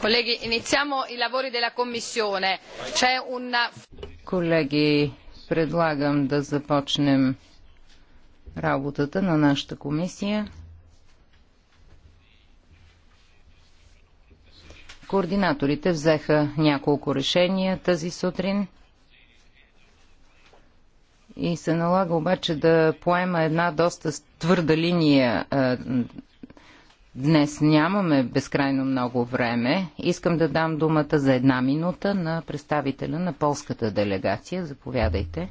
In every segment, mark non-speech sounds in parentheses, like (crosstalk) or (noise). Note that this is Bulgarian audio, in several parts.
Колеги, iniziamo i lavori della Commissione. C'è un... Колеги, предлагам да започнем работата на нашата комисия. Координаторите взеха няколко решения тази сутрин и се налага обаче да поема една доста твърда линия Днес нямаме безкрайно много време. Искам да дам думата за една минута на представителя на полската делегация. Заповядайте.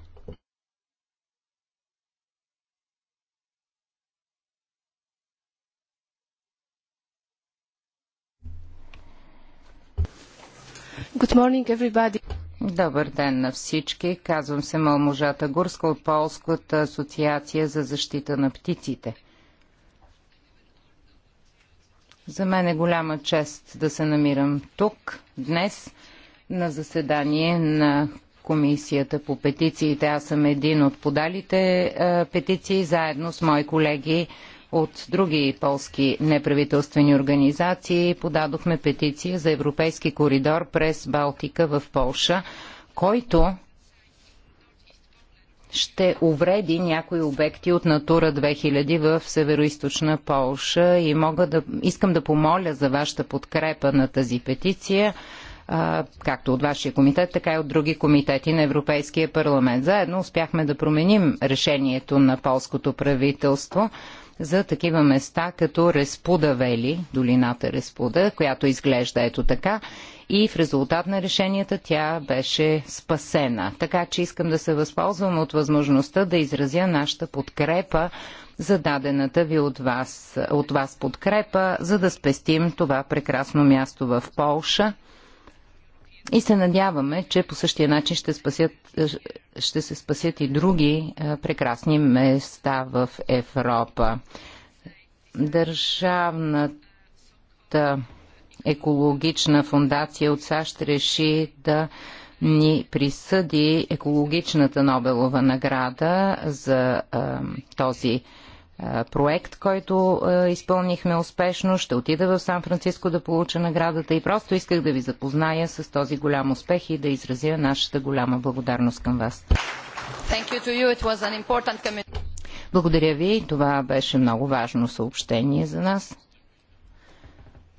Good morning, everybody. Добър ден на всички. Казвам се Малможата Гурска от Полската асоциация за защита на птиците. За мен е голяма чест да се намирам тук днес на заседание на Комисията по петициите. Аз съм един от подалите е, петиции, заедно с мои колеги от други полски неправителствени организации. Подадохме петиция за европейски коридор през Балтика в Полша, който ще увреди някои обекти от Натура 2000 в Североизточна Полша и мога да, искам да помоля за вашата подкрепа на тази петиция, а, както от вашия комитет, така и от други комитети на Европейския парламент. Заедно успяхме да променим решението на полското правителство за такива места като Респуда Вели, долината Респуда, която изглежда ето така и в резултат на решенията тя беше спасена. Така че искам да се възползвам от възможността да изразя нашата подкрепа за дадената ви от вас, от вас подкрепа, за да спестим това прекрасно място в Полша – и се надяваме, че по същия начин ще, спасят, е, ще се спасят и други е, прекрасни места в Европа. Държавната екологична фундация от САЩ реши да ни присъди екологичната Нобелова награда за а, е, този проект, който изпълнихме успешно. Ще отида в Сан-Франциско да получа наградата и просто исках да ви запозная с този голям успех и да изразя нашата голяма благодарност към вас. Благодаря ви. Това беше много важно съобщение за нас.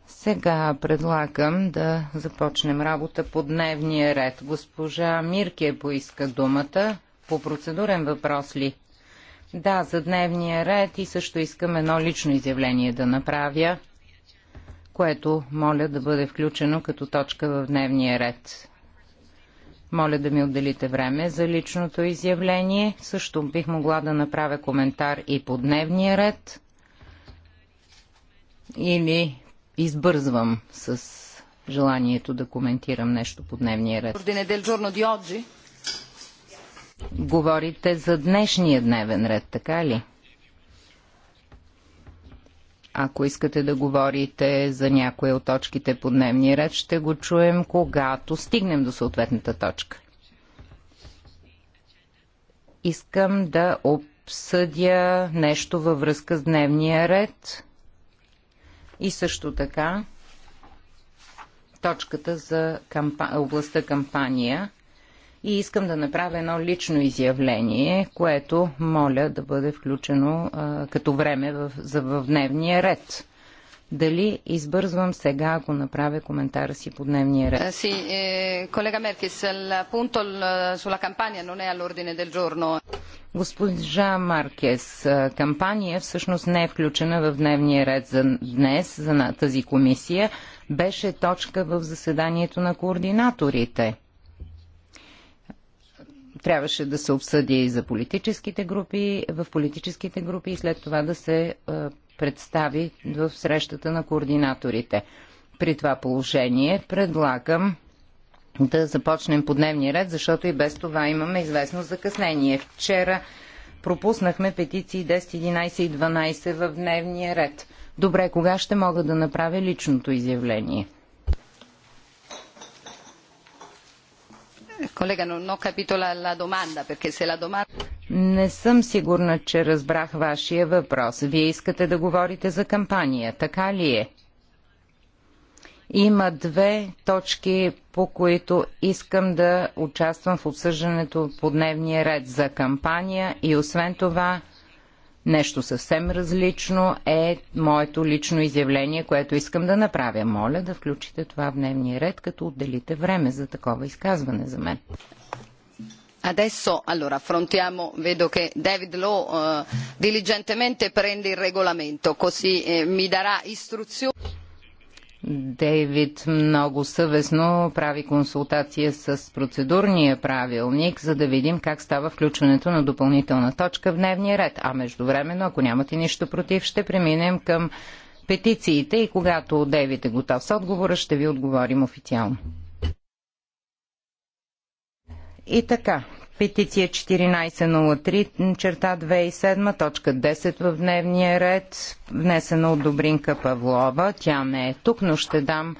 Сега предлагам да започнем работа по дневния ред. Госпожа Мирке поиска думата. По процедурен въпрос ли? Да, за дневния ред и също искам едно лично изявление да направя, което моля да бъде включено като точка в дневния ред. Моля да ми отделите време за личното изявление. Също бих могла да направя коментар и по дневния ред. Или избързвам с желанието да коментирам нещо по дневния ред. Говорите за днешния дневен ред, така ли? Ако искате да говорите за някоя от точките по дневния ред, ще го чуем, когато стигнем до съответната точка. Искам да обсъдя нещо във връзка с дневния ред и също така точката за кампа... областта кампания – и искам да направя едно лично изявление, което моля да бъде включено а, като време в, за, в дневния ред. Дали избързвам сега, ако направя коментара си по дневния ред? Е, е, колега collega Merkis, l'appunto кампания, но не е all'ordine дел джорно. Госпожа Маркес, е, кампания всъщност не е включена в дневния ред за днес, за тази комисия. Беше точка в заседанието на координаторите трябваше да се обсъди и за политическите групи, в политическите групи и след това да се представи в срещата на координаторите. При това положение предлагам да започнем по дневния ред, защото и без това имаме известно закъснение. Вчера пропуснахме петиции 10, 11 и 12 в дневния ред. Добре, кога ще мога да направя личното изявление? Колега, но но Не съм сигурна, че разбрах вашия въпрос. Вие искате да говорите за кампания, така ли е? Има две точки, по които искам да участвам в обсъждането по дневния ред за кампания и освен това Нещо съвсем различно е моето лично изявление, което искам да направя. Моля да включите това в дневния ред, като отделите време за такова изказване за мен. Adesso allora affrontiamo, vedo che David Law eh, diligentemente prende il regolamento, così eh, mi darà istruzioni. Дейвид много съвестно прави консултация с процедурния правилник, за да видим как става включването на допълнителна точка в дневния ред. А междувременно, ако нямате нищо против, ще преминем към петициите и когато Дейвид е готов с отговора, ще ви отговорим официално. И така, Петиция 1403, черта 2007, точка 10 в дневния ред, внесена от Добринка Павлова. Тя не е тук, но ще дам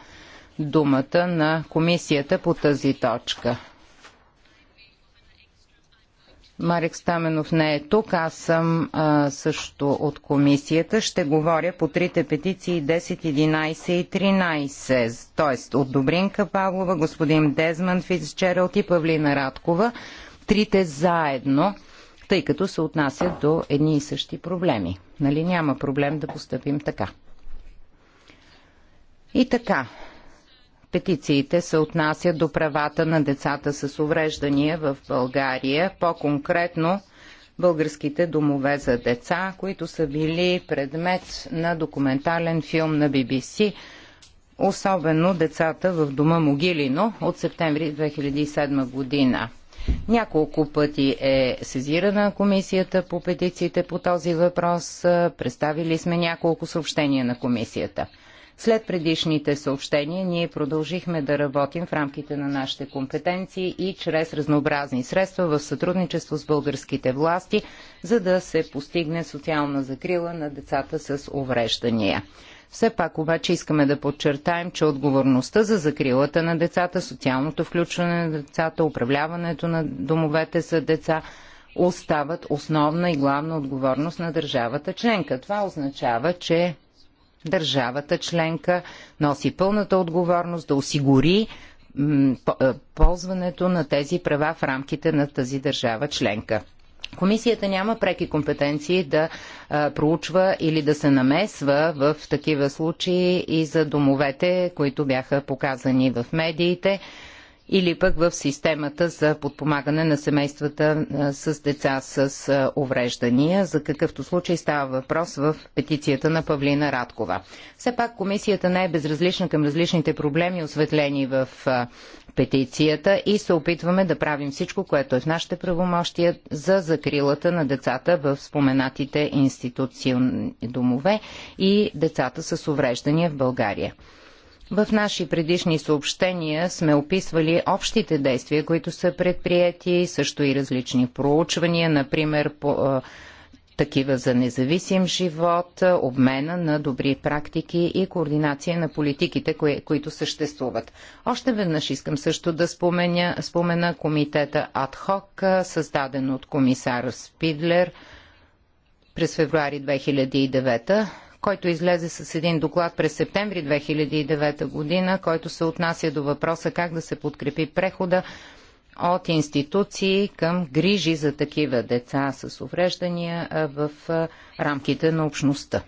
думата на комисията по тази точка. Марик Стаменов не е тук, аз съм а, също от комисията. Ще говоря по трите петиции 10, 11 и 13, т.е. от Добринка Павлова, господин Дезман Фицчералт и Павлина Радкова трите заедно, тъй като се отнасят до едни и същи проблеми. Нали няма проблем да поступим така. И така, петициите се отнасят до правата на децата с увреждания в България, по-конкретно българските домове за деца, които са били предмет на документален филм на BBC, особено децата в дома Могилино от септември 2007 година. Няколко пъти е сезирана комисията по петициите по този въпрос. Представили сме няколко съобщения на комисията. След предишните съобщения ние продължихме да работим в рамките на нашите компетенции и чрез разнообразни средства в сътрудничество с българските власти, за да се постигне социална закрила на децата с увреждания. Все пак обаче искаме да подчертаем, че отговорността за закрилата на децата, социалното включване на децата, управляването на домовете за деца остават основна и главна отговорност на държавата членка. Това означава, че държавата членка носи пълната отговорност да осигури е, ползването на тези права в рамките на тази държава членка. Комисията няма преки компетенции да проучва или да се намесва в такива случаи и за домовете, които бяха показани в медиите или пък в системата за подпомагане на семействата с деца с увреждания, за какъвто случай става въпрос в петицията на Павлина Радкова. Все пак комисията не е безразлична към различните проблеми, осветлени в петицията и се опитваме да правим всичко, което е в нашите правомощия за закрилата на децата в споменатите институционни домове и децата с увреждания в България. В наши предишни съобщения сме описвали общите действия, които са предприяти, също и различни проучвания, например по такива за независим живот, обмена на добри практики и координация на политиките, кои, които съществуват. Още веднъж искам също да споменя, спомена комитета Адхок, създаден от комисар Спидлер през февруари 2009 който излезе с един доклад през септември 2009 година, който се отнася до въпроса как да се подкрепи прехода от институции към грижи за такива деца с увреждания в рамките на общността.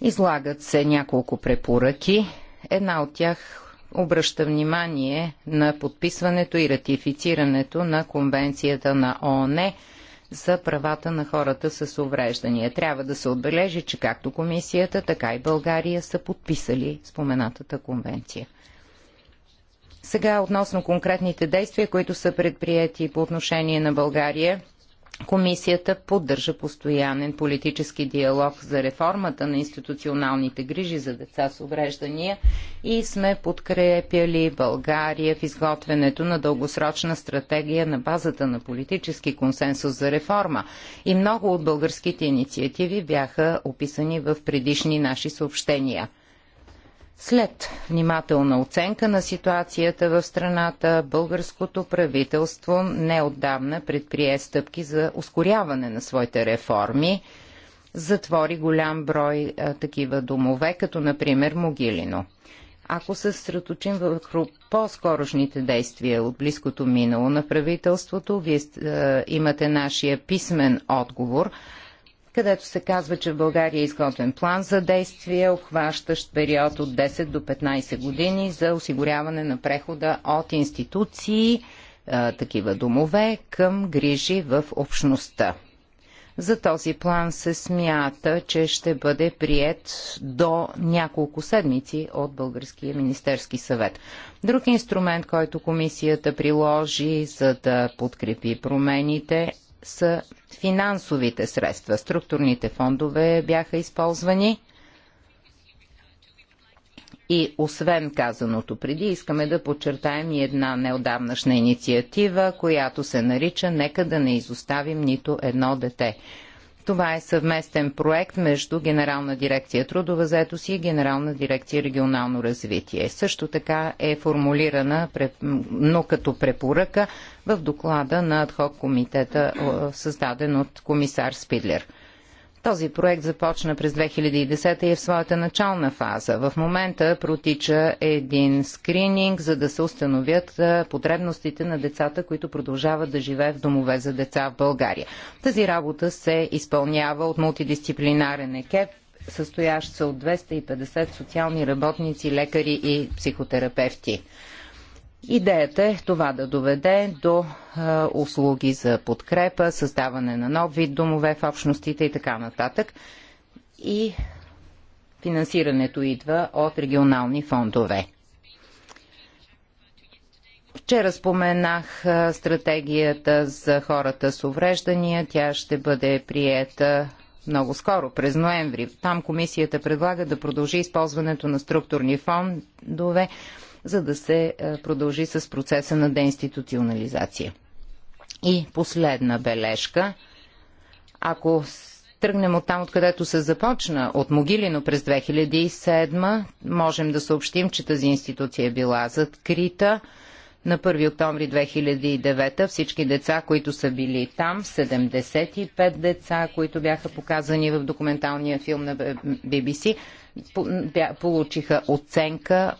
Излагат се няколко препоръки. Една от тях обръща внимание на подписването и ратифицирането на Конвенцията на ООН за правата на хората с увреждания. Трябва да се отбележи, че както комисията, така и България са подписали споменатата конвенция. Сега относно конкретните действия, които са предприяти по отношение на България. Комисията поддържа постоянен политически диалог за реформата на институционалните грижи за деца с увреждания и сме подкрепяли България в изготвянето на дългосрочна стратегия на базата на политически консенсус за реформа. И много от българските инициативи бяха описани в предишни наши съобщения. След внимателна оценка на ситуацията в страната, българското правителство неотдавна предприе стъпки за ускоряване на своите реформи, затвори голям брой а, такива домове, като например Могилино. Ако се сръточим върху по-скорошните действия от близкото минало на правителството, вие а, имате нашия писмен отговор – където се казва, че в България е изготвен план за действие, обхващащ период от 10 до 15 години за осигуряване на прехода от институции, е, такива домове, към грижи в общността. За този план се смята, че ще бъде прият до няколко седмици от Българския министерски съвет. Друг инструмент, който комисията приложи за да подкрепи промените са финансовите средства. Структурните фондове бяха използвани. И освен казаното преди, искаме да подчертаем и една неодавнашна инициатива, която се нарича Нека да не изоставим нито едно дете. Това е съвместен проект между Генерална дирекция Трудова заетост и Генерална дирекция Регионално развитие. Също така е формулирана, но като препоръка в доклада на адхок комитета, създаден от комисар Спидлер. Този проект започна през 2010 и е в своята начална фаза. В момента протича един скрининг, за да се установят потребностите на децата, които продължават да живеят в домове за деца в България. Тази работа се изпълнява от мултидисциплинарен екип, състоящ се от 250 социални работници, лекари и психотерапевти. Идеята е това да доведе до а, е, услуги за подкрепа, създаване на нов вид домове в общностите и така нататък. И финансирането идва от регионални фондове. Вчера споменах е, стратегията за хората с увреждания. Тя ще бъде приета много скоро, през ноември. Там комисията предлага да продължи използването на структурни фондове за да се е, продължи с процеса на деинституционализация. И последна бележка. Ако тръгнем от там, откъдето се започна, от Могилино през 2007, можем да съобщим, че тази институция е била закрита. На 1 октомври 2009 всички деца, които са били там, 75 деца, които бяха показани в документалния филм на BBC, получиха оценка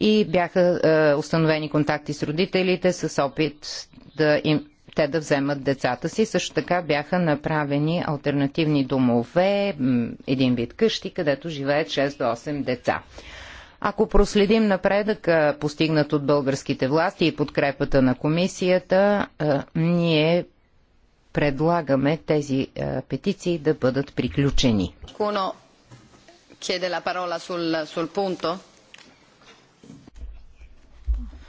и бяха е, установени контакти с родителите с опит да им, те да вземат децата си. Също така бяха направени альтернативни домове, един вид къщи, където живеят 6 до 8 деца. Ако проследим напредък, постигнат от българските власти и подкрепата на комисията, е, ние предлагаме тези е, петиции да бъдат приключени. Куно,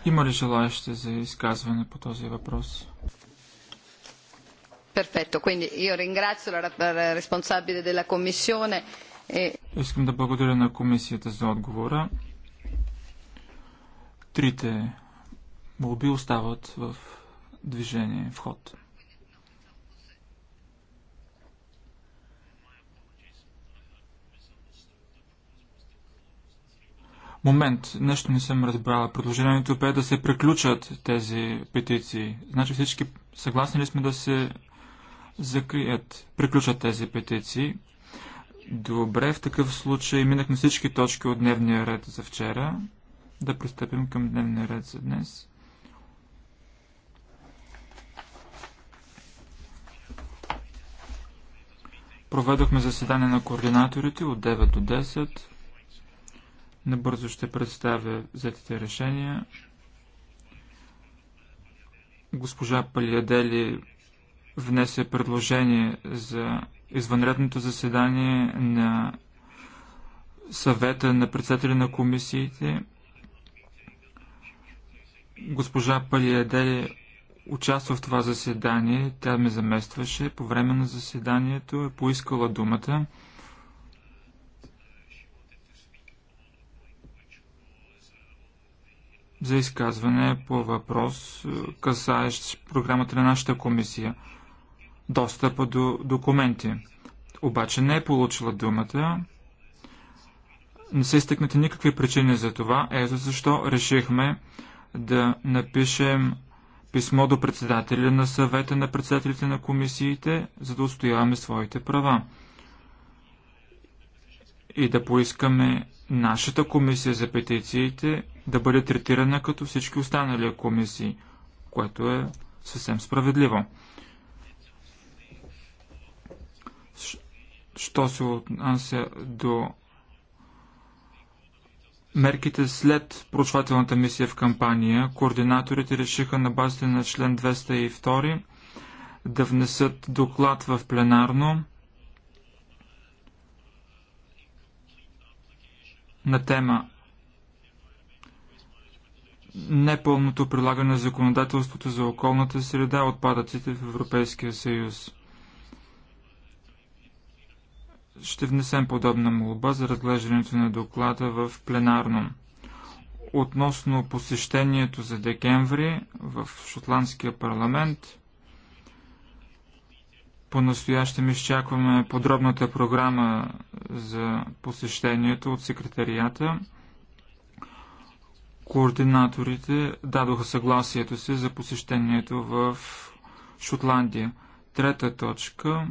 има ли желаящи за изказване по този въпрос? quindi io ringrazio la responsabile della commissione. E- Искам да благодаря на комисията за отговора. Трите молби остават в движение, в ход. Момент, нещо не съм разбрала. Предложението бе да се приключат тези петиции. Значи всички съгласни ли сме да се закрият, приключат тези петиции? Добре, в такъв случай минахме всички точки от дневния ред за вчера. Да пристъпим към дневния ред за днес. Проведохме заседание на координаторите от 9 до 10. Набързо ще представя взетите решения. Госпожа Палиадели внесе предложение за извънредното заседание на съвета на председателя на комисиите. Госпожа Палиадели участва в това заседание. Тя ме заместваше по време на заседанието, е поискала думата. за изказване по въпрос, е, касаещ програмата на нашата комисия. Достъпа до документи. Обаче не е получила думата. Не са изтъкнати никакви причини за това. Ето защо решихме да напишем писмо до председателя на съвета на председателите на комисиите, за да устояваме своите права и да поискаме нашата комисия за петициите да бъде третирана като всички останали комисии, което е съвсем справедливо. Що се отнася до мерките след проучвателната мисия в кампания, координаторите решиха на базата на член 202 да внесат доклад в пленарно на тема непълното прилагане на законодателството за околната среда отпадъците в Европейския съюз. Ще внесем подобна молба за разглеждането на доклада в пленарно. Относно посещението за декември в Шотландския парламент – по-настоящем изчакваме подробната програма за посещението от секретарията. Координаторите дадоха съгласието си за посещението в Шотландия. Трета точка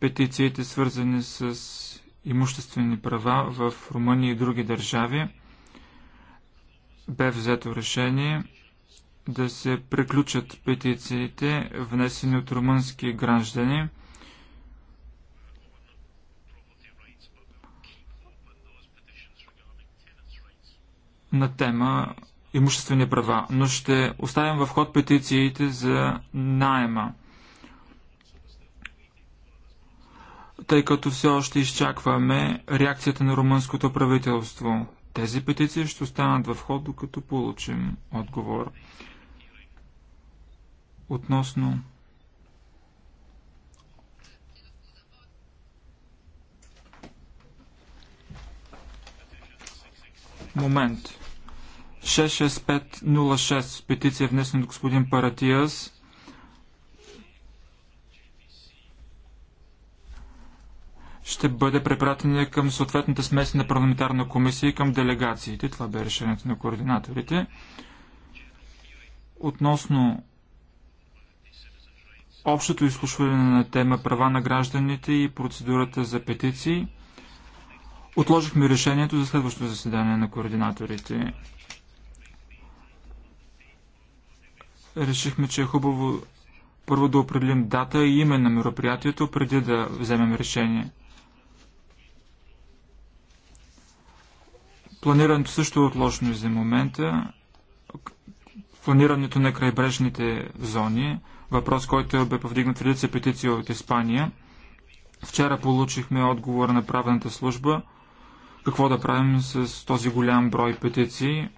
петициите, свързани с имуществени права в Румъния и други държави, бе взето решение да се приключат петициите, внесени от румънски граждани. на тема имуществени права, но ще оставим в ход петициите за найема. Тъй като все още изчакваме реакцията на румънското правителство. Тези петиции ще останат в ход, докато получим отговор относно момент 66506 петиция внесена от господин Паратиас ще бъде препратена към съответната смесена парламентарна комисия и към делегациите. Това бе решението на координаторите. Относно общото изслушване на тема права на гражданите и процедурата за петиции, отложихме решението за следващото заседание на координаторите. Решихме, че е хубаво първо да определим дата и име на мероприятието, преди да вземем решение. Планирането също е отложено за момента. Планирането на крайбрежните зони – въпрос, който бе повдигнат в редица петиции от Испания. Вчера получихме отговор на правната служба какво да правим с този голям брой петиции.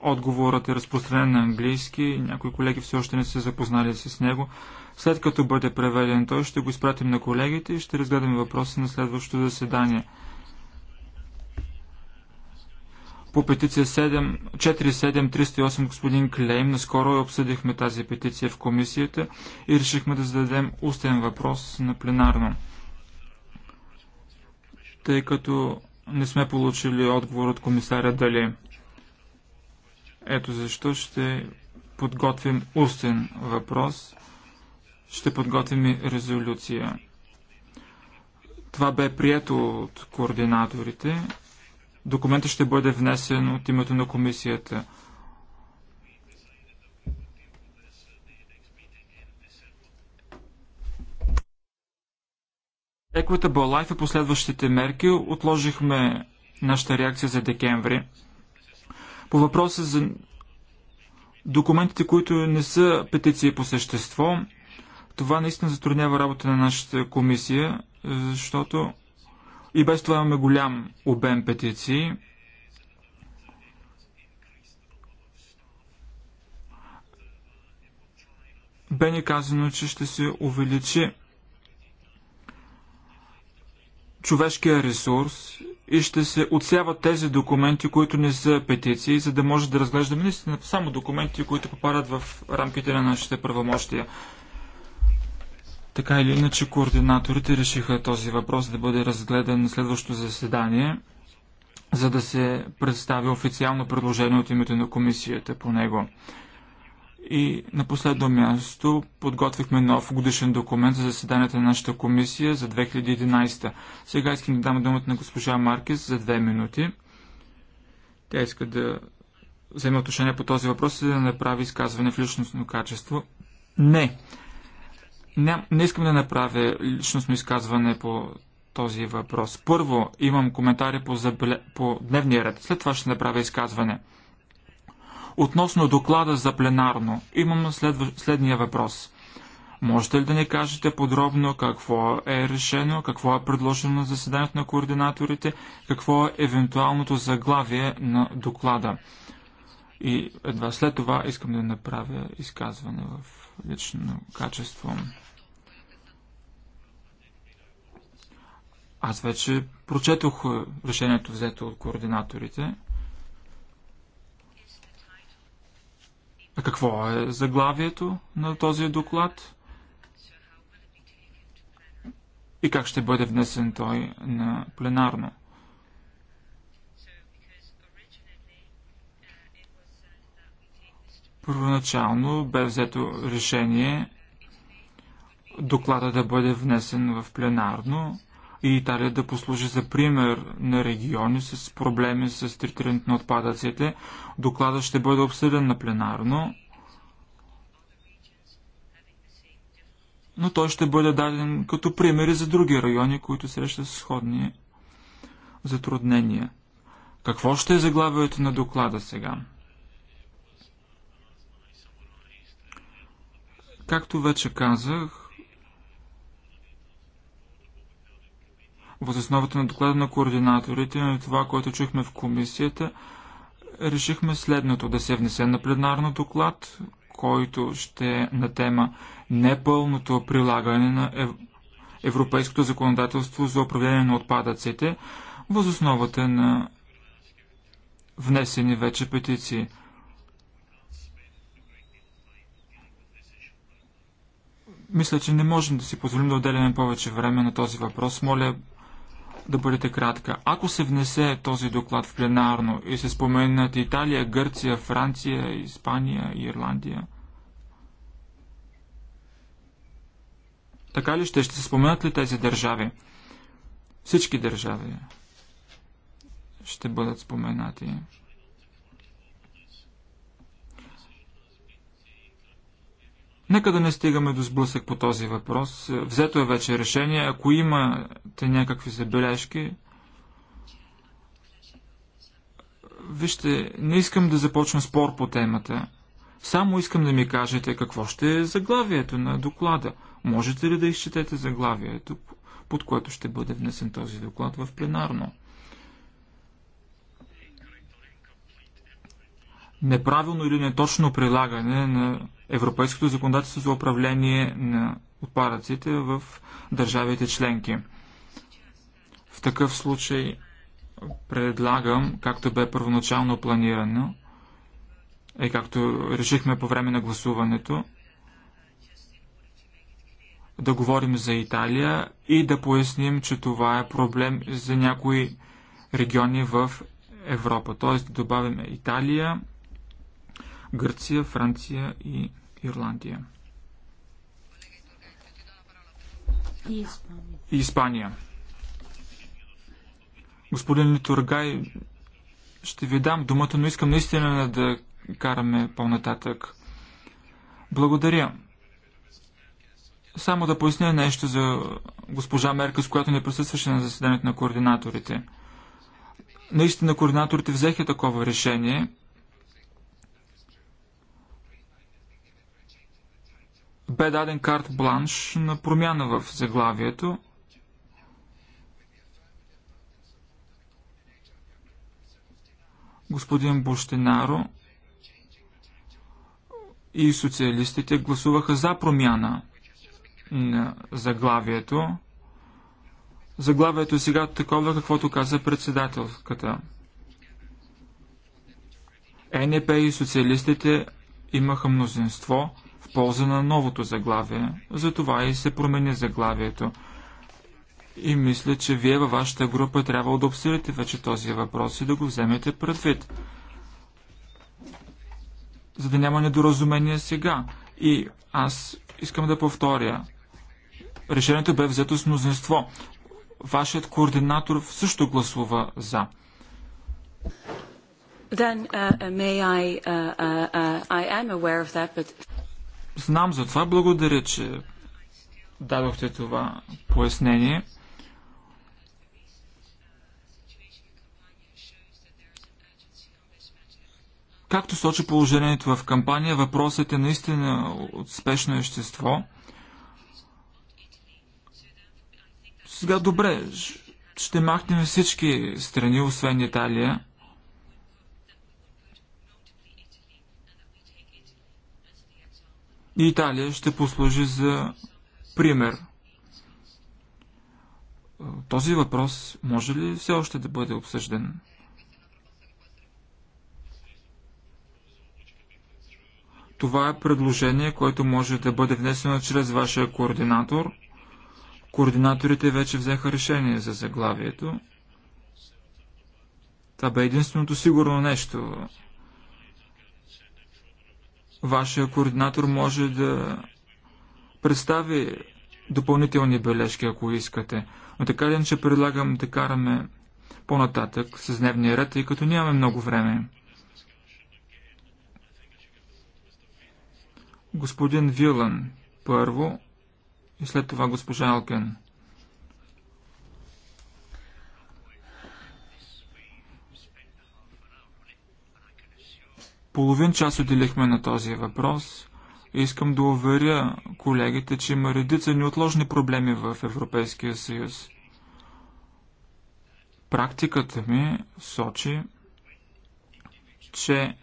Отговорът е разпространен на английски, някои колеги все още не са запознали с него. След като бъде преведен той, ще го изпратим на колегите и ще разгледаме въпроса на следващото заседание. По петиция 47308 господин Клейм наскоро обсъдихме тази петиция в комисията и решихме да зададем устен въпрос на пленарно. Тъй като не сме получили отговор от комисаря дали. Ето защо ще подготвим устен въпрос. Ще подготвим и резолюция. Това бе прието от координаторите. Документът ще бъде внесен от името на комисията. Equitable Life и последващите мерки отложихме нашата реакция за декември. По въпроса за документите, които не са петиции по същество, това наистина затруднява работа на нашата комисия, защото и без това имаме голям обем петиции. Бе ни казано, че ще се увеличи човешкия ресурс и ще се отсяват тези документи, които не са петиции, за да може да разглеждаме наистина само документи, които попадат в рамките на нашите правомощия. Така или иначе координаторите решиха този въпрос да бъде разгледан на следващото заседание, за да се представи официално предложение от името на комисията по него. И на последно място подготвихме нов годишен документ за заседанията на нашата комисия за 2011. Сега искам да дам думата на госпожа Маркес за две минути. Тя иска да вземе отношение по този въпрос и да направи изказване в личностно качество. Не. Не, не искам да направя личностно изказване по този въпрос. Първо имам коментари по, забле... по дневния ред, след това ще направя изказване. Относно доклада за пленарно, имам следва... следния въпрос. Можете ли да ни кажете подробно какво е решено, какво е предложено на заседанието на координаторите, какво е евентуалното заглавие на доклада? И едва след това искам да направя изказване в лично качество. Аз вече прочетох е, решението взето от координаторите. А какво е заглавието на този доклад? И как ще бъде внесен той на пленарно? Първоначално бе взето решение доклада да бъде внесен в пленарно, и Италия да послужи за пример на региони с проблеми с третирането на отпадъците. Докладът ще бъде обсъден на пленарно, но той ще бъде даден като примери за други райони, които срещат сходни затруднения. Какво ще е заглавието на доклада сега? Както вече казах, Въз основата на доклада на координаторите и това, което чухме в комисията, решихме следното да се внесе на пленарно доклад, който ще е на тема непълното прилагане на ев... европейското законодателство за управление на отпадъците, въз основата на внесени вече петиции. Мисля, че не можем да си позволим да отделяме повече време на този въпрос. Моля да бъдете кратка. Ако се внесе този доклад в пленарно и се споменат Италия, Гърция, Франция, Испания и Ирландия, така ли ще? Ще се споменат ли тези държави? Всички държави ще бъдат споменати. Нека да не стигаме до сблъсък по този въпрос. Взето е вече решение. Ако имате някакви забележки, вижте, не искам да започна спор по темата. Само искам да ми кажете какво ще е заглавието на доклада. Можете ли да изчетете заглавието, под което ще бъде внесен този доклад в пленарно? неправилно или неточно прилагане на европейското законодателство за управление на отпадъците в държавите членки. В такъв случай предлагам, както бе първоначално планирано, е както решихме по време на гласуването, да говорим за Италия и да поясним, че това е проблем за някои региони в Европа. Т.е. да добавим Италия, Гърция, Франция и Ирландия. И Испания. Господин Литургай, ще ви дам думата, но искам наистина да караме по-нататък. Благодаря. Само да поясня нещо за госпожа Мерка, с която не присъстваше на заседанието на координаторите. Наистина координаторите взеха такова решение бе даден карт бланш на промяна в заглавието. Господин Бощенаро и социалистите гласуваха за промяна на заглавието. Заглавието е сега такова, каквото каза председателката. Е, НП и социалистите имаха мнозинство в полза на новото заглавие. Затова и се промени заглавието. И мисля, че вие във вашата група трябва да обсъдите вече този въпрос и да го вземете предвид. За да няма недоразумение сега. И аз искам да повторя. Решението бе взето с мнозинство. Вашият координатор също гласува за. Then uh, uh may I, uh, uh, uh, I am aware of that, but... Знам за това. Благодаря, че дадохте това пояснение. Както сочи положението в кампания, въпросът е наистина от спешно ещество. Сега добре, ще махнем всички страни, освен Италия. Италия ще послужи за пример. Този въпрос може ли все още да бъде обсъжден? Това е предложение, което може да бъде внесено чрез вашия координатор. Координаторите вече взеха решение за заглавието. Това бе единственото сигурно нещо Вашия координатор може да представи допълнителни бележки, ако искате. Но така ден, че предлагам да караме по-нататък с дневния ред, тъй като нямаме много време. Господин Вилан първо и след това госпожа Алкен. Половин час отделихме на този въпрос. Искам да уверя колегите, че има редица неотложни проблеми в Европейския съюз. Практиката ми сочи, че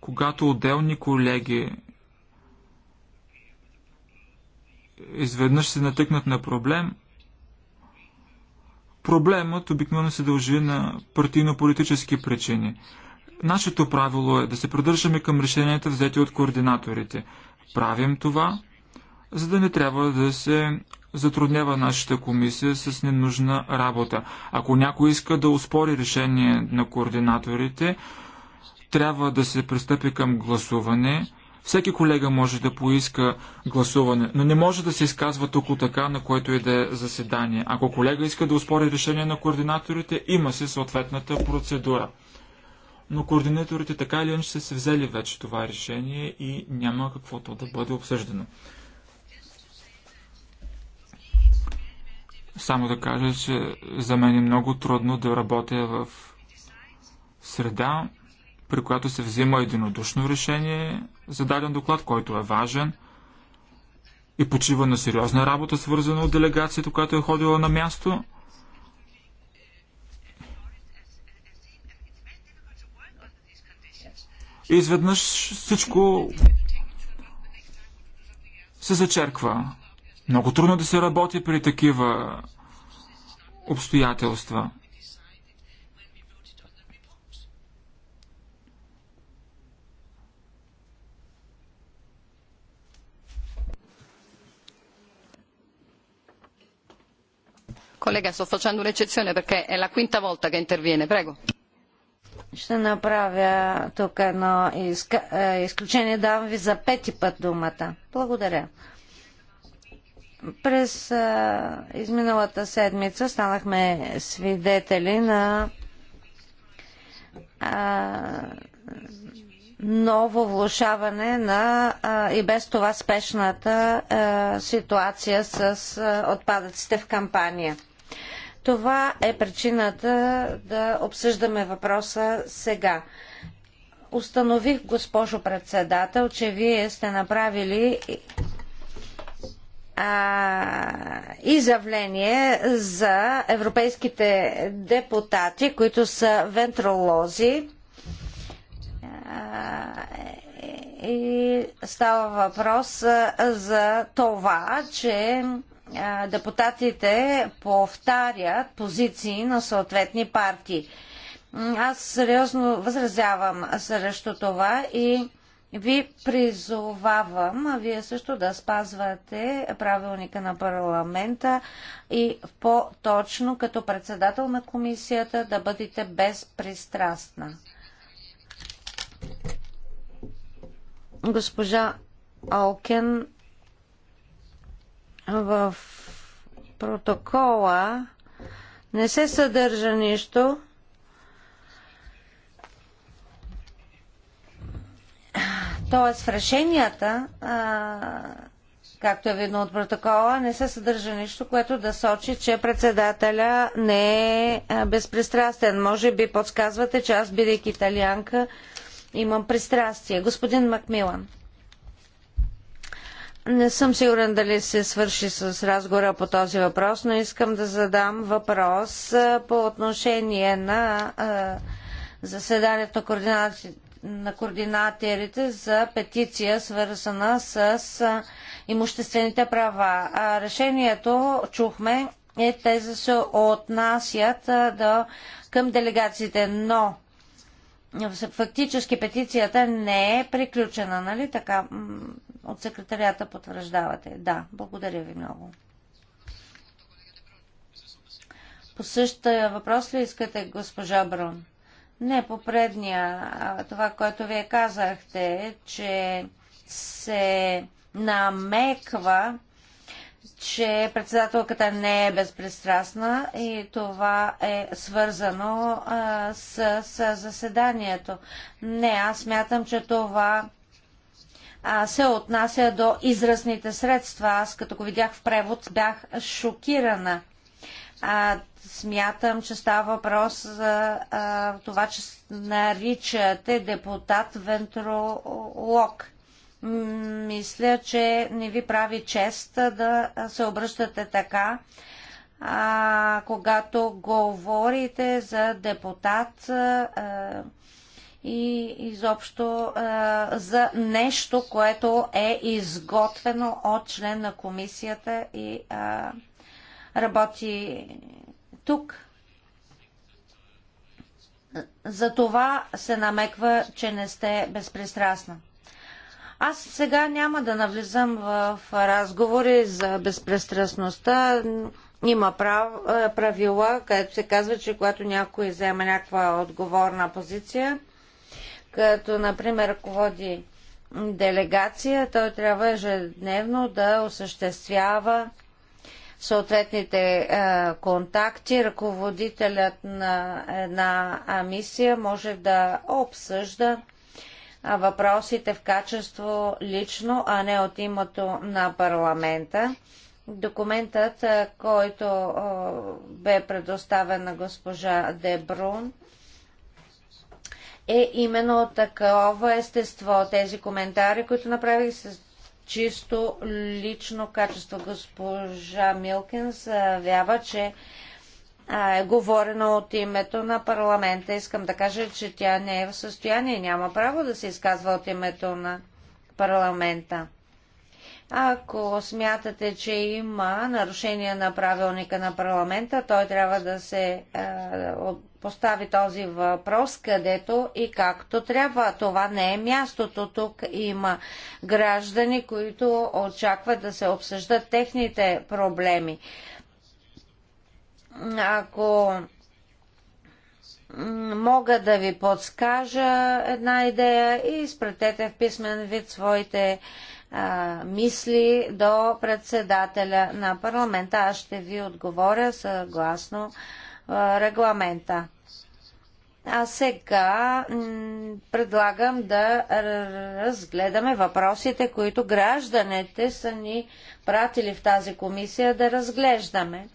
когато отделни колеги изведнъж се натъкнат на проблем, проблемът обикновено се дължи на партийно-политически причини – Нашето правило е да се придържаме към решенията взети от координаторите. Правим това, за да не трябва да се затруднява нашата комисия с ненужна работа. Ако някой иска да успори решение на координаторите, трябва да се пристъпи към гласуване. Всеки колега може да поиска гласуване, но не може да се изказва тук така, на което и да е заседание. Ако колега иска да успори решение на координаторите, има се съответната процедура но координаторите така или иначе са се взели вече това решение и няма каквото да бъде обсъждано. Само да кажа, че за мен е много трудно да работя в среда, при която се взима единодушно решение за даден доклад, който е важен и почива на сериозна работа, свързана от делегацията, която е ходила на място – И изведнъж всичко се зачерква. Много трудно да се работи при такива обстоятелства. Колега, sto facendo un'eccezione perché è la quinta volta che interviene prego ще направя тук едно е, изключение. Давам ви за пети път думата. Благодаря. През а, е, изминалата седмица станахме свидетели на а, ново влушаване на а, и без това спешната а, е, ситуация с а, отпадъците в кампания. Това е причината да обсъждаме въпроса сега. Установих, госпожо председател, че вие сте направили а, изявление за европейските депутати, които са вентролози. А, и става въпрос за това, че депутатите повтарят позиции на съответни партии. Аз сериозно възразявам срещу това и ви призовавам, а вие също да спазвате правилника на парламента и по-точно като председател на комисията да бъдете безпристрастна. Госпожа Алкен в протокола не се съдържа нищо, т.е. в решенията, както е видно от протокола, не се съдържа нищо, което да сочи, че председателя не е безпристрастен. Може би подсказвате, че аз, бидейки италианка, имам пристрастие. Господин Макмилан. Не съм сигурен дали се свърши с разговора по този въпрос, но искам да задам въпрос по отношение на заседанието на координаторите за петиция, свързана с имуществените права. решението, чухме, е тези се отнасят до, към делегациите, но фактически петицията не е приключена, нали така? от секретарията потвърждавате. Да, благодаря ви много. По същия въпрос ли искате, госпожа Брун? Не, по предния. Това, което вие казахте, че се намеква, че председателката не е безпристрастна и това е свързано а, с, с заседанието. Не, аз мятам, че това а, се отнася до изразните средства. Аз като го видях в превод бях шокирана. А, смятам, че става въпрос за а, това, че наричате депутат вентролог. Мисля, че не ви прави чест да се обръщате така а, когато говорите за депутат, а, и изобщо а, за нещо, което е изготвено от член на комисията и а, работи тук. За това се намеква, че не сте безпристрастна. Аз сега няма да навлизам в разговори за безпристрастността. Има прав, правила, където се казва, че когато някой взема някаква отговорна позиция, като например ръководи делегация, той трябва ежедневно да осъществява съответните е, контакти. Ръководителят на една мисия може да обсъжда въпросите в качество лично, а не от името на парламента. Документът, който бе предоставен на госпожа Дебрун, е именно от такова естество. Тези коментари, които направих с чисто лично качество. Госпожа Милкин заявява, че а, е говорено от името на парламента. Искам да кажа, че тя не е в състояние, няма право да се изказва от името на парламента. Ако смятате, че има нарушение на правилника на парламента, той трябва да се постави този въпрос където и както трябва. Това не е мястото. Тук има граждани, които очакват да се обсъждат техните проблеми. Ако мога да ви подскажа една идея и изпратете в писмен вид своите мисли до председателя на парламента. Аз ще ви отговоря съгласно регламента. А сега предлагам да разгледаме въпросите, които гражданите са ни пратили в тази комисия да разглеждаме.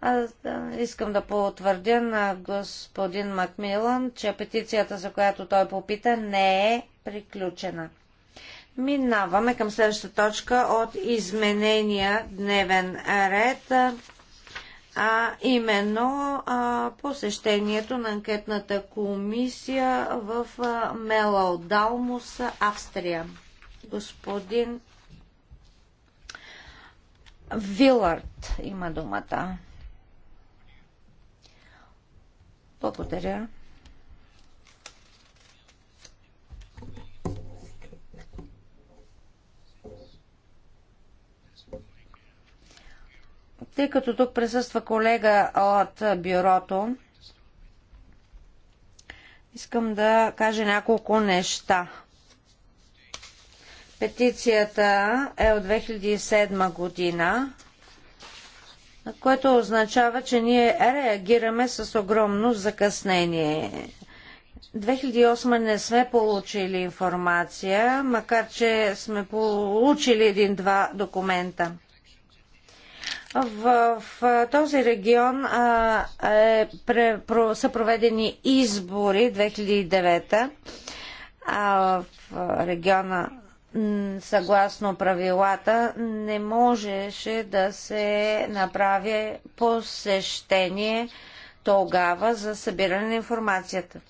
Аз искам да потвърдя на господин Макмилан, че петицията, за която той попита, не е приключена. Минаваме към следващата точка от изменения дневен ред а именно а, посещението на анкетната комисия в Мелал Австрия. Господин Вилард има думата. Благодаря. Тъй като тук присъства колега от бюрото, искам да кажа няколко неща. Петицията е от 2007 година, което означава, че ние реагираме с огромно закъснение. 2008 не сме получили информация, макар че сме получили един-два документа. В, в този регион а, е, пре, про, са проведени избори 2009 а в региона съгласно правилата не можеше да се направи посещение тогава за събиране на информацията.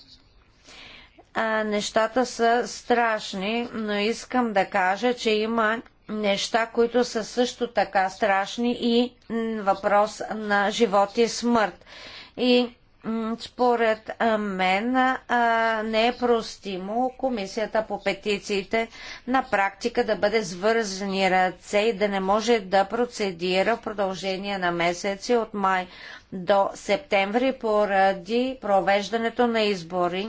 А, нещата са страшни, но искам да кажа, че има неща, които са също така страшни и въпрос на живот и смърт. И според мен не е простимо комисията по петициите на практика да бъде свързани ръце и да не може да процедира в продължение на месеци от май до септември поради провеждането на избори.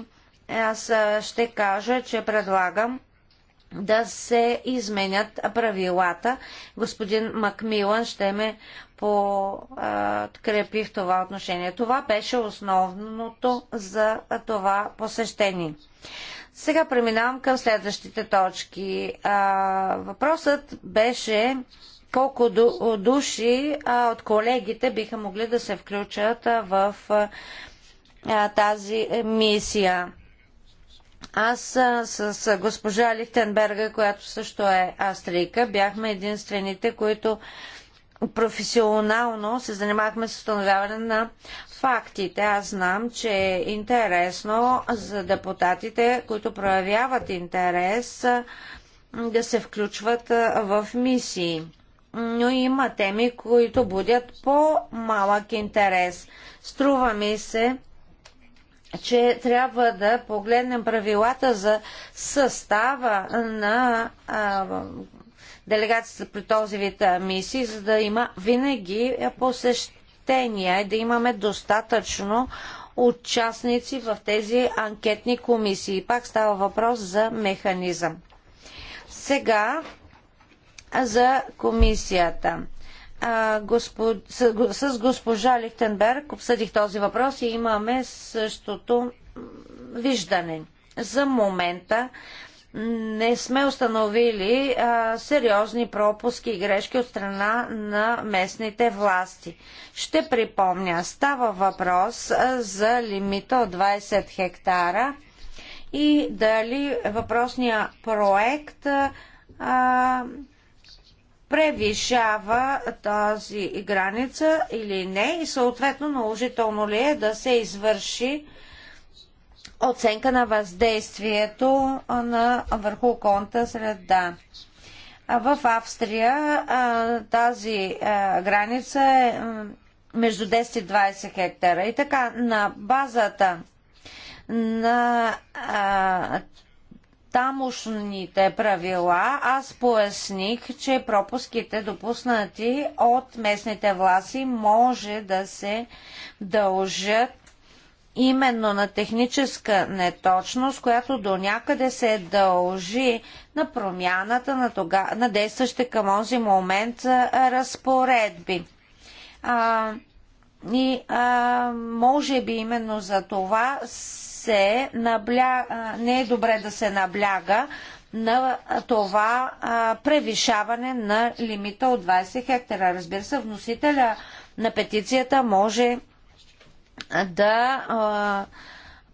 Аз ще кажа, че предлагам да се изменят правилата. Господин Макмилан ще ме подкрепи в това отношение. Това беше основното за това посещение. Сега преминавам към следващите точки. въпросът беше колко души от колегите биха могли да се включат в тази мисия. Аз с, госпожа Лихтенберга, която също е австрийка, бяхме единствените, които професионално се занимавахме с установяване на фактите. Аз знам, че е интересно за депутатите, които проявяват интерес, да се включват в мисии. Но има теми, които будят по-малък интерес. Струва ми се, че трябва да погледнем правилата за състава на а, делегацията при този вид мисии, за да има винаги посещения и да имаме достатъчно участници в тези анкетни комисии. Пак става въпрос за механизъм. Сега за комисията с госпожа Лихтенберг обсъдих този въпрос и имаме същото виждане. За момента не сме установили а, сериозни пропуски и грешки от страна на местните власти. Ще припомня, става въпрос за лимита от 20 хектара и дали въпросния проект а, превишава тази граница или не и съответно наложително ли е да се извърши оценка на въздействието на върху конта среда. В Австрия тази граница е между 10 и 20 хектара. И така, на базата на тамошните правила, аз поясних, че пропуските допуснати от местните власти може да се дължат именно на техническа неточност, която до някъде се дължи на промяната на, тога, на действащите към този момент разпоредби. А, и а, може би именно за това се набля... не е добре да се набляга на това превишаване на лимита от 20 хектара. Разбира се, вносителя на петицията може да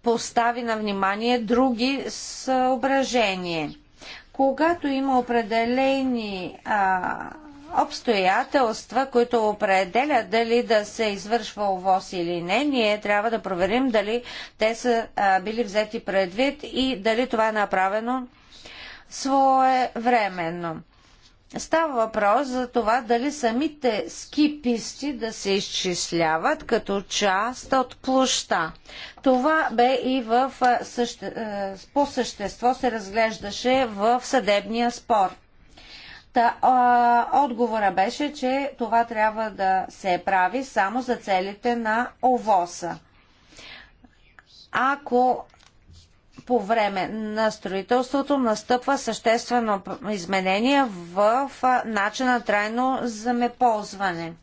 постави на внимание други съображения. Когато има определени а, обстоятелства, които определят дали да се извършва ОВОС или не, ние трябва да проверим дали те са били взети предвид и дали това е направено своевременно. Става въпрос за това дали самите ски писти да се изчисляват като част от площа. Това бе и в, съще... по същество се разглеждаше в съдебния спор. Та, а, отговора беше, че това трябва да се прави само за целите на ОВОСа. Ако по време на строителството настъпва съществено изменение в начина трайно земеползване.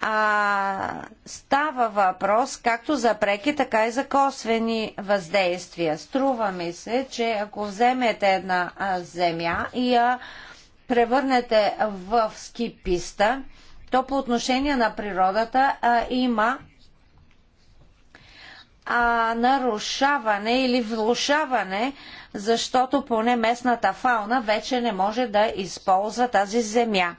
А, става въпрос както за преки, така и за косвени въздействия. Струва ми се, че ако вземете една земя и я превърнете в ски писта, то по отношение на природата а, има а, нарушаване или влушаване, защото поне местната фауна вече не може да използва тази земя.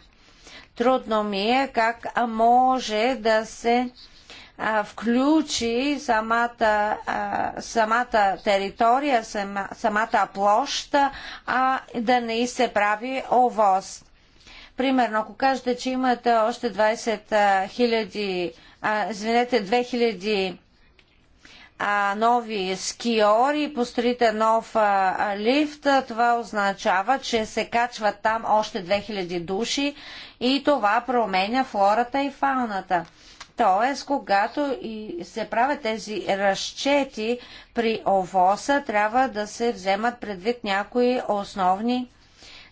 Трудно ми е как може да се включи самата, самата територия, самата площа, а да не и се прави овоз. Примерно, ако кажете, че имате още 20 хиляди, извинете, 2000 а, нови скиори, построите нов а, лифт, това означава, че се качват там още 2000 души и това променя флората и фауната. Тоест, когато и се правят тези разчети при ОВОСа, трябва да се вземат предвид някои основни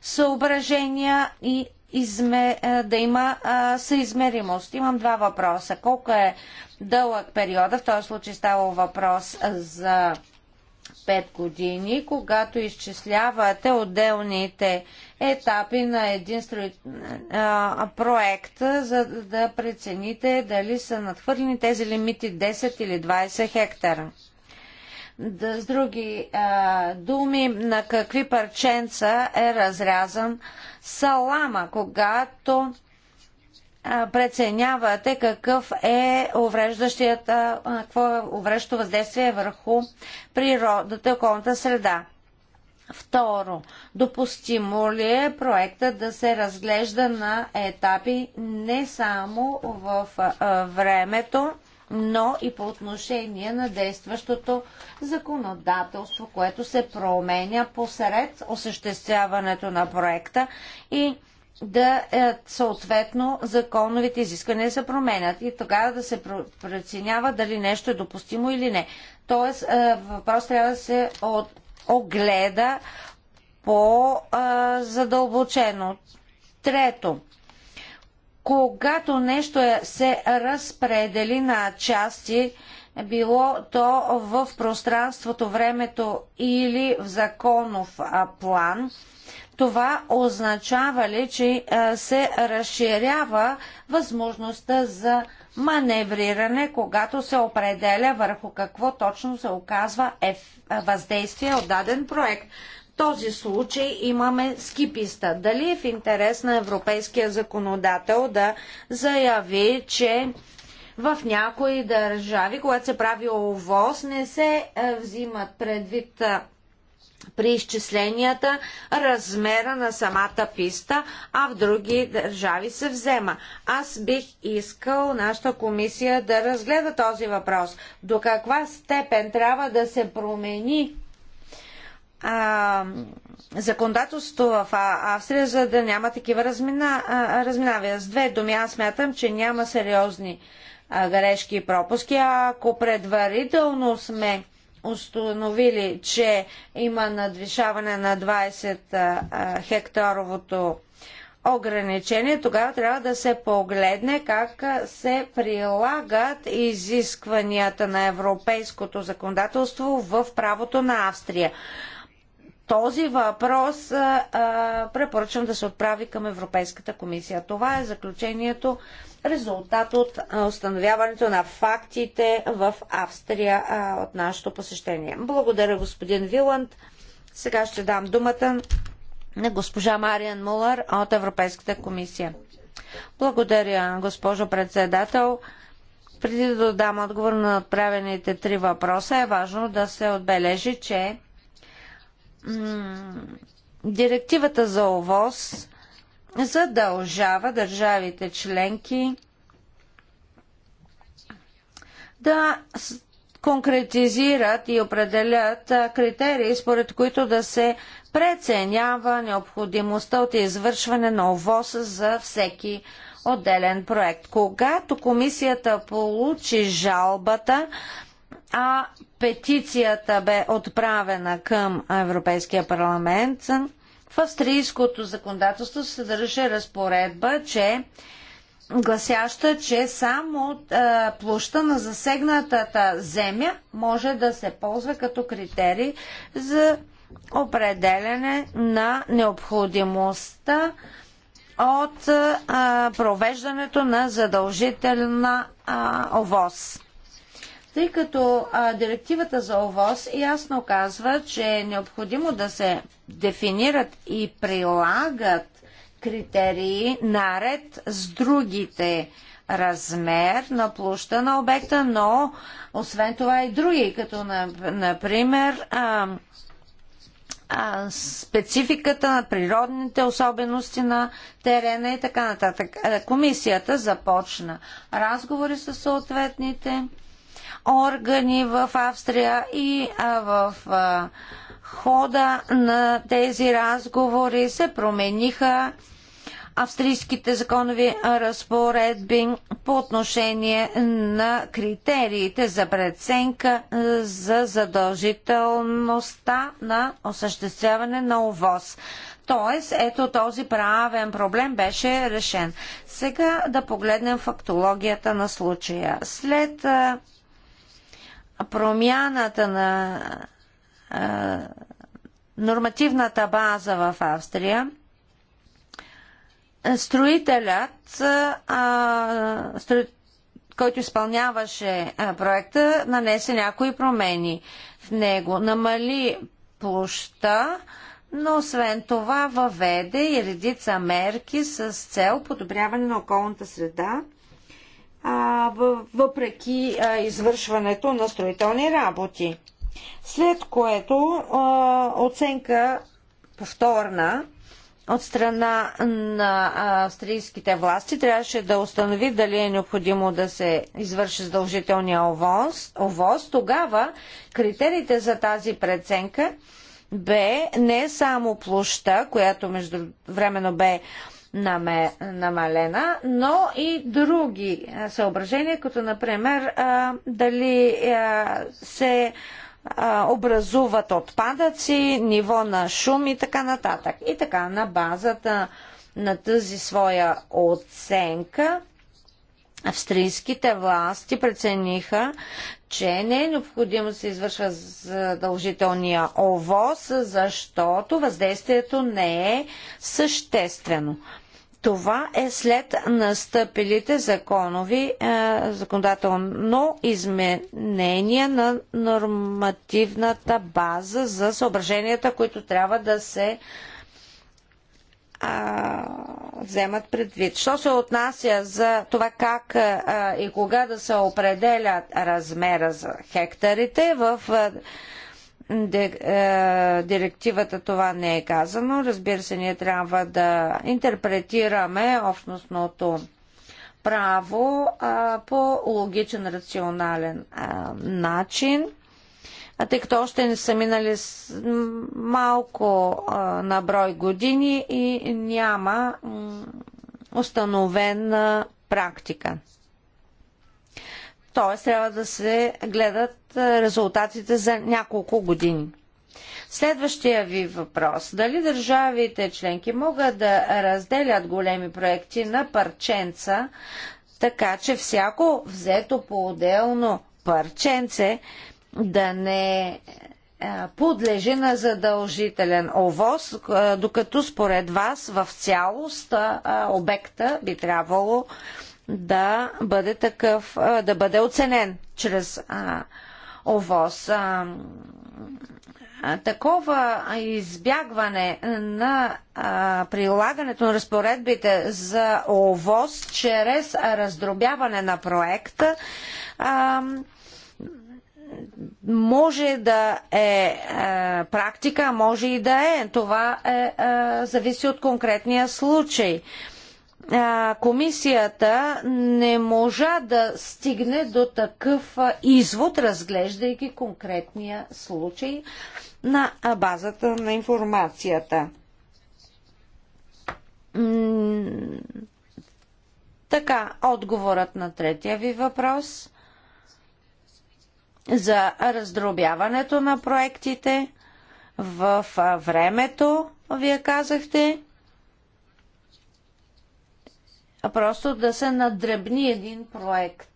съображения и изме, е, да има а, е, съизмеримост. Имам два въпроса. Колко е дълъг периода? В този случай става въпрос за 5 години, когато изчислявате отделните етапи на един строи... а, проект, за да прецените дали са надхвърлени тези лимити 10 или 20 хектара. Да, с други а, думи, на какви парченца е разрязан салама, когато преценявате какъв е увреждащият, какво е увреждащо въздействие върху природата и околната среда. Второ, допустимо ли е проекта да се разглежда на етапи не само в времето, но и по отношение на действащото законодателство, което се променя посред осъществяването на проекта и да е, съответно законовите изисквания се променят и тогава да се преценява дали нещо е допустимо или не. Тоест е, въпрос трябва да се от, огледа по-задълбочено. Е, Трето, когато нещо е, се разпредели на части, било то в пространството, времето или в законов план, това означава ли, че се разширява възможността за маневриране, когато се определя върху какво точно се оказва въздействие от даден проект? В този случай имаме скиписта. Дали е в интерес на европейския законодател да заяви, че в някои държави, когато се прави овоз, не се взимат предвид при изчисленията размера на самата писта, а в други държави се взема. Аз бих искал нашата комисия да разгледа този въпрос. До каква степен трябва да се промени а, законодателство в Австрия, за да няма такива размина, а, разминавия. С две думи аз смятам, че няма сериозни а, грешки и пропуски. Ако предварително сме установили, че има надвишаване на 20 хектаровото ограничение, тогава трябва да се погледне как се прилагат изискванията на европейското законодателство в правото на Австрия. Този въпрос а, препоръчвам да се отправи към Европейската комисия. Това е заключението резултат от установяването на фактите в Австрия от нашето посещение. Благодаря, господин Виланд. Сега ще дам думата на госпожа Мариан Мулър от Европейската комисия. Благодаря, госпожо председател. Преди да дам отговор на отправените три въпроса, е важно да се отбележи, че директивата за ОВОз задължава държавите членки да конкретизират и определят критерии, според които да се преценява необходимостта от извършване на ОВОС за всеки отделен проект. Когато комисията получи жалбата, а петицията бе отправена към Европейския парламент, в австрийското законодателство се съдържа разпоредба, че гласяща, че само а, площа на засегнатата земя може да се ползва като критерий за определяне на необходимостта от провеждането на задължителна а, овоз тъй като а, директивата за ОВОз ясно казва, че е необходимо да се дефинират и прилагат критерии наред с другите размер на площа на обекта, но освен това и други, като например а, а, спецификата на природните особености на терена и така нататък. Комисията започна разговори с съответните органи в Австрия и в хода на тези разговори се промениха австрийските законови разпоредби по отношение на критериите за преценка за задължителността на осъществяване на ОВОз. Тоест, ето този правен проблем беше решен. Сега да погледнем фактологията на случая. След промяната на а, нормативната база в Австрия, строителят, а, стро... който изпълняваше а, проекта, нанесе някои промени в него. Намали площа, но освен това въведе и редица мерки с цел подобряване на околната среда а, въпреки а, извършването на строителни работи. След което а, оценка повторна от страна на австрийските власти трябваше да установи дали е необходимо да се извърши задължителния овоз. овоз. Тогава критериите за тази преценка бе не само площа, която междувременно бе намалена, но и други съображения, като например дали се образуват отпадъци, ниво на шум и така нататък. И така, на базата на тази своя оценка, австрийските власти прецениха, че не е необходимо да се извършва задължителния овоз, защото въздействието не е съществено. Това е след настъпилите законови, е, законодателно изменения на нормативната база за съображенията, които трябва да се а, вземат предвид. Що се отнася за това как а, и кога да се определят размера за хектарите в а, е, директивата това не е казано. Разбира се, ние трябва да интерпретираме общностното право а, по логичен, рационален а, начин, а тъй като още не са минали с малко а, на брой години и няма установена практика т.е. трябва да се гледат резултатите за няколко години. Следващия ви въпрос. Дали държавите членки могат да разделят големи проекти на парченца, така че всяко взето по-отделно парченце да не подлежи на задължителен овоз, докато според вас в цялост обекта би трябвало да бъде такъв, да бъде оценен чрез ОВОз. ОВОС. такова избягване на прилагането на разпоредбите за ОВОС чрез раздробяване на проекта може да е а, практика, може и да е. Това е, зависи от конкретния случай комисията не можа да стигне до такъв извод, разглеждайки конкретния случай на базата на информацията. Така, отговорът на третия ви въпрос за раздробяването на проектите в времето, вие казахте а просто да се надръбни един проект.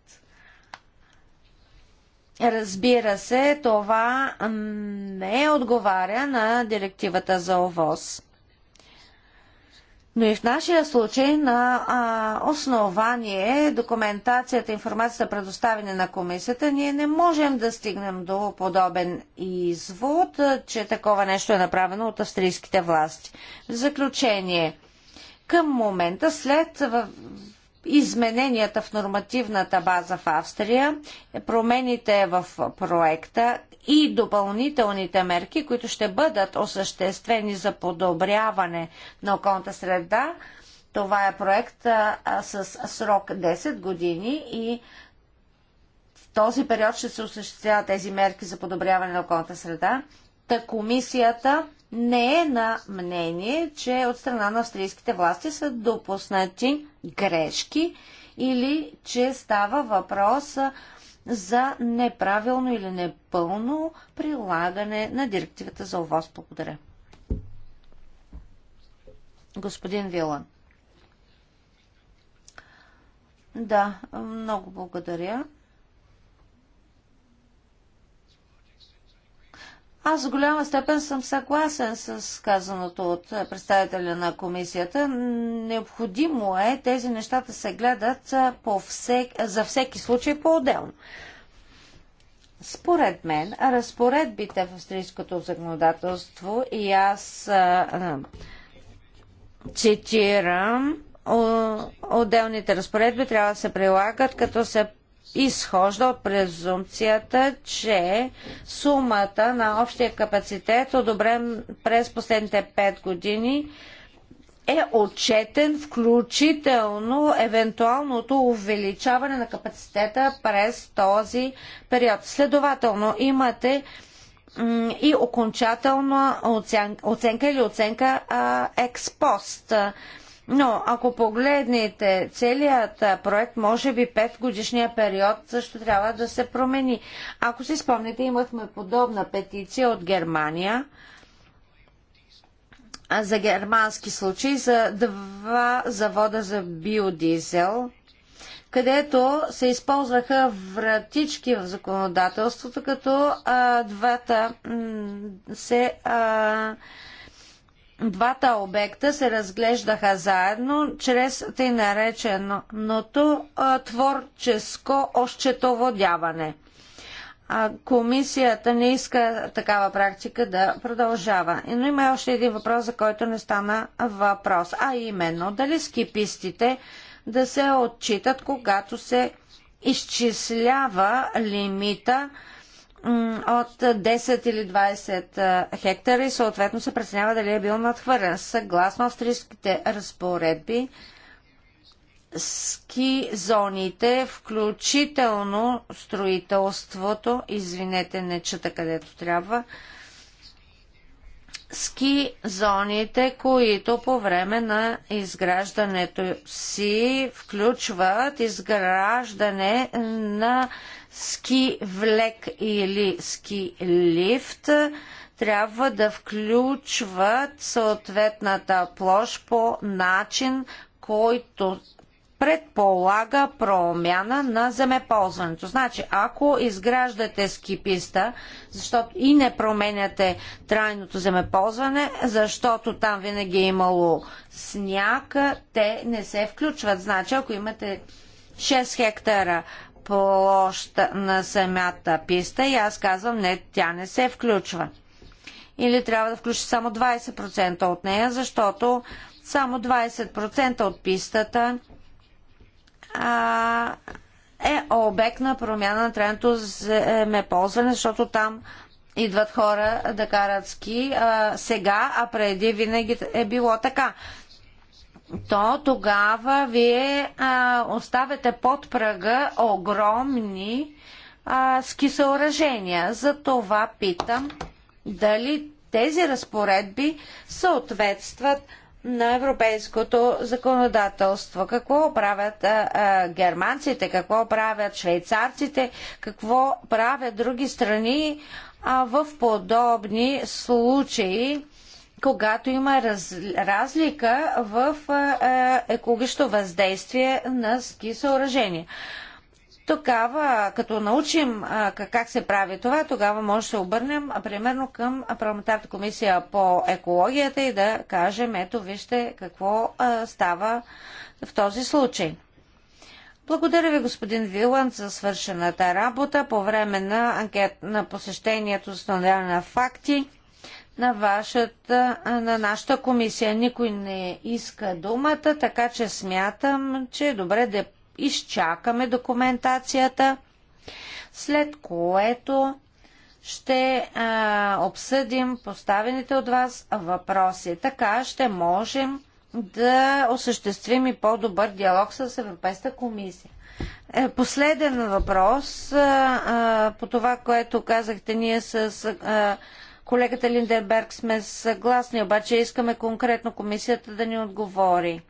Разбира се, това не отговаря на директивата за ОВОз. Но и в нашия случай на а, основание документацията, информацията, предоставена на комисията, ние не можем да стигнем до подобен извод, че такова нещо е направено от австрийските власти. В заключение, към момента, след измененията в нормативната база в Австрия, промените в проекта и допълнителните мерки, които ще бъдат осъществени за подобряване на околната среда. Това е проект с срок 10 години и в този период ще се осъществяват тези мерки за подобряване на околната среда. Та комисията не е на мнение, че от страна на австрийските власти са допуснати грешки или че става въпрос за неправилно или непълно прилагане на директивата за ОВОз. Благодаря. Господин Вилан. Да, много благодаря. Аз в голяма степен съм съгласен с казаното от представителя на комисията. Необходимо е тези нещата се гледат по всек, за всеки случай по-отделно. Според мен, разпоредбите в австрийското законодателство и аз а, цитирам, отделните разпоредби трябва да се прилагат, като се изхожда от презумпцията, че сумата на общия капацитет, одобрен през последните 5 години, е отчетен включително евентуалното увеличаване на капацитета през този период. Следователно, имате и окончателна оценка, оценка или оценка експост. Но ако погледнете целият проект, може би 5 годишния период също трябва да се промени. Ако си спомните, имахме подобна петиция от Германия за германски случаи за два завода за биодизел, където се използваха вратички в законодателството, като а, двата се а, Двата обекта се разглеждаха заедно чрез тъй нареченото творческо ощетоводяване. А комисията не иска такава практика да продължава. Но има още един въпрос, за който не стана въпрос. А именно, дали скипистите да се отчитат, когато се изчислява лимита от 10 или 20 хектара и съответно се преценява дали е бил надхвърлен. Съгласно австрийските разпоредби, ски зоните, включително строителството, извинете, не чета където трябва, ски зоните, които по време на изграждането си включват изграждане на ски влек или ски лифт трябва да включват съответната площ по начин, който предполага промяна на земеползването. Значи, ако изграждате скиписта, защото и не променяте трайното земеползване, защото там винаги е имало сняг, те не се включват. Значи, ако имате 6 хектара площа на самата писта и аз казвам, не, тя не се включва. Или трябва да включи само 20% от нея, защото само 20% от пистата а, е обект на промяна на ме ползване, защото там идват хора да карат ски а, сега, а преди винаги е било така то тогава вие а, оставяте под прага огромни а, ски съоръжения. За това питам дали тези разпоредби съответстват на европейското законодателство. Какво правят а, а, германците, какво правят швейцарците, какво правят други страни а, в подобни случаи когато има раз, разлика в екологично въздействие на ски съоръжения. Тогава, като научим а, как се прави това, тогава може да се обърнем а, примерно към парламентарната комисия по екологията и да кажем, ето вижте какво а, става в този случай. Благодаря ви, господин Виланд, за свършената работа по време на анкет на посещението за на факти на, вашата, на нашата комисия. Никой не иска думата, така че смятам, че е добре да изчакаме документацията, след което ще а, обсъдим поставените от вас въпроси. Така ще можем да осъществим и по-добър диалог с Европейската комисия. Е, последен въпрос а, а, по това, което казахте ние с а, колегата Линдерберг сме съгласни, обаче искаме конкретно комисията да ни отговори.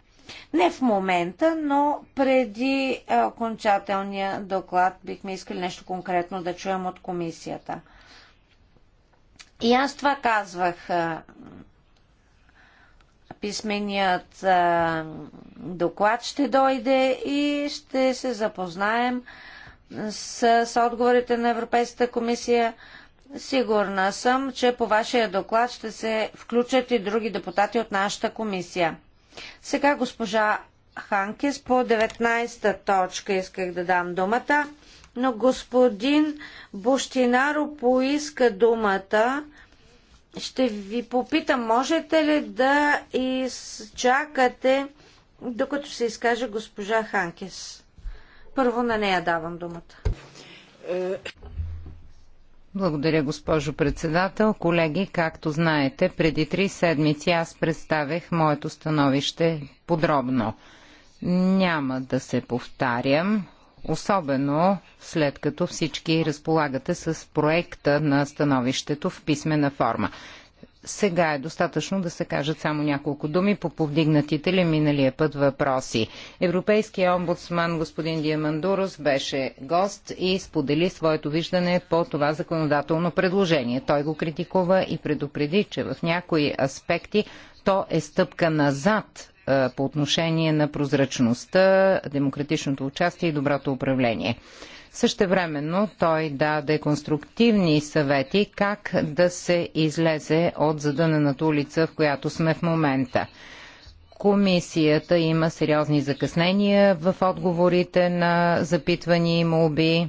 Не в момента, но преди окончателния доклад бихме искали нещо конкретно да чуем от комисията. И аз това казвах. Писменият доклад ще дойде и ще се запознаем с отговорите на Европейската комисия Сигурна съм, че по вашия доклад ще се включат и други депутати от нашата комисия. Сега госпожа Ханкес по 19-та точка исках да дам думата, но господин Буштинаро поиска думата. Ще ви попитам, можете ли да изчакате, докато се изкаже госпожа Ханкес? Първо на нея давам думата. Е, благодаря, госпожо председател. Колеги, както знаете, преди три седмици аз представях моето становище подробно. Няма да се повтарям, особено след като всички разполагате с проекта на становището в писмена форма сега е достатъчно да се кажат само няколко думи по повдигнатите ли миналия път въпроси. Европейския омбудсман господин Диамандурос беше гост и сподели своето виждане по това законодателно предложение. Той го критикува и предупреди, че в някои аспекти то е стъпка назад по отношение на прозрачността, демократичното участие и доброто управление. Същевременно той даде конструктивни съвети как да се излезе от задънената улица, в която сме в момента. Комисията има сериозни закъснения в отговорите на запитвания и молби.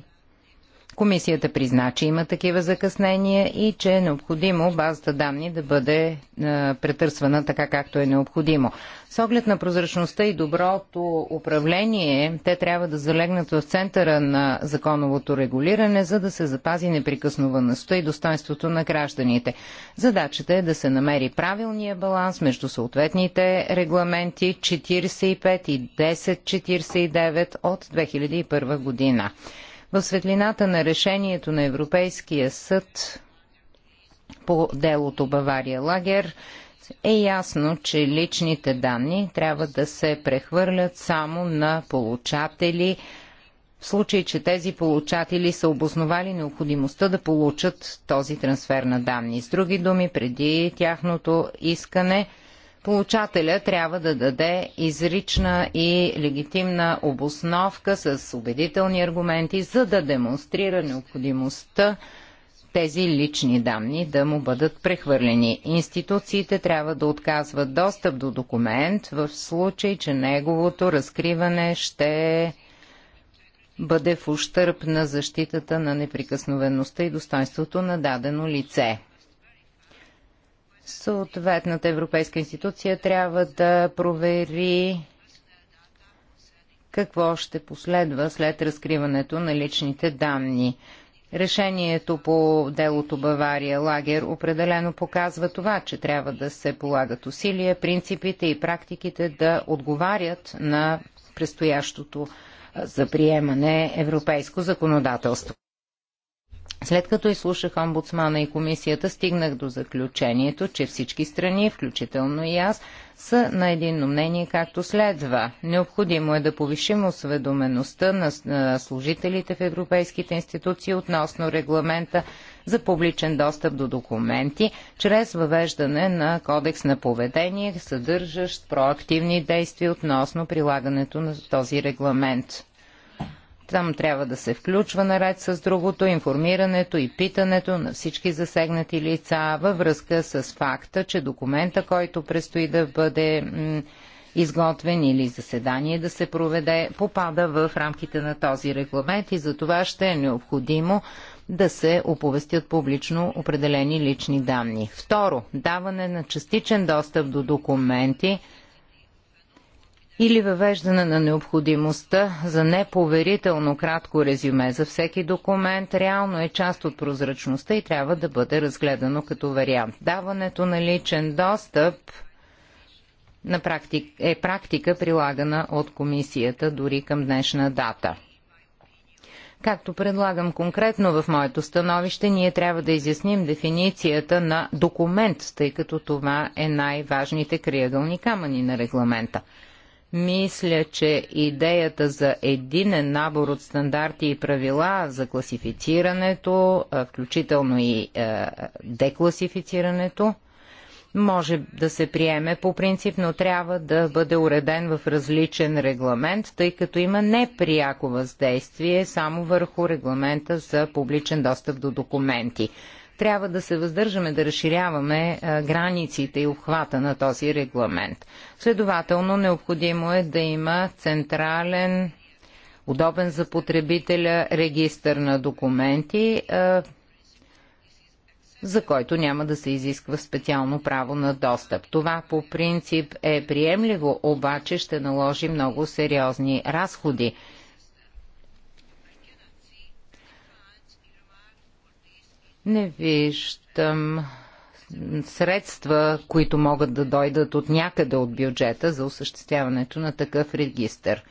Комисията призна, че има такива закъснения и че е необходимо базата данни да бъде е, претърсвана така както е необходимо. С оглед на прозрачността и доброто управление, те трябва да залегнат в центъра на законовото регулиране, за да се запази неприкъснуваността и достоинството на гражданите. Задачата е да се намери правилния баланс между съответните регламенти 45 и 1049 от 2001 година. В светлината на решението на Европейския съд по делото Бавария Лагер е ясно, че личните данни трябва да се прехвърлят само на получатели, в случай, че тези получатели са обосновали необходимостта да получат този трансфер на данни. С други думи, преди тяхното искане – получателя трябва да даде изрична и легитимна обосновка с убедителни аргументи, за да демонстрира необходимостта тези лични данни да му бъдат прехвърлени. Институциите трябва да отказват достъп до документ в случай, че неговото разкриване ще бъде в ущърп на защитата на неприкосновеността и достоинството на дадено лице. Съответната европейска институция трябва да провери какво ще последва след разкриването на личните данни. Решението по делото Бавария Лагер определено показва това, че трябва да се полагат усилия, принципите и практиките да отговарят на предстоящото за приемане европейско законодателство. След като изслушах омбудсмана и комисията, стигнах до заключението, че всички страни, включително и аз, са на единно мнение както следва. Необходимо е да повишим осведомеността на служителите в европейските институции относно регламента за публичен достъп до документи, чрез въвеждане на кодекс на поведение, съдържащ проактивни действия относно прилагането на този регламент. Там трябва да се включва наред с другото информирането и питането на всички засегнати лица във връзка с факта, че документа, който предстои да бъде изготвен или заседание да се проведе, попада в рамките на този регламент и за това ще е необходимо да се оповестят публично определени лични данни. Второ, даване на частичен достъп до документи – или въвеждане на необходимостта за неповерително кратко резюме за всеки документ реално е част от прозрачността и трябва да бъде разгледано като вариант. Даването на личен достъп на практик, е практика прилагана от комисията дори към днешна дата. Както предлагам конкретно в моето становище, ние трябва да изясним дефиницията на документ, тъй като това е най-важните криъгълни камъни на регламента – мисля, че идеята за единен набор от стандарти и правила за класифицирането, включително и декласифицирането, може да се приеме по принцип, но трябва да бъде уреден в различен регламент, тъй като има непряко въздействие само върху регламента за публичен достъп до документи трябва да се въздържаме да разширяваме е, границите и обхвата на този регламент. Следователно, необходимо е да има централен, удобен за потребителя регистър на документи, е, за който няма да се изисква специално право на достъп. Това по принцип е приемливо, обаче ще наложи много сериозни разходи. Не виждам средства, които могат да дойдат от някъде от бюджета за осъществяването на такъв регистр.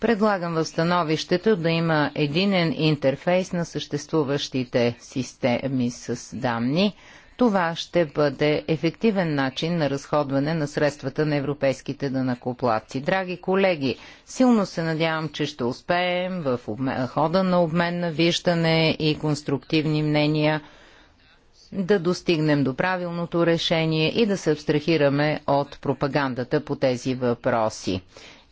Предлагам в становището да има единен интерфейс на съществуващите системи с данни – това ще бъде ефективен начин на разходване на средствата на европейските дънакоплаци. Драги колеги, силно се надявам, че ще успеем в хода на обмен на виждане и конструктивни мнения да достигнем до правилното решение и да се абстрахираме от пропагандата по тези въпроси.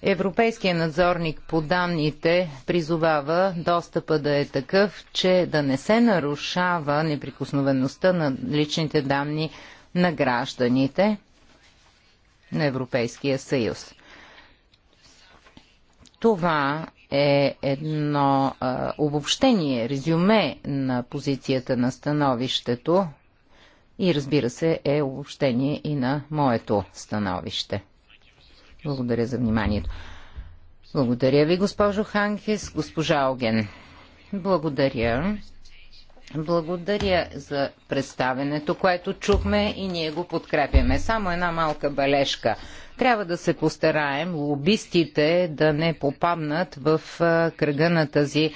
Европейския надзорник по данните призовава достъпа да е такъв, че да не се нарушава неприкосновеността на личните данни на гражданите на Европейския съюз. Това е едно а, обобщение, резюме на позицията на становището и разбира се е обобщение и на моето становище. Благодаря за вниманието. Благодаря ви, госпожо Ханхес. Госпожа Оген. Благодаря. Благодаря за представенето, което чухме и ние го подкрепяме. Само една малка бележка. Трябва да се постараем лобистите да не попаднат в кръга на тази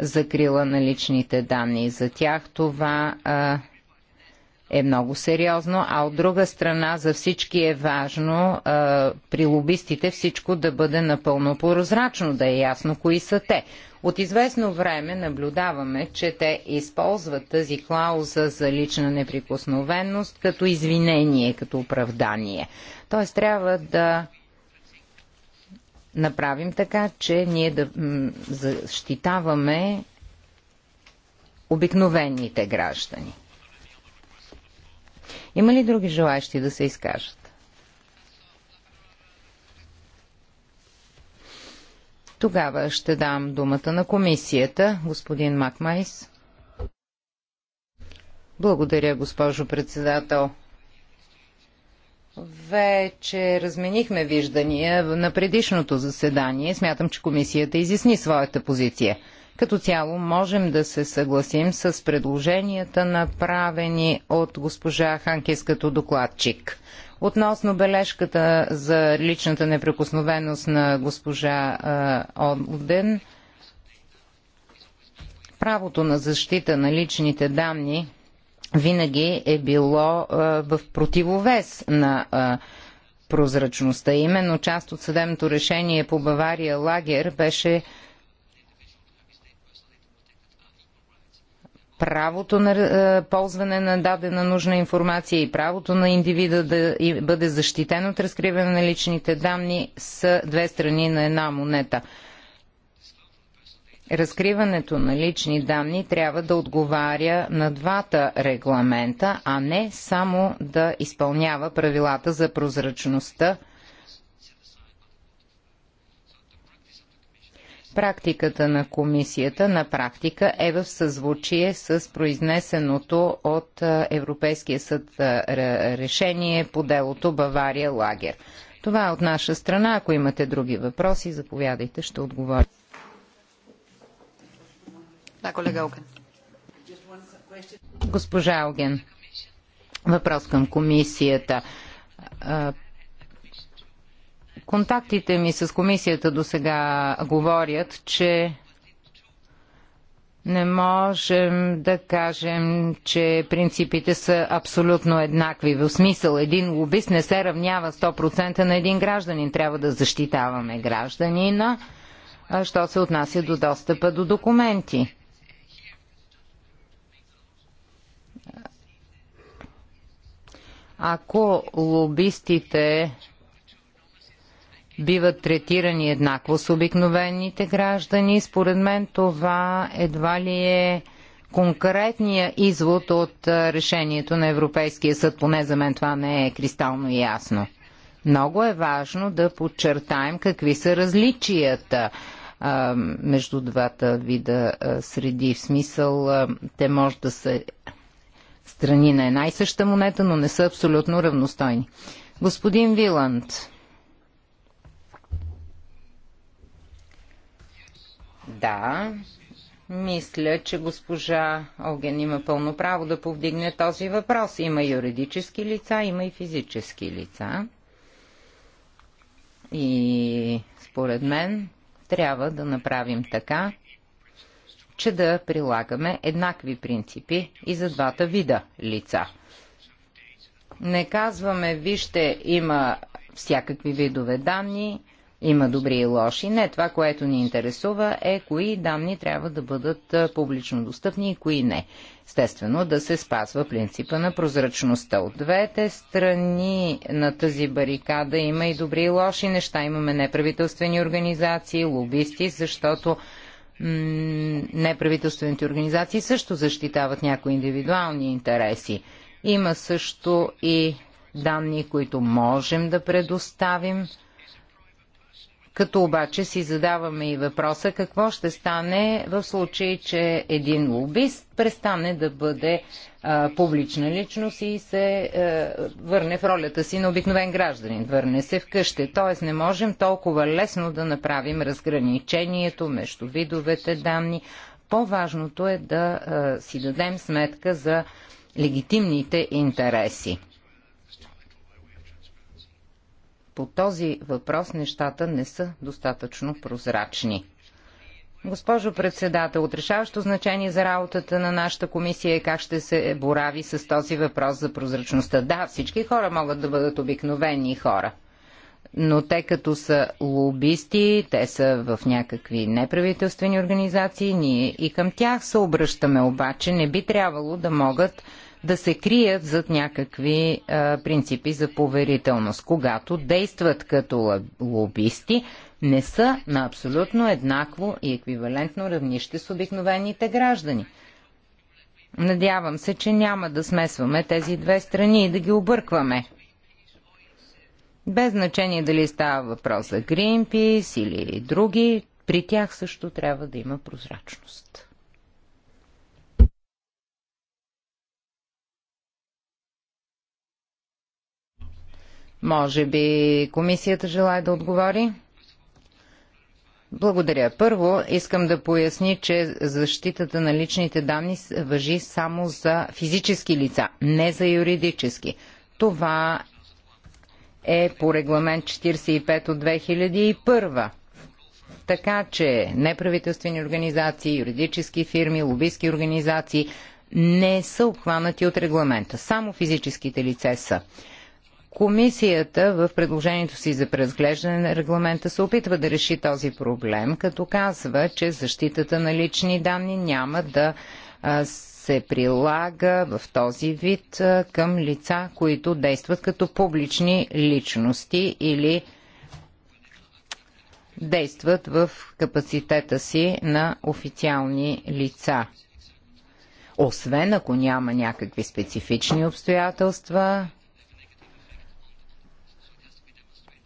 закрила на личните данни. За тях това а, е много сериозно, а от друга страна за всички е важно а, при лобистите всичко да бъде напълно прозрачно, да е ясно кои са те. От известно време наблюдаваме, че те използват тази клауза за лична неприкосновенност като извинение, като оправдание. Тоест трябва да направим така, че ние да защитаваме обикновените граждани. Има ли други желаящи да се изкажат? Тогава ще дам думата на комисията, господин Макмайс. Благодаря, госпожо председател. Вече разменихме виждания на предишното заседание. Смятам, че комисията изясни своята позиция. Като цяло можем да се съгласим с предложенията направени от госпожа Ханкис като докладчик. Относно бележката за личната неприкосновеност на госпожа Олден, правото на защита на личните данни винаги е било в противовес на а, прозрачността. Именно част от съдебното решение по Бавария Лагер беше правото на е, ползване на дадена нужна информация и правото на индивида да бъде защитен от разкриване на личните данни са две страни на една монета. Разкриването на лични данни трябва да отговаря на двата регламента, а не само да изпълнява правилата за прозрачността Практиката на комисията на практика е в съзвучие с произнесеното от Европейския съд решение по делото Бавария Лагер. Това е от наша страна. Ако имате други въпроси, заповядайте, ще отговоря. Да, колега Оген. Госпожа Оген, въпрос към комисията Контактите ми с комисията до сега говорят, че не можем да кажем, че принципите са абсолютно еднакви. В смисъл, един лобист не се равнява 100% на един гражданин. Трябва да защитаваме гражданина, що се отнася до достъпа до документи. Ако лобистите биват третирани еднакво с обикновените граждани. Според мен това едва ли е конкретния извод от решението на Европейския съд, поне за мен това не е кристално ясно. Много е важно да подчертаем какви са различията а, между двата вида а, среди. В смисъл, а, те може да са страни на една и съща монета, но не са абсолютно равностойни. Господин Виланд, Да, мисля, че госпожа Оген има пълно право да повдигне този въпрос. Има юридически лица, има и физически лица. И според мен трябва да направим така, че да прилагаме еднакви принципи и за двата вида лица. Не казваме, вижте, има всякакви видове данни, има добри и лоши. Не, това, което ни интересува е кои данни трябва да бъдат публично достъпни и кои не. Естествено, да се спазва принципа на прозрачността. От двете страни на тази барикада има и добри и лоши неща. Имаме неправителствени организации, лобисти, защото неправителствените организации също защитават някои индивидуални интереси. Има също и данни, които можем да предоставим като обаче си задаваме и въпроса какво ще стане в случай, че един лобист престане да бъде а, публична личност и се а, върне в ролята си на обикновен гражданин, върне се вкъщи. Тоест не можем толкова лесно да направим разграничението между видовете данни. По-важното е да а, си дадем сметка за легитимните интереси по този въпрос нещата не са достатъчно прозрачни. Госпожо председател, отрешаващо значение за работата на нашата комисия е как ще се борави с този въпрос за прозрачността. Да, всички хора могат да бъдат обикновени хора. Но те като са лобисти, те са в някакви неправителствени организации, ние и към тях се обръщаме обаче. Не би трябвало да могат да се крият зад някакви а, принципи за поверителност. Когато действат като лобисти, не са на абсолютно еднакво и еквивалентно равнище с обикновените граждани. Надявам се, че няма да смесваме тези две страни и да ги объркваме. Без значение дали става въпрос за Greenpeace или други, при тях също трябва да има прозрачност. Може би комисията желая да отговори? Благодаря. Първо, искам да поясни, че защитата на личните данни въжи само за физически лица, не за юридически. Това е по регламент 45 от 2001. Така че неправителствени организации, юридически фирми, лобистки организации не са обхванати от регламента. Само физическите лице са. Комисията в предложението си за преразглеждане на регламента се опитва да реши този проблем, като казва, че защитата на лични данни няма да се прилага в този вид към лица, които действат като публични личности или действат в капацитета си на официални лица. Освен ако няма някакви специфични обстоятелства,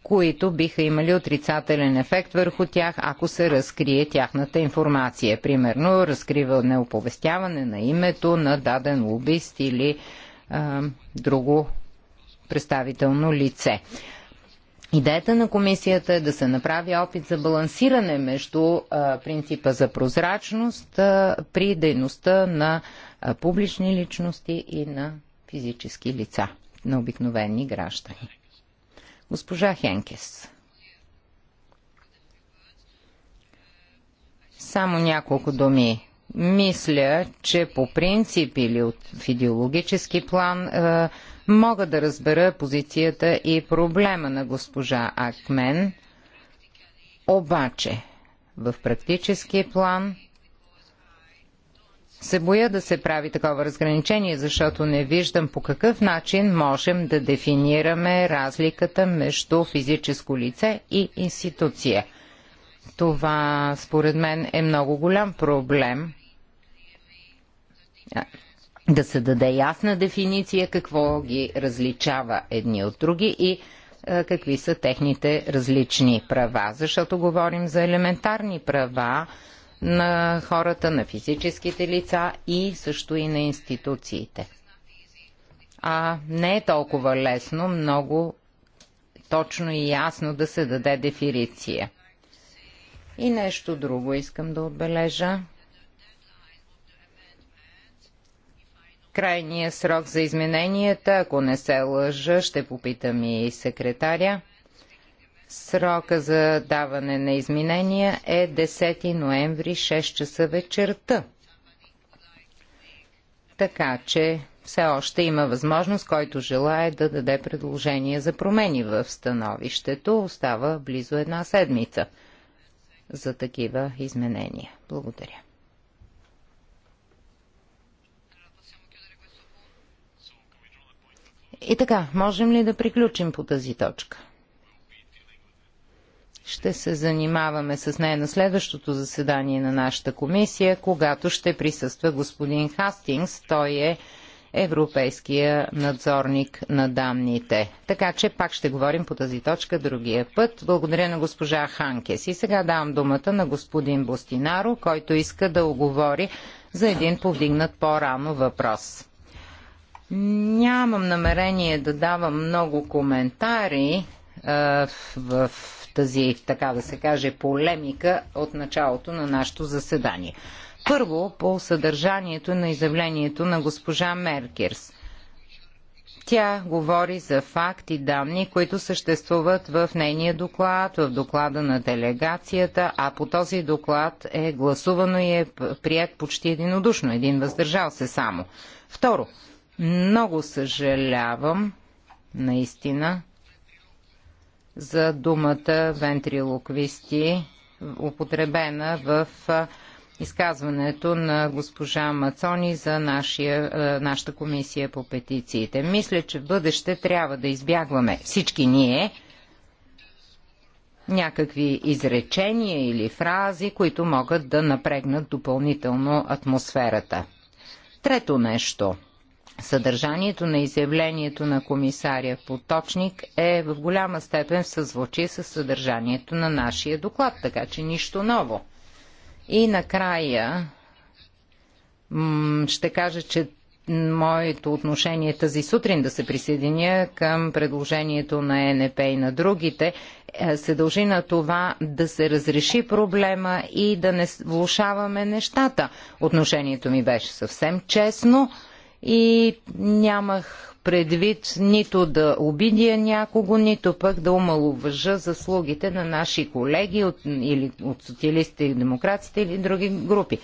които биха имали отрицателен ефект върху тях, ако се разкрие тяхната информация. Примерно, разкриване, оповестяване на името на даден лобист или а, друго представително лице. Идеята на комисията е да се направи опит за балансиране между а, принципа за прозрачност а, при дейността на а, публични личности и на физически лица, на обикновени граждани. Госпожа Хенкес. Само няколко думи. Мисля, че по принцип или от, в идеологически план е, мога да разбера позицията и проблема на госпожа Акмен. Обаче, в практически план – се боя да се прави такова разграничение, защото не виждам по какъв начин можем да дефинираме разликата между физическо лице и институция. Това, според мен, е много голям проблем. Да се даде ясна дефиниция какво ги различава едни от други и е, какви са техните различни права. Защото говорим за елементарни права, на хората, на физическите лица и също и на институциите. А не е толкова лесно, много точно и ясно да се даде дефиниция. И нещо друго искам да отбележа. Крайният срок за измененията, ако не се лъжа, ще попитам и секретаря. Срока за даване на изменения е 10 ноември 6 часа вечерта. Така че все още има възможност, който желая да даде предложение за промени в становището. Остава близо една седмица за такива изменения. Благодаря. И така, можем ли да приключим по тази точка? Ще се занимаваме с нея на следващото заседание на нашата комисия, когато ще присъства господин Хастингс. Той е европейския надзорник на данните. Така че пак ще говорим по тази точка другия път. Благодаря на госпожа Ханкес. И сега давам думата на господин Бостинаро, който иска да оговори за един повдигнат по-рано въпрос. Нямам намерение да давам много коментари в тази, така да се каже, полемика от началото на нашето заседание. Първо по съдържанието на изявлението на госпожа Меркерс. Тя говори за факти данни, които съществуват в нейния доклад, в доклада на делегацията, а по този доклад е гласувано и е прият почти единодушно, един въздържал се само. Второ, много съжалявам, наистина, за думата вентрилоквисти, употребена в изказването на госпожа Мацони за нашия, нашата комисия по петициите. Мисля, че в бъдеще трябва да избягваме всички ние някакви изречения или фрази, които могат да напрегнат допълнително атмосферата. Трето нещо – Съдържанието на изявлението на комисаря Поточник е в голяма степен в съзвучие с съдържанието на нашия доклад, така че нищо ново. И накрая ще кажа, че моето отношение тази сутрин да се присъединя към предложението на ЕНП и на другите е, се дължи на това да се разреши проблема и да не влушаваме нещата. Отношението ми беше съвсем честно и нямах предвид нито да обидя някого, нито пък да омалуважа заслугите на наши колеги от, или от социалистите и демократите или други групи.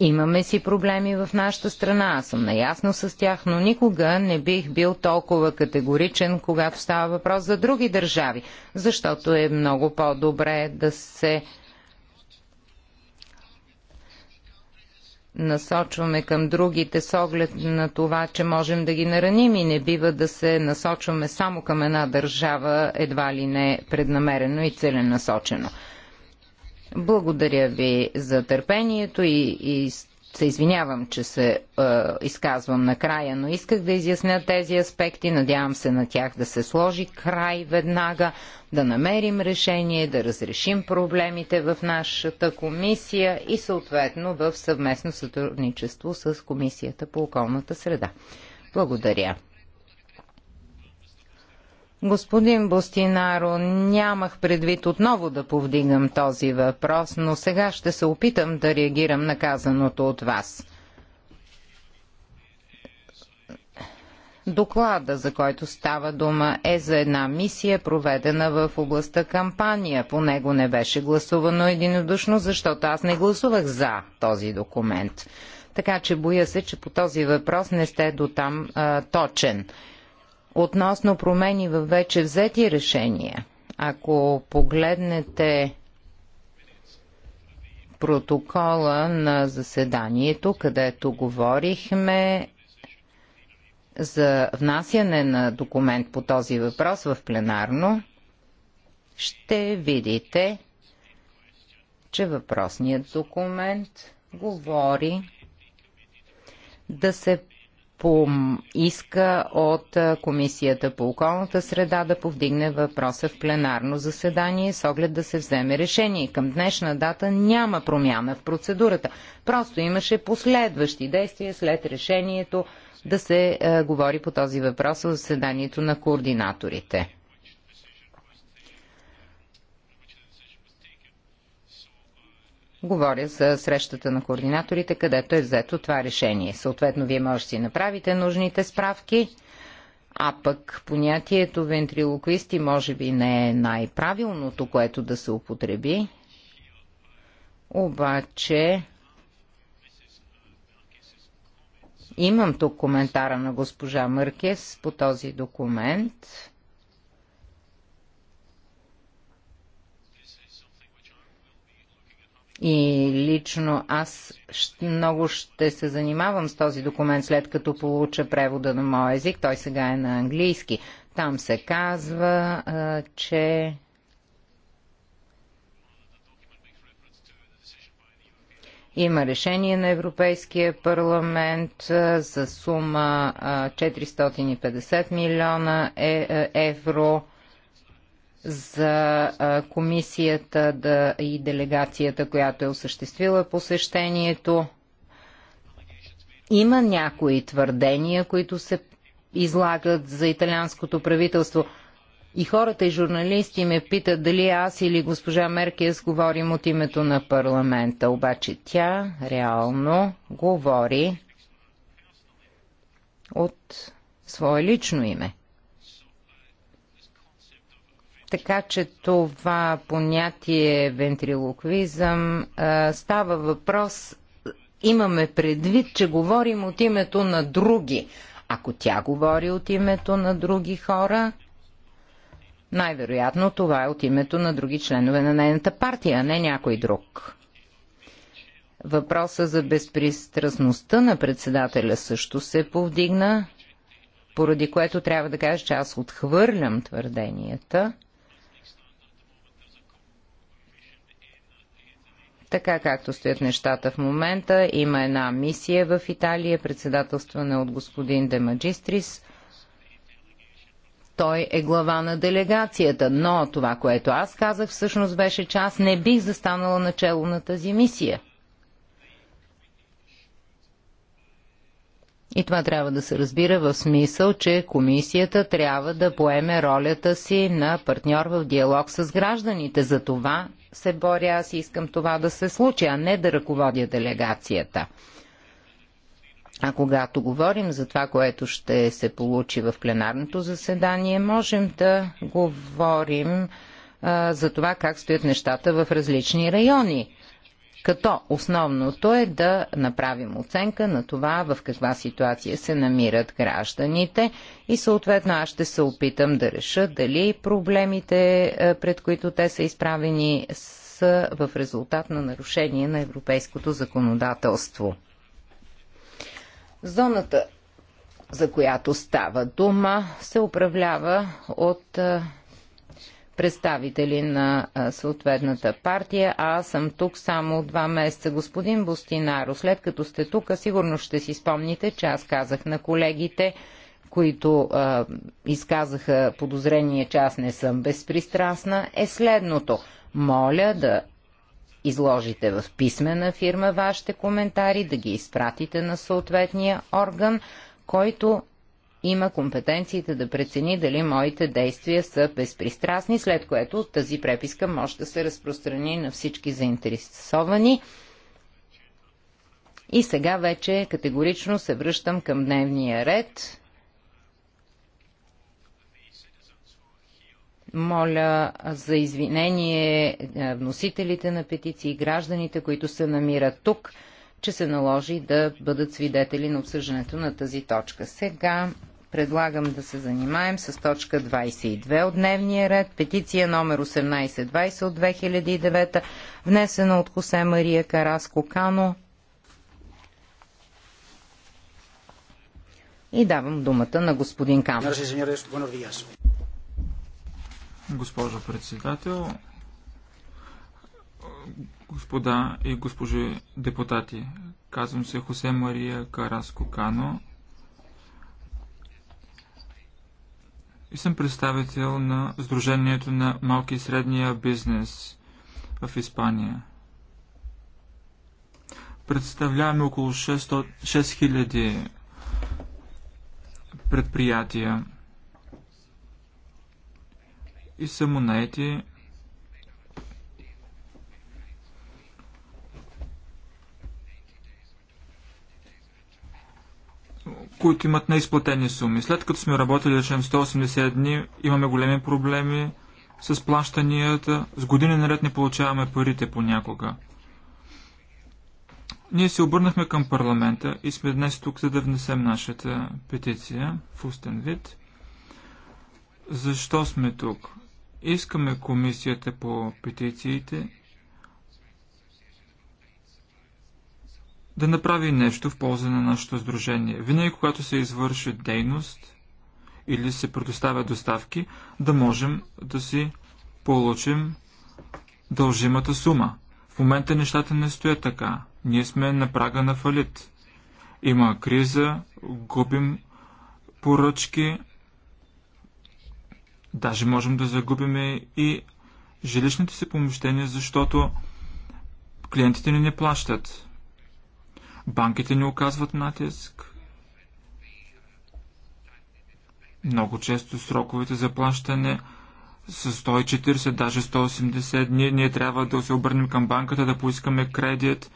Имаме си проблеми в нашата страна, аз съм наясно с тях, но никога не бих бил толкова категоричен, когато става въпрос за други държави, защото е много по-добре да се насочваме към другите с оглед на това, че можем да ги нараним и не бива да се насочваме само към една държава, едва ли не преднамерено и целенасочено. Благодаря ви за търпението и, и се извинявам, че се е, изказвам накрая, но исках да изясня тези аспекти. Надявам се на тях да се сложи край веднага, да намерим решение, да разрешим проблемите в нашата комисия и съответно в съвместно сътрудничество с Комисията по околната среда. Благодаря. Господин Бостинаро, нямах предвид отново да повдигам този въпрос, но сега ще се опитам да реагирам на казаното от вас. Доклада, за който става дума, е за една мисия, проведена в областта кампания. По него не беше гласувано единодушно, защото аз не гласувах за този документ. Така че боя се, че по този въпрос не сте до там точен относно промени в вече взети решения. Ако погледнете протокола на заседанието, където говорихме за внасяне на документ по този въпрос в пленарно, ще видите, че въпросният документ говори да се поиска от Комисията по околната среда да повдигне въпроса в пленарно заседание с оглед да се вземе решение. Към днешна дата няма промяна в процедурата. Просто имаше последващи действия след решението да се е, говори по този въпрос в заседанието на координаторите. Говоря за срещата на координаторите, където е взето това решение. Съответно, вие може да си направите нужните справки, а пък понятието вентрилоквисти може би не е най-правилното, което да се употреби. Обаче, имам тук коментара на госпожа Мъркес по този документ. И лично аз много ще се занимавам с този документ, след като получа превода на моя език. Той сега е на английски. Там се казва, че Има решение на Европейския парламент за сума 450 милиона е, е, евро за комисията да, и делегацията, която е осъществила посещението. Има някои твърдения, които се излагат за италианското правителство. И хората и журналисти ме питат дали аз или госпожа Меркес говорим от името на парламента. Обаче тя реално говори от свое лично име. Така че това понятие вентрилоквизъм става въпрос, имаме предвид, че говорим от името на други. Ако тя говори от името на други хора, най-вероятно това е от името на други членове на нейната партия, а не някой друг. Въпроса за безпристрастността на председателя също се повдигна, поради което трябва да кажа, че аз отхвърлям твърденията, Така както стоят нещата в момента, има една мисия в Италия, председателствана от господин Демаджистрис. Той е глава на делегацията, но това, което аз казах всъщност беше, че аз не бих застанала начало на тази мисия – И това трябва да се разбира в смисъл, че комисията трябва да поеме ролята си на партньор в диалог с гражданите. За това се боря, аз искам това да се случи, а не да ръководя делегацията. А когато говорим за това, което ще се получи в пленарното заседание, можем да говорим а, за това как стоят нещата в различни райони като основното е да направим оценка на това в каква ситуация се намират гражданите и съответно аз ще се опитам да реша дали проблемите, е, пред които те са изправени, са в резултат на нарушение на европейското законодателство. Зоната, за която става дума, се управлява от е, представители на съответната партия, а аз съм тук само два месеца. Господин Бостинаро, след като сте тук, сигурно ще си спомните, че аз казах на колегите, които а, изказаха подозрение, че аз не съм безпристрастна, е следното. Моля да изложите в писмена фирма вашите коментари, да ги изпратите на съответния орган, който има компетенциите да прецени дали моите действия са безпристрастни, след което тази преписка може да се разпространи на всички заинтересовани. И сега вече категорично се връщам към дневния ред. моля за извинение е, вносителите на петиции и гражданите, които се намират тук, че се наложи да бъдат свидетели на обсъждането на тази точка. Сега предлагам да се занимаем с точка 22 от дневния ред, петиция номер 1820 от 2009, внесена от Хосе Мария Караско Кано. И давам думата на господин Кано. Госпожо председател, господа и госпожи депутати, казвам се Хосе Мария Караско Кано, и съм представител на Сдружението на малки и средния бизнес в Испания. Представляваме около 600, 6000 предприятия и самонаети които имат неизплатени суми. След като сме работили, речем, 180 дни, имаме големи проблеми с плащанията. С години наред не получаваме парите понякога. Ние се обърнахме към парламента и сме днес тук, за да внесем нашата петиция в устен вид. Защо сме тук? Искаме комисията по петициите да направи нещо в полза на нашето сдружение. Винаги, когато се извърши дейност или се предоставя доставки, да можем да си получим дължимата сума. В момента нещата не стоят така. Ние сме на прага на фалит. Има криза, губим поръчки, даже можем да загубим и жилищните си помещения, защото клиентите ни не плащат. Банките ни оказват натиск. Много често сроковете за плащане с 140, даже 180 дни. Ние трябва да се обърнем към банката, да поискаме кредит,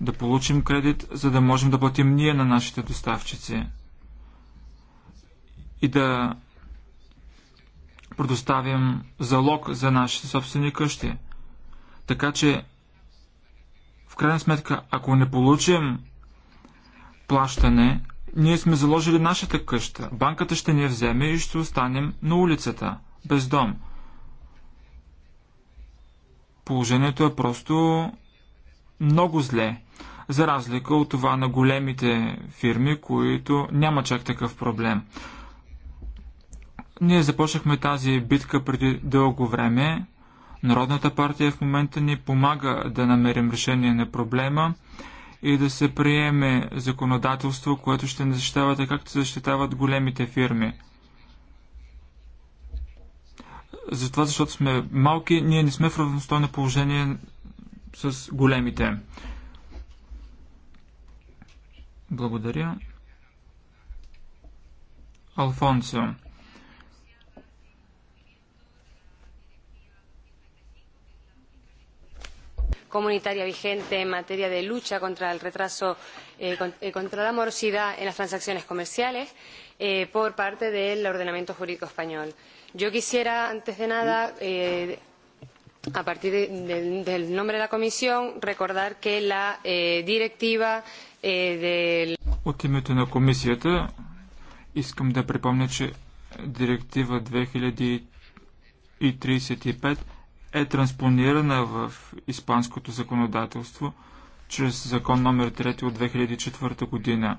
да получим кредит, за да можем да платим ние на нашите доставчици и да предоставим залог за нашите собствени къщи. Така че в крайна сметка, ако не получим плащане, ние сме заложили нашата къща. Банката ще ни я вземе и ще останем на улицата, без дом. Положението е просто много зле, за разлика от това на големите фирми, които няма чак такъв проблем. Ние започнахме тази битка преди дълго време. Народната партия в момента ни помага да намерим решение на проблема и да се приеме законодателство, което ще не защитава така, както се защитават големите фирми. Затова, защото сме малки, ние не сме в равностойно положение с големите. Благодаря. Алфонсо. comunitaria vigente en materia de lucha contra el retraso, contra la morosidad en las transacciones comerciales por parte del ordenamiento jurídico español. Yo quisiera, antes de nada, a partir del nombre de la Comisión, recordar que la directiva del. От името на комисията искам да припомня, че директива 2035 е транспонирана в испанското законодателство чрез закон номер 3 от 2004 година.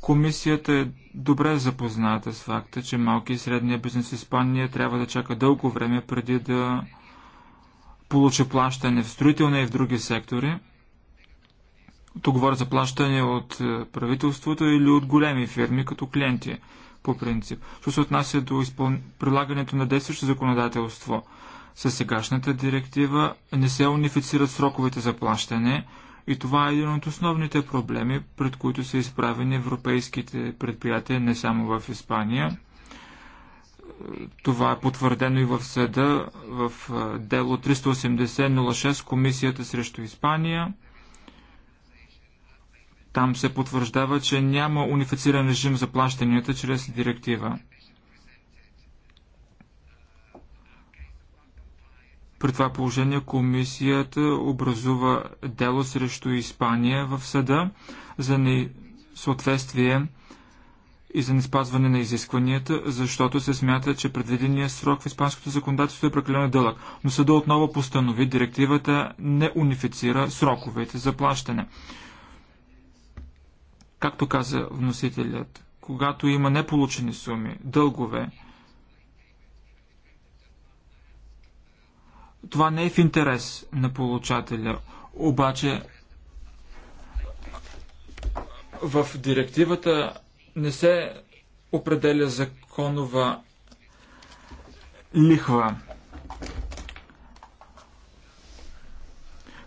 Комисията е добре запозната с факта, че малки и средния бизнес в Испания трябва да чака дълго време преди да получи плащане в строителния и в други сектори. Тук говоря за плащане от е, правителството или от големи фирми като клиенти по принцип. Що се отнася до изпъл... прилагането на действащо законодателство, със сегашната директива не се унифицират сроковете за плащане и това е един от основните проблеми, пред които са изправени европейските предприятия, не само в Испания. Това е потвърдено и в съда в дело 380-06 Комисията срещу Испания. Там се потвърждава, че няма унифициран режим за плащанията чрез директива. При това положение комисията образува дело срещу Испания в съда за несъответствие и за неспазване на изискванията, защото се смята, че предвидения срок в испанското законодателство е прекалено дълъг. Но съда отново постанови, директивата не унифицира сроковете за плащане. Както каза вносителят, когато има неполучени суми, дългове, това не е в интерес на получателя. Обаче в директивата не се определя законова лихва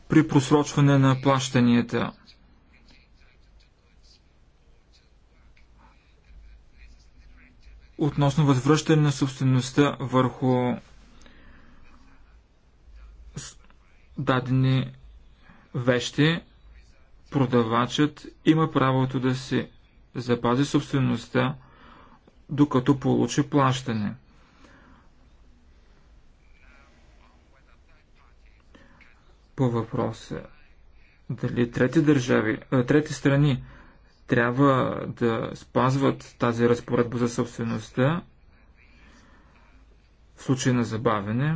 при просрочване на плащанията. Относно възвръщане на собствеността върху дадени вещи, продавачът има правото да си запази собствеността, докато получи плащане. По въпроса дали трети държави, трети страни трябва да спазват тази разпоредба за собствеността в случай на забавене,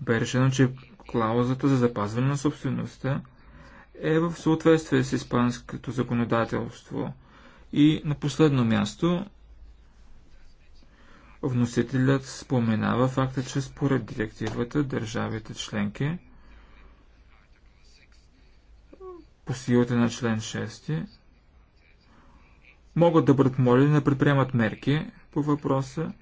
бе решено, че клаузата за запазване на собствеността е в съответствие с испанското законодателство. И на последно място, вносителят споменава факта, че според директивата държавите членки по силата на член 6 могат да бъдат молени да предприемат мерки по въпроса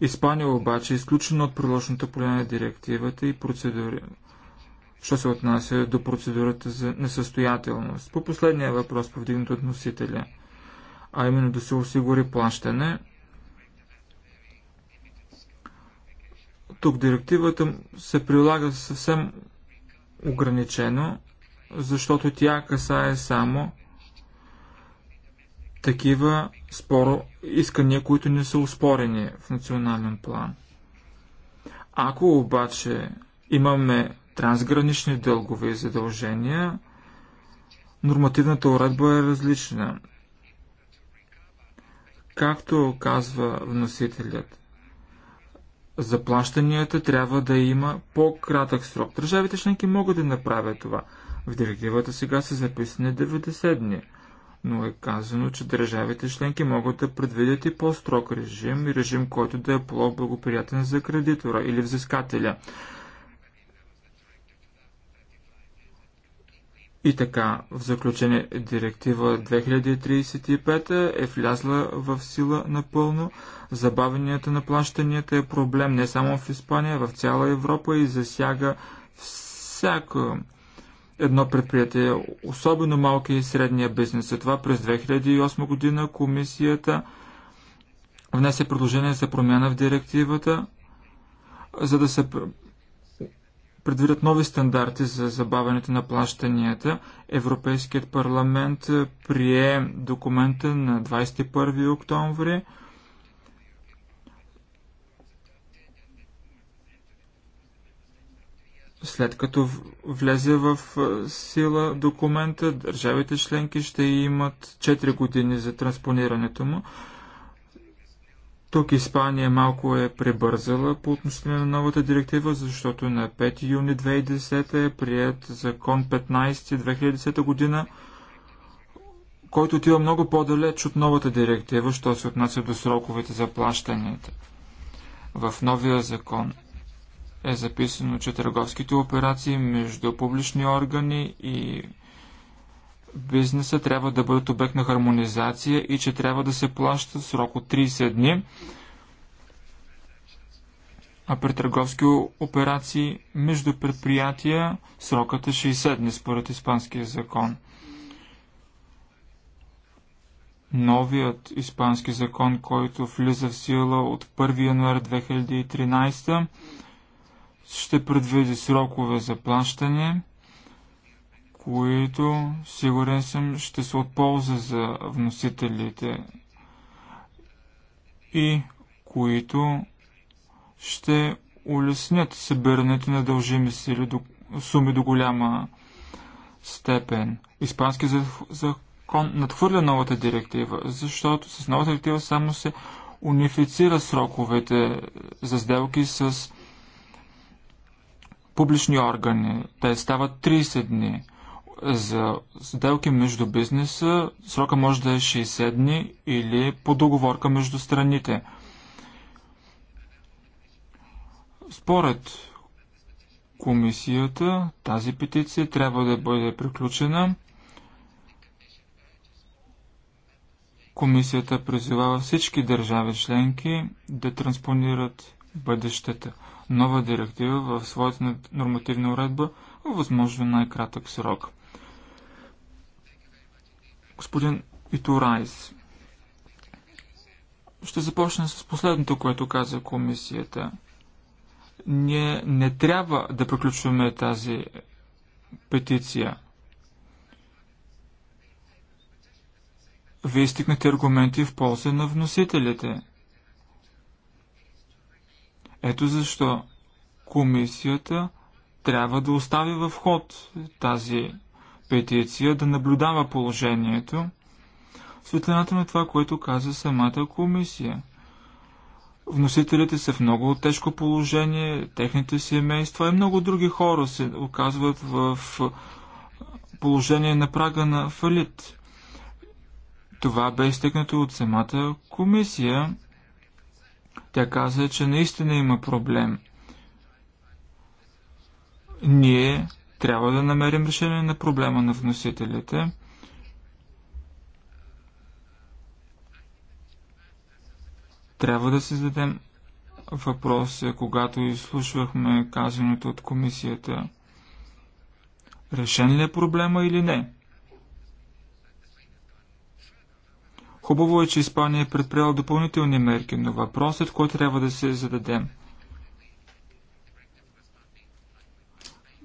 Испания обаче е изключена от приложното поля на директивата и процедури. Що се отнася до процедурата за несъстоятелност? По последния въпрос, повдигнат от носителя, а именно да се осигури плащане, тук директивата се прилага съвсем ограничено, защото тя касае само такива споро искания, които не са успорени в национален план. Ако обаче имаме трансгранични дългове и задължения, нормативната уредба е различна. Както казва вносителят, заплащанията трябва да има по-кратък срок. Държавите членки могат да направят това. В директивата сега са записани 90 дни – но е казано, че държавите членки могат да предвидят и по-строг режим и режим, който да е по-благоприятен за кредитора или взискателя. И така, в заключение, директива 2035 е влязла в сила напълно. Забавенията на плащанията е проблем не само в Испания, в цяла Европа и засяга всяко едно предприятие, особено малки и средния бизнес. Затова през 2008 година комисията внесе предложение за промяна в директивата, за да се предвидят нови стандарти за забавянето на плащанията. Европейският парламент прие документа на 21 октомври След като влезе в сила документа, държавите членки ще имат 4 години за транспонирането му. Тук Испания малко е пребързала по отношение на новата директива, защото на 5 юни 2010 е прият закон 15-2010 година, който отива много по-далеч от новата директива, що се отнася до сроковете за плащанията в новия закон е записано, че търговските операции между публични органи и бизнеса трябва да бъдат обект на хармонизация и че трябва да се плаща срок от 30 дни, а при търговски операции между предприятия срокът е 60 дни според испанския закон. Новият испански закон, който влиза в сила от 1 януаря 2013 ще предвиди срокове за плащане, които сигурен съм ще се отползва за вносителите и които ще улеснят събирането на дължими сили до, суми до голяма степен. Испански закон надхвърля новата директива, защото с новата директива само се унифицира сроковете за сделки с публични органи. Те стават 30 дни. За сделки между бизнеса срока може да е 60 дни или по договорка между страните. Според комисията, тази петиция трябва да бъде приключена. Комисията призовава всички държави членки да транспонират бъдещата нова директива в своята нормативна уредба в възможно най-кратък срок. Господин Итурайс, ще започна с последното, което каза комисията. Ние не трябва да приключваме тази петиция. Вие стигнете аргументи в полза на вносителите – ето защо комисията трябва да остави в ход тази петиция, да наблюдава положението, светлината на това, което каза самата комисия. Вносителите са в много тежко положение, техните семейства и много други хора се оказват в положение на прага на фалит. Това бе изтъкнато от самата комисия тя каза, че наистина има проблем. Ние трябва да намерим решение на проблема на вносителите. Трябва да си зададем въпроса, когато изслушвахме казаното от комисията. Решен ли е проблема или не? Хубаво е, че Испания е предприела допълнителни мерки, но въпросът, който трябва да се зададем.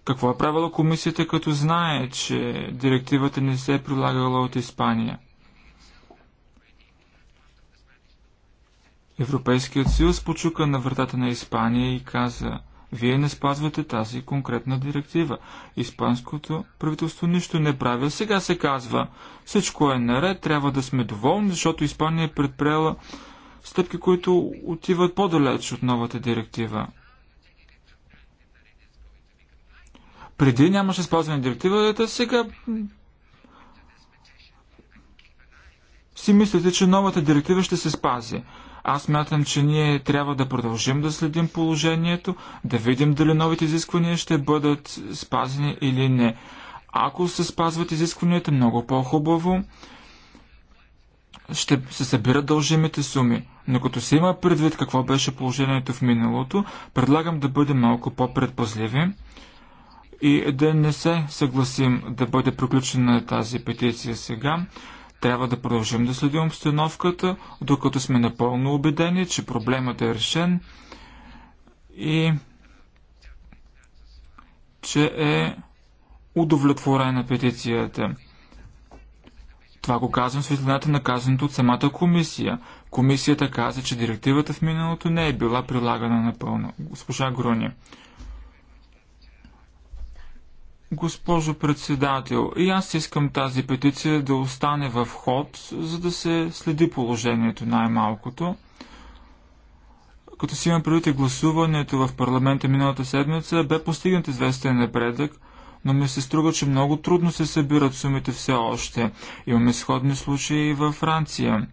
Какво е правила комисията, като знае, че директивата не се е прилагала от Испания? Европейският съюз почука на вратата на Испания и каза – вие не спазвате тази конкретна директива. Испанското правителство нищо не прави. Сега се казва, всичко е наред, трябва да сме доволни, защото Испания е предприела стъпки, които отиват по-далеч от новата директива. Преди нямаше спазване на директивата, сега си мислите, че новата директива ще се спази. Аз мятам, че ние трябва да продължим да следим положението, да видим дали новите изисквания ще бъдат спазени или не. Ако се спазват изискванията, много по-хубаво ще се събират дължимите суми. Но като се има предвид какво беше положението в миналото, предлагам да бъдем малко по-предпазливи и да не се съгласим да бъде приключена тази петиция сега. Трябва да продължим да следим обстановката, докато сме напълно убедени, че проблемът е решен и че е удовлетворена петицията. Това го казвам светлината на казаното от самата комисия. Комисията каза, че директивата в миналото не е била прилагана напълно. Госпожа Груни. Госпожо председател, и аз искам тази петиция да остане в ход, за да се следи положението най-малкото. Като си имам предвид и гласуването в парламента миналата седмица, бе постигнат известен напредък, но ми се струва, че много трудно се събират сумите все още. Имаме сходни случаи и във Франция.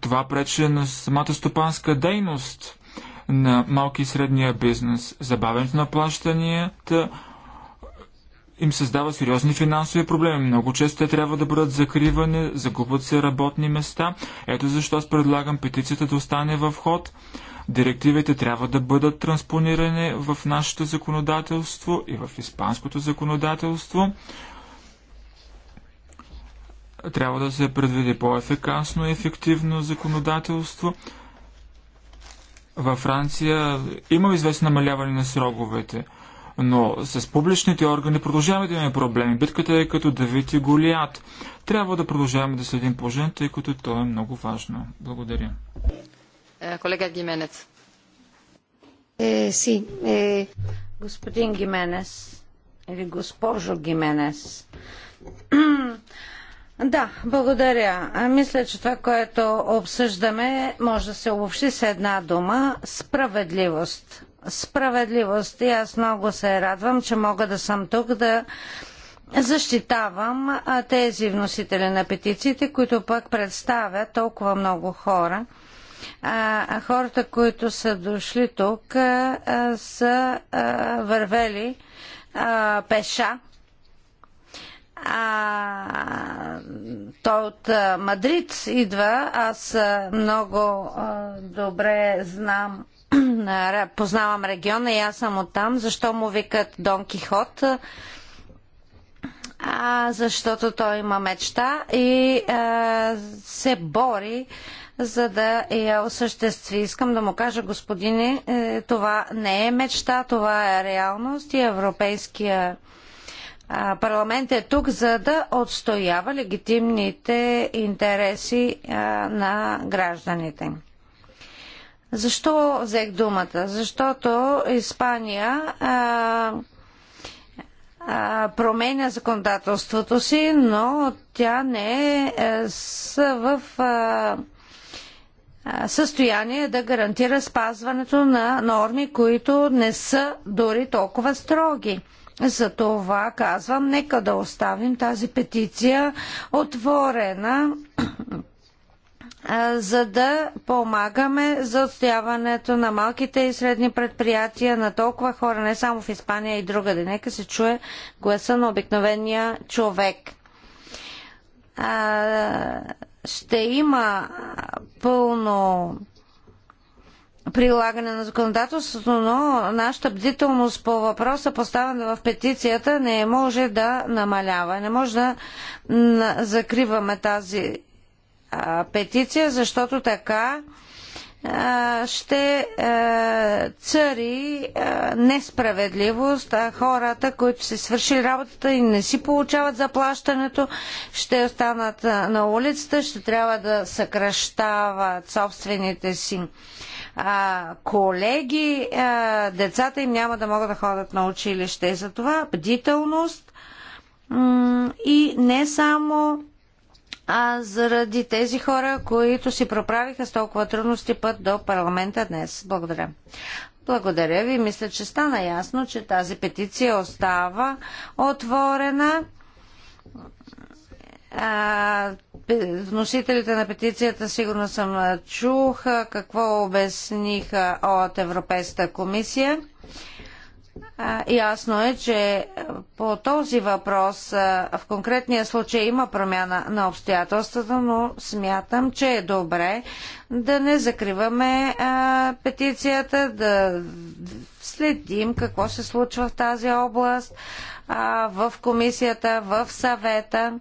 Това пречи на самата стопанска дейност – на малки и средния бизнес. Забавенето на плащанията им създава сериозни финансови проблеми. Много често те трябва да бъдат закривани, загубват се работни места. Ето защо аз предлагам петицията да остане в ход. Директивите трябва да бъдат транспонирани в нашето законодателство и в испанското законодателство. Трябва да се предвиди по-ефикасно и ефективно законодателство. Във Франция има известно намаляване на сроговете, но с публичните органи продължаваме да имаме проблеми. Битката е като Давид и Голият. Трябва да продължаваме да следим положението, тъй като то е много важно. Благодаря. Е, колега Гименец. Е, си, е, господин Гименес или госпожо Гименес. Да, благодаря. Мисля, че това, което обсъждаме, може да се обобщи с една дума справедливост. Справедливост. И аз много се радвам, че мога да съм тук да защитавам тези вносители на петициите, които пък представят толкова много хора. А, хората, които са дошли тук, а, са а, вървели а, пеша а, той от Мадрид идва. Аз много а, добре знам, (clears throat) познавам региона и аз съм от там. Защо му викат Дон Кихот? А, защото той има мечта и а, се бори за да я осъществи. Искам да му кажа, господине, е, това не е мечта, това е реалност и Европейския парламент е тук, за да отстоява легитимните интереси на гражданите. Защо взех думата? Защото Испания а, а, променя законодателството си, но тя не е, е в а, състояние да гарантира спазването на норми, които не са дори толкова строги. За това казвам, нека да оставим тази петиция отворена, за да помагаме за отстояването на малките и средни предприятия на толкова хора, не само в Испания и другаде. Нека се чуе гласа на обикновения човек. Ще има пълно прилагане на законодателството, но нашата бдителност по въпроса, поставена в петицията, не може да намалява. Не може да закриваме тази петиция, защото така ще цари несправедливост, а хората, които си свършили работата и не си получават заплащането, ще останат на улицата, ще трябва да съкръщават собствените си а, колеги, а, децата им няма да могат да ходят на училище. Затова бдителност и не само а заради тези хора, които си проправиха с толкова трудности път до парламента днес. Благодаря. Благодаря ви. Мисля, че стана ясно, че тази петиция остава отворена вносителите на петицията сигурно съм чуха какво обясниха от Европейската комисия. А, ясно е, че по този въпрос а, в конкретния случай има промяна на обстоятелствата, но смятам, че е добре да не закриваме а, петицията, да следим какво се случва в тази област, в комисията, в съвета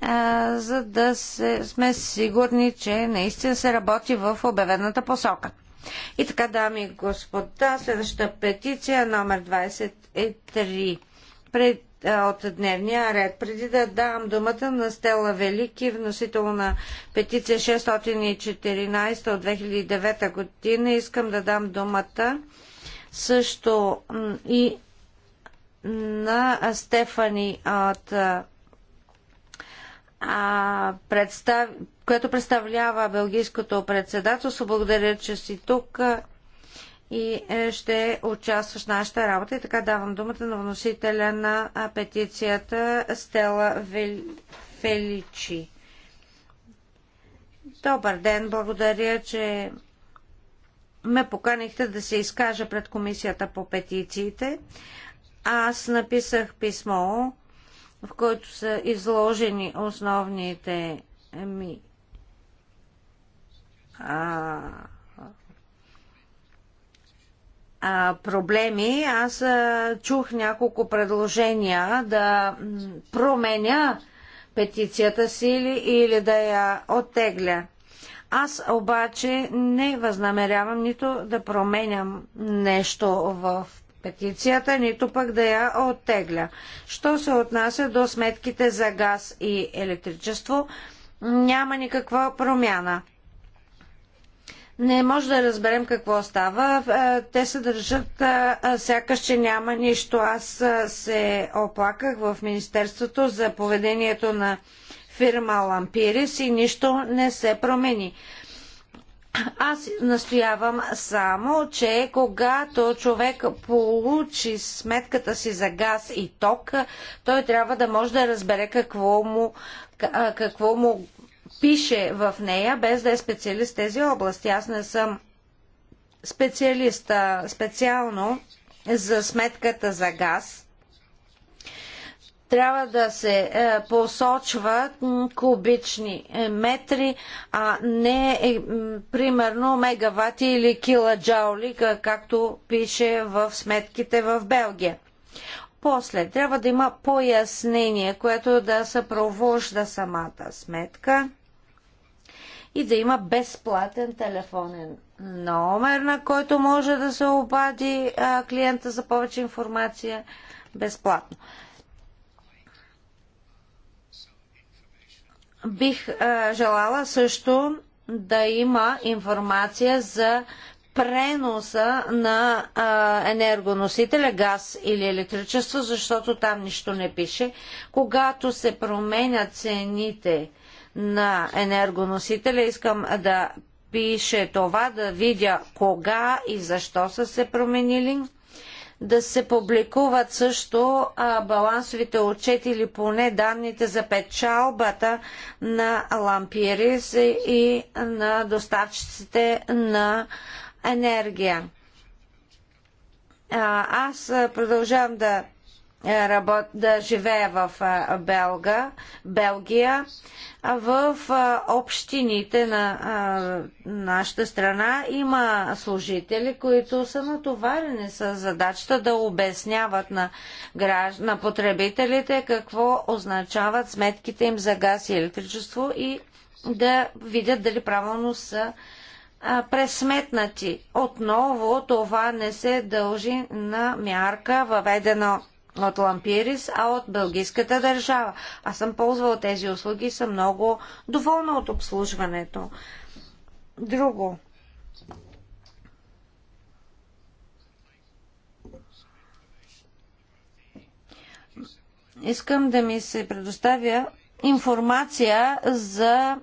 а, за да се, сме сигурни, че наистина се работи в обявената посока. И така, дами и господа, следващата петиция номер 23 пред, а, от дневния ред. Преди да дам думата на Стела Велики, вносител на петиция 614 от 2009 година, искам да дам думата също и на Стефани от а, представ... което представлява Белгийското председателство. Благодаря, че си тук и е, ще участваш в нашата работа. И така давам думата на вносителя на петицията Стела Вел... Феличи. Добър ден, благодаря, че ме поканихте да се изкажа пред комисията по петициите. Аз написах писмо в който са изложени основните ми а, а, проблеми, аз а, чух няколко предложения да променя петицията си или, или да я оттегля. Аз обаче не възнамерявам нито да променям нещо в петицията, нито пък да я оттегля. Що се отнася до сметките за газ и електричество, няма никаква промяна. Не може да разберем какво става. Е, те се държат е, сякаш, че няма нищо. Аз е, се оплаках в Министерството за поведението на фирма Лампирис и нищо не се промени. Аз настоявам само, че когато човек получи сметката си за газ и ток, той трябва да може да разбере какво му, какво му пише в нея, без да е специалист в тези области. Аз не съм специалиста специално за сметката за газ трябва да се е, посочват кубични е, метри, а не е, примерно мегавати или килоджаули, както пише в сметките в Белгия. После трябва да има пояснение, което да съпровожда самата сметка и да има безплатен телефонен номер, на който може да се обади клиента за повече информация безплатно. Бих е, желала също да има информация за преноса на енергоносителя, газ или електричество, защото там нищо не пише. Когато се променят цените на енергоносителя, искам да пише това, да видя кога и защо са се променили да се публикуват също а, балансовите отчети или поне данните за печалбата на лампирис и на доставчиците на енергия. А, аз продължавам да работ... да живея в Белга, Белгия, в общините на нашата страна има служители, които са натоварени с задачата да обясняват на, гражд... на потребителите какво означават сметките им за газ и електричество и да видят дали правилно са пресметнати. Отново това не се дължи на мярка, въведена от Лампирис, а от бългийската държава. Аз съм ползвала тези услуги и съм много доволна от обслужването. Друго. Искам да ми се предоставя информация за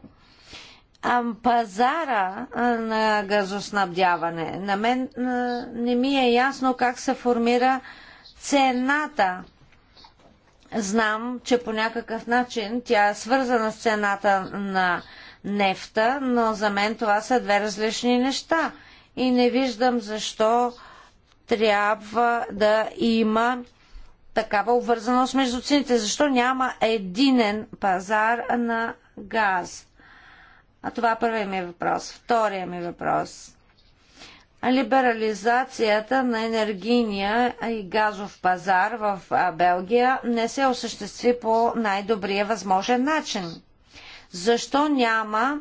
пазара на газоснабдяване. На мен не ми е ясно как се формира цената. Знам, че по някакъв начин тя е свързана с цената на нефта, но за мен това са две различни неща. И не виждам защо трябва да има такава обвързаност между цените. Защо няма единен пазар на газ? А това е първият ми въпрос. Вторият ми въпрос либерализацията на енергийния и газов пазар в Белгия не се осъществи по най-добрия възможен начин. Защо няма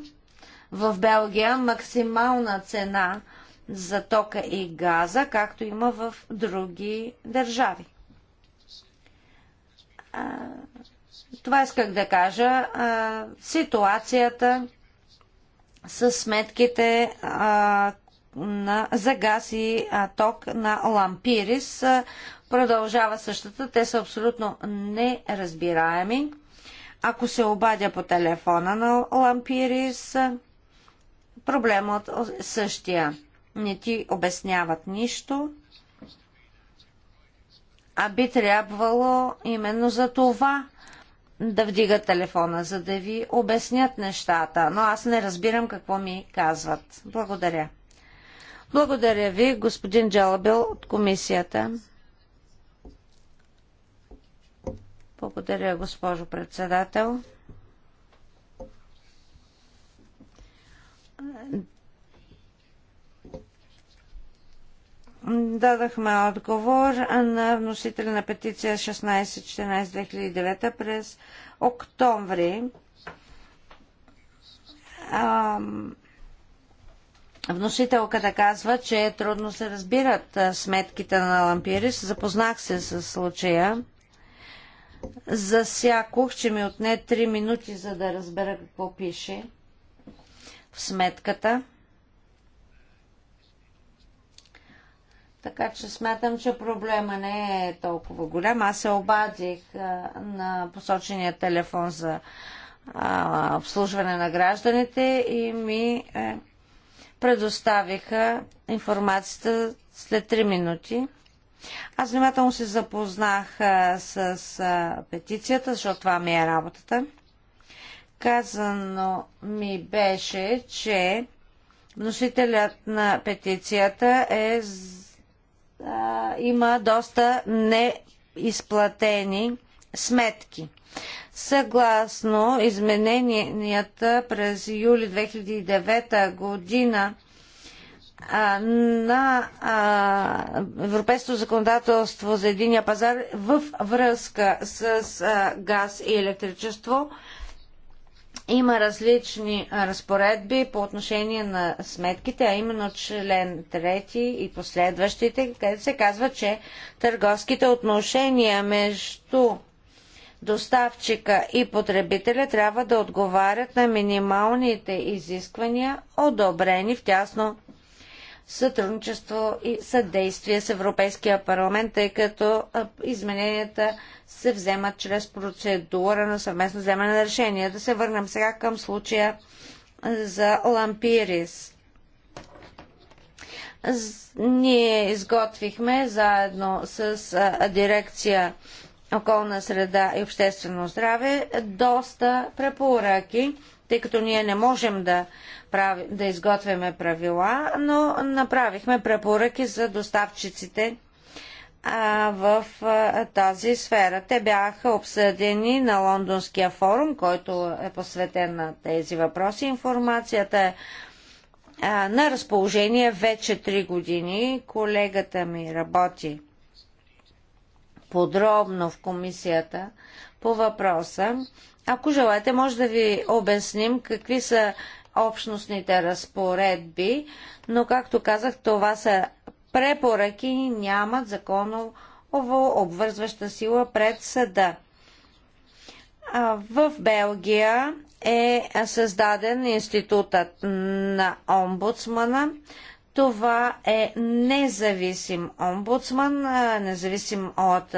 в Белгия максимална цена за тока и газа, както има в други държави? Това исках да кажа. Ситуацията с сметките на, за газ и а, ток на Лампирис. А, продължава същата. Те са абсолютно неразбираеми. Ако се обадя по телефона на Лампирис, проблемът същия. Не ти обясняват нищо. А би трябвало именно за това да вдига телефона, за да ви обяснят нещата, но аз не разбирам какво ми казват. Благодаря. Благодаря ви, господин Джалабел от комисията. Благодаря, госпожо председател. Дадахме отговор на вносителя на петиция 16-14-2009 през октомври. Ам Вносителката казва, че е трудно се разбират сметките на Лампирис. Запознах се с случая. Засякох, че ми отне 3 минути, за да разбера какво пише в сметката. Така че смятам, че проблема не е толкова голям. Аз се обадих на посочения телефон за обслужване на гражданите и ми е, предоставиха информацията след 3 минути. Аз внимателно се запознах а, с а, петицията, защото това ми е работата. Казано ми беше, че вносителят на петицията е, а, има доста неизплатени сметки. Съгласно измененията през юли 2009 година на европейското законодателство за единия пазар в връзка с газ и електричество, има различни разпоредби по отношение на сметките, а именно член 3 и последващите, където се казва, че търговските отношения между доставчика и потребителя трябва да отговарят на минималните изисквания, одобрени в тясно сътрудничество и съдействие с Европейския парламент, тъй като измененията се вземат чрез процедура на съвместно вземане на решение. Да се върнем сега към случая за Лампирис. Ние изготвихме заедно с дирекция околна среда и обществено здраве доста препоръки, тъй като ние не можем да, прави, да изготвяме правила, но направихме препоръки за доставчиците а, в а, тази сфера. Те бяха обсъдени на Лондонския форум, който е посветен на тези въпроси. Информацията е а, на разположение вече 3 години. Колегата ми работи подробно в комисията по въпроса. Ако желаете, може да ви обясним какви са общностните разпоредби, но както казах, това са препоръки и нямат законово обвързваща сила пред съда. В Белгия е създаден институтът на омбудсмана това е независим омбудсман, независим от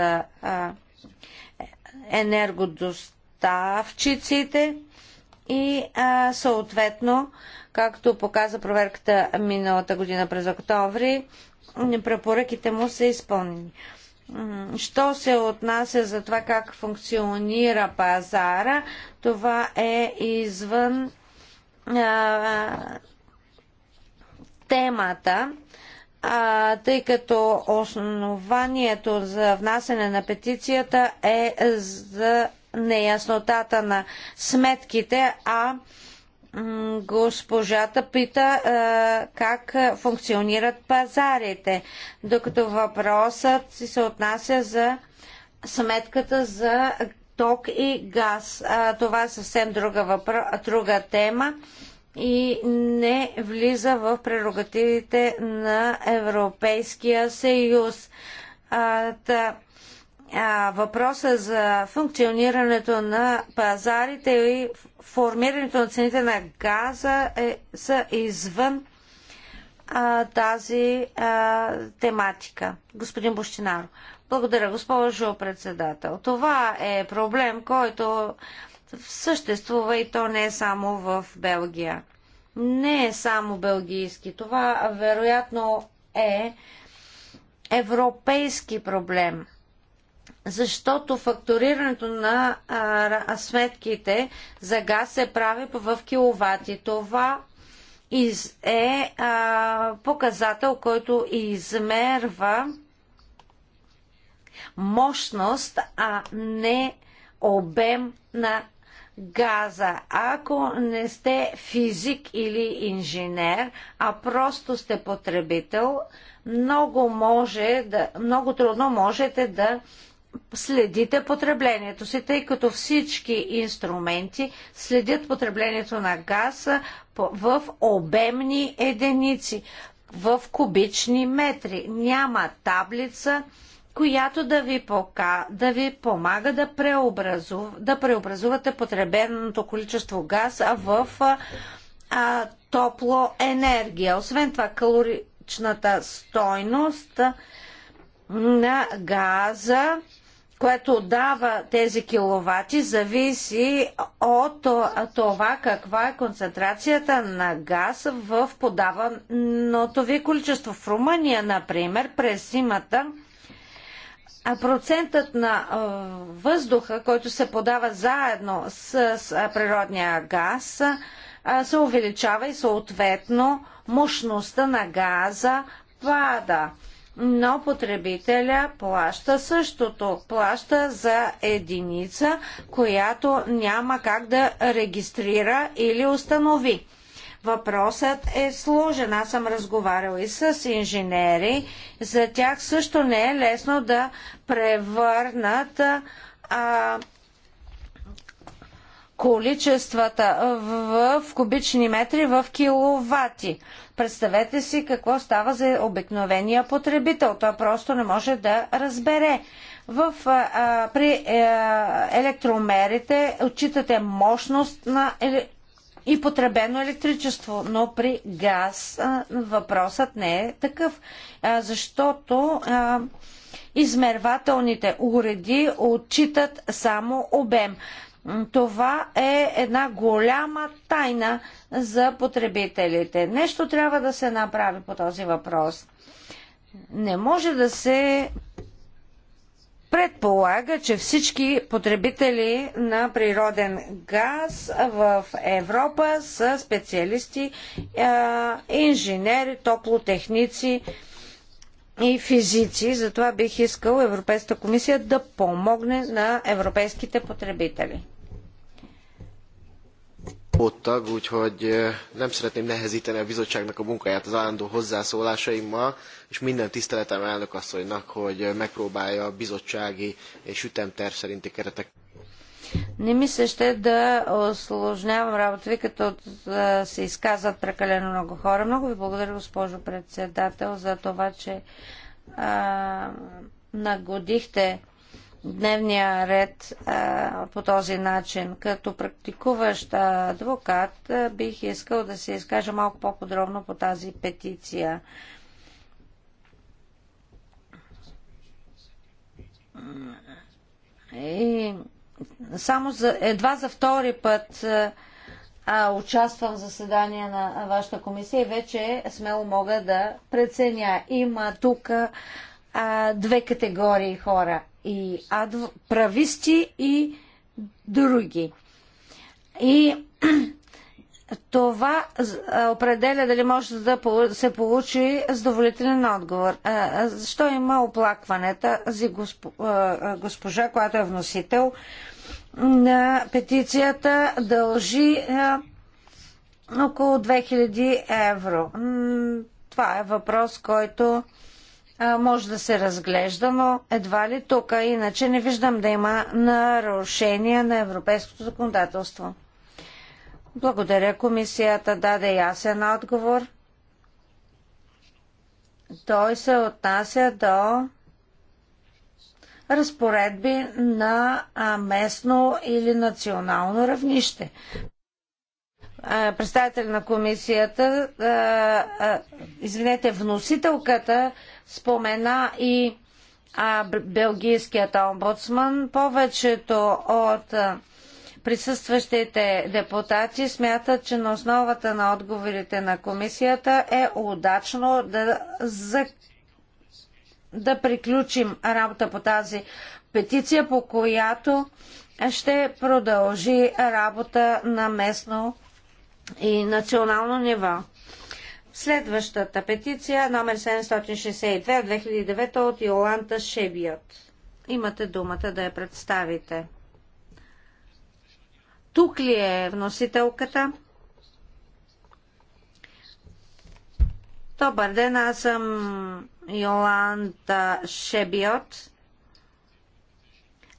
енергодоставчиците и съответно, както показа проверката миналата година през октомври, препоръките му са изпълнени. Що се отнася за това как функционира пазара, това е извън а, темата, а, тъй като основанието за внасене на петицията е за неяснотата на сметките, а госпожата пита а, как функционират пазарите, докато въпросът си се отнася за сметката за ток и газ. А, това е съвсем друга, въпро... друга тема и не влиза в прерогативите на Европейския съюз. А, та, а, въпроса за функционирането на пазарите и формирането на цените на газа е, са извън а, тази а, тематика. Господин Бущинаро. Благодаря, госпожо председател. Това е проблем, който съществува и то не е само в Белгия. Не е само белгийски. Това вероятно е европейски проблем. Защото факторирането на а, сметките за газ се прави в киловати. Това е а, показател, който измерва мощност, а не обем на газа. Ако не сте физик или инженер, а просто сте потребител, много, може да, много трудно можете да следите потреблението си, тъй като всички инструменти следят потреблението на газа в обемни единици, в кубични метри. Няма таблица, която да ви, пока, да ви помага да, преобразув, да преобразувате потребеното количество газ в а, топло енергия. Освен това, калоричната стойност на газа, което дава тези киловати, зависи от това каква е концентрацията на газ в подаваното ви количество. В Румъния, например, през зимата процентът на въздуха, който се подава заедно с природния газ, се увеличава и съответно мощността на газа пада. Но потребителя плаща същото. Плаща за единица, която няма как да регистрира или установи. Въпросът е сложен. Аз съм разговарял и с инженери. За тях също не е лесно да превърнат а, количествата в, в кубични метри в киловати. Представете си какво става за обикновения потребител. Той просто не може да разбере. В, а, при а, е, електромерите отчитате мощност на, и потребено електричество. Но при газ въпросът не е такъв, защото измервателните уреди отчитат само обем. Това е една голяма тайна за потребителите. Нещо трябва да се направи по този въпрос. Не може да се предполага, че всички потребители на природен газ в Европа са специалисти, инженери, топлотехници и физици. Затова бих искал Европейската комисия да помогне на европейските потребители tag, úgyhogy nem szeretném nehezíteni a bizottságnak a munkáját az állandó hozzászólásaimmal, és minden tiszteletem elnök asszonynak, hogy megpróbálja a bizottsági és ütemterv szerinti keretek. Не ми се ще да осложнявам работа като се изказват прекалено много хора. Много ви благодаря, госпожо председател, за това, че а, нагодихте дневния ред а, по този начин. Като практикуващ адвокат бих искал да се изкажа малко по-подробно по тази петиция. И само за, едва за втори път а, участвам в заседание на вашата комисия и вече смело мога да преценя. Има тук а, две категории хора и адв... прависти и други. И (clears throat) това определя дали може да се получи задоволителен отговор. Защо има оплакването за госпожа, която е вносител на петицията, дължи около 2000 евро. Това е въпрос, който а, може да се разглежда, но едва ли тук, иначе не виждам да има нарушения на европейското законодателство. Благодаря, комисията даде ясен отговор. Той се отнася до разпоредби на местно или национално равнище представител на комисията, извинете, вносителката спомена и белгийският омбудсман. Повечето от присъстващите депутати смятат, че на основата на отговорите на комисията е удачно да, за, да приключим работа по тази петиция, по която ще продължи работа на местно и национално ниво. Следващата петиция, номер 762 от 2009 от Йоланта Шебиот. Имате думата да я представите. Тук ли е вносителката? Добър ден, аз съм Йоланта Шебиот.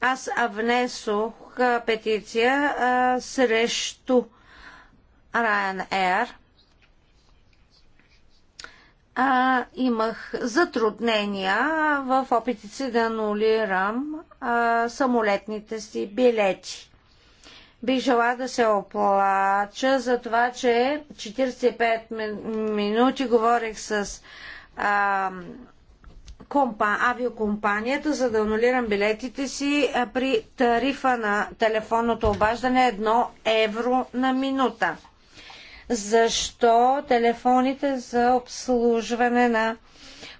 Аз внесох петиция а, срещу Ryanair а, имах затруднения в опитите си да анулирам а, самолетните си билети. Бих желала да се оплача за това, че 45 минути говорих с а, компа, авиокомпанията, за да анулирам билетите си при тарифа на телефонното обаждане 1 евро на минута защо телефоните за обслужване на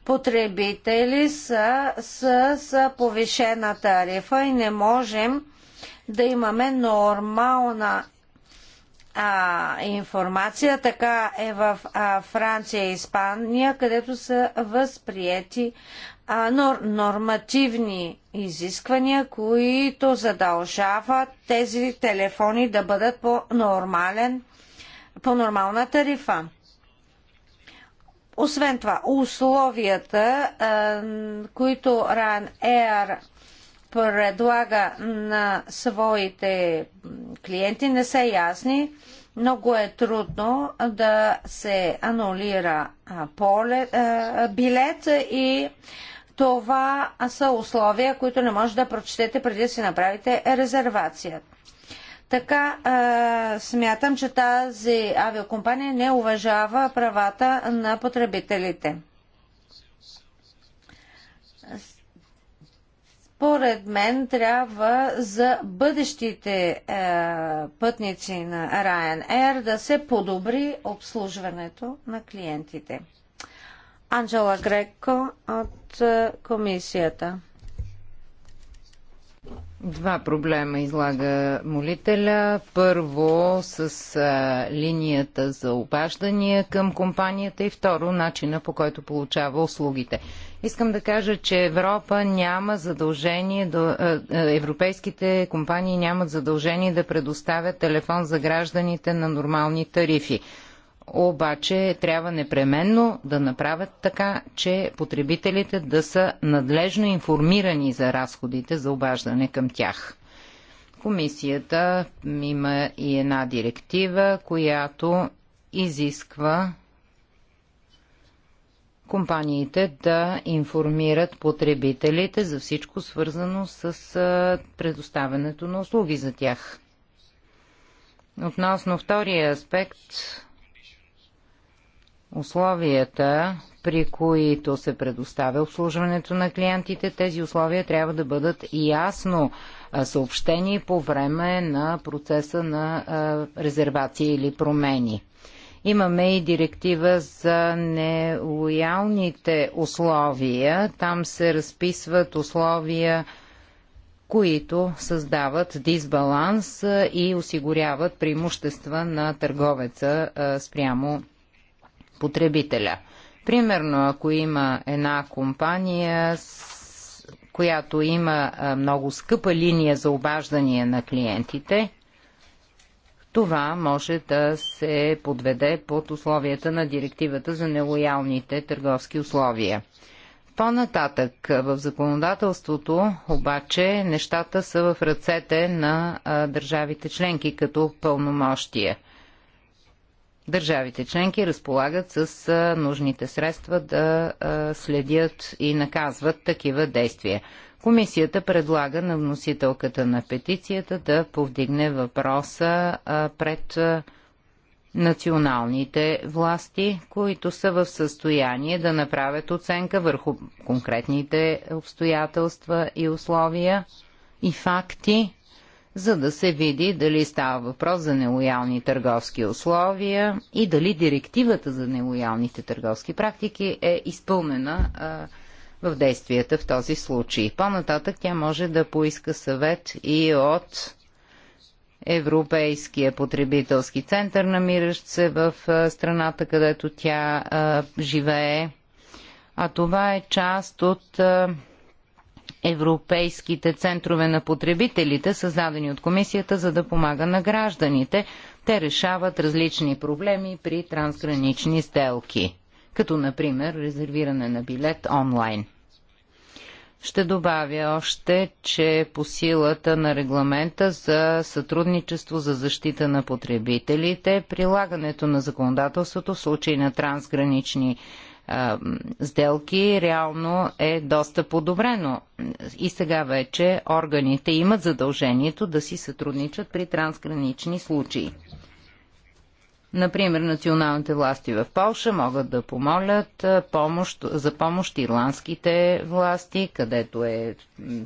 потребители са с, повишена тарифа и не можем да имаме нормална а, информация. Така е в а, Франция и Испания, където са възприяти а, нор, нормативни изисквания, които задължават тези телефони да бъдат по нормален по нормална тарифа. Освен това, условията, които Ран Air предлага на своите клиенти, не са ясни. Много е трудно да се анулира билет и това са условия, които не може да прочетете преди да си направите резервация. Така а, смятам, че тази авиокомпания не уважава правата на потребителите. Според мен трябва за бъдещите е, пътници на Ryanair да се подобри обслужването на клиентите. Анджела Греко от комисията. Два проблема излага молителя. Първо с а, линията за обаждания към компанията и второ начина по който получава услугите. Искам да кажа, че Европа няма задължение, до, а, европейските компании нямат задължение да предоставят телефон за гражданите на нормални тарифи обаче трябва непременно да направят така, че потребителите да са надлежно информирани за разходите за обаждане към тях. Комисията има и една директива, която изисква компаниите да информират потребителите за всичко свързано с предоставянето на услуги за тях. Относно втория аспект, условията, при които се предоставя обслужването на клиентите, тези условия трябва да бъдат ясно съобщени по време на процеса на резервация или промени. Имаме и директива за нелоялните условия. Там се разписват условия, които създават дисбаланс и осигуряват преимущества на търговеца спрямо потребителя. Примерно, ако има една компания, която има много скъпа линия за обаждание на клиентите, това може да се подведе под условията на директивата за нелоялните търговски условия. По-нататък в законодателството обаче нещата са в ръцете на държавите членки като пълномощие – държавите членки разполагат с нужните средства да следят и наказват такива действия. Комисията предлага на вносителката на петицията да повдигне въпроса пред националните власти, които са в състояние да направят оценка върху конкретните обстоятелства и условия и факти за да се види дали става въпрос за нелоялни търговски условия и дали директивата за нелоялните търговски практики е изпълнена в действията в този случай. По-нататък тя може да поиска съвет и от Европейския потребителски център, намиращ се в страната, където тя живее. А това е част от европейските центрове на потребителите, създадени от комисията, за да помага на гражданите. Те решават различни проблеми при трансгранични сделки, като например резервиране на билет онлайн. Ще добавя още, че по силата на регламента за сътрудничество за защита на потребителите, прилагането на законодателството в случай на трансгранични сделки реално е доста подобрено. И сега вече органите имат задължението да си сътрудничат при трансгранични случаи. Например, националните власти в Польша могат да помолят помощ, за помощ ирландските власти, където е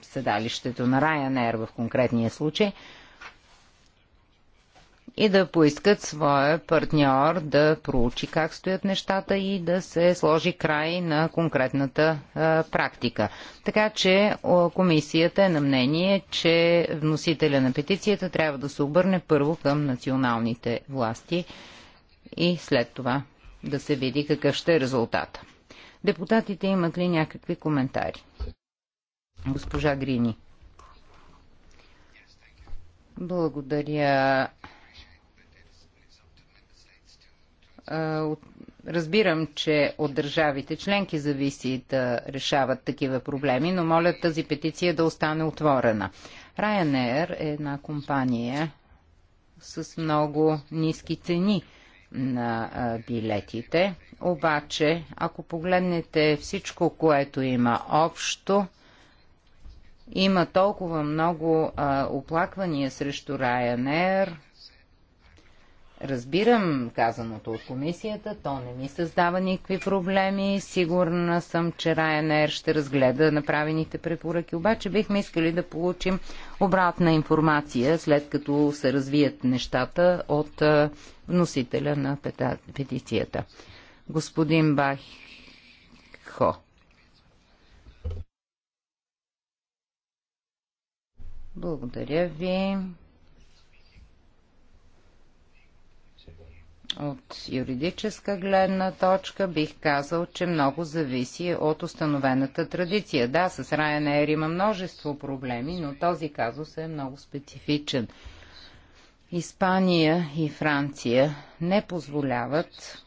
седалището на Ryanair в конкретния случай – и да поискат своя партньор да проучи как стоят нещата и да се сложи край на конкретната а, практика. Така че о, комисията е на мнение, че вносителя на петицията трябва да се обърне първо към националните власти и след това да се види какъв ще е резултата. Депутатите имат ли някакви коментари? Госпожа Грини. Благодаря, Разбирам, че от държавите членки зависи да решават такива проблеми, но моля тази петиция да остане отворена. Ryanair е една компания с много ниски цени на билетите. Обаче, ако погледнете всичко, което има общо, има толкова много а, оплаквания срещу Ryanair, Разбирам казаното от комисията, то не ми създава никакви проблеми. Сигурна съм, че Ryanair ще разгледа направените препоръки, обаче бихме искали да получим обратна информация, след като се развият нещата от вносителя на петицията. Господин Бахо. Благодаря ви. От юридическа гледна точка бих казал, че много зависи от установената традиция. Да, с Ryanair има множество проблеми, но този казус е много специфичен. Испания и Франция не позволяват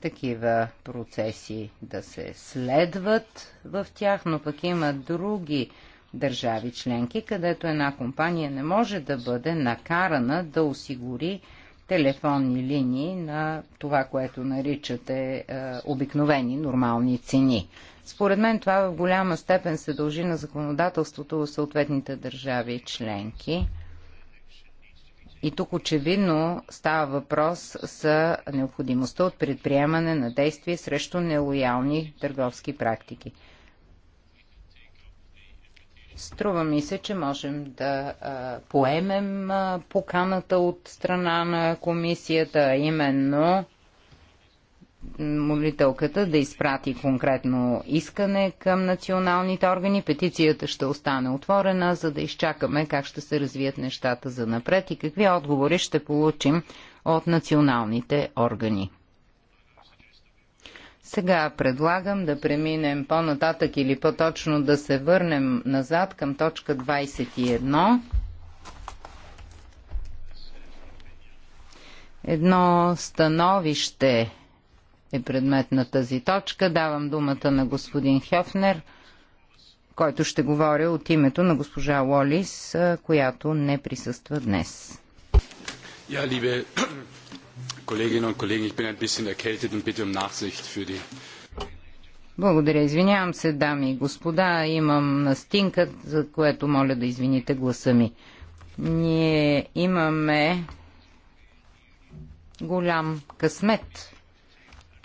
такива процеси да се следват в тях, но пък има други държави членки, където една компания не може да бъде накарана да осигури телефонни линии на това, което наричате е, обикновени, нормални цени. Според мен това в голяма степен се дължи на законодателството в съответните държави членки. И тук очевидно става въпрос за необходимостта от предприемане на действия срещу нелоялни търговски практики. Струва ми се, че можем да поемем поканата от страна на комисията, именно молителката да изпрати конкретно искане към националните органи. Петицията ще остане отворена, за да изчакаме как ще се развият нещата за напред и какви отговори ще получим от националните органи. Сега предлагам да преминем по-нататък или по-точно да се върнем назад към точка 21. Едно становище е предмет на тази точка. Давам думата на господин Хьофнер, който ще говори от името на госпожа Лолис, която не присъства днес. Kolleginnen und Kollegen, ich bin ein bisschen erkältet und bitte um Nachsicht für die благодаря. Извинявам се, дами и господа. Имам настинка, за което моля да извините гласа ми. Ние имаме голям късмет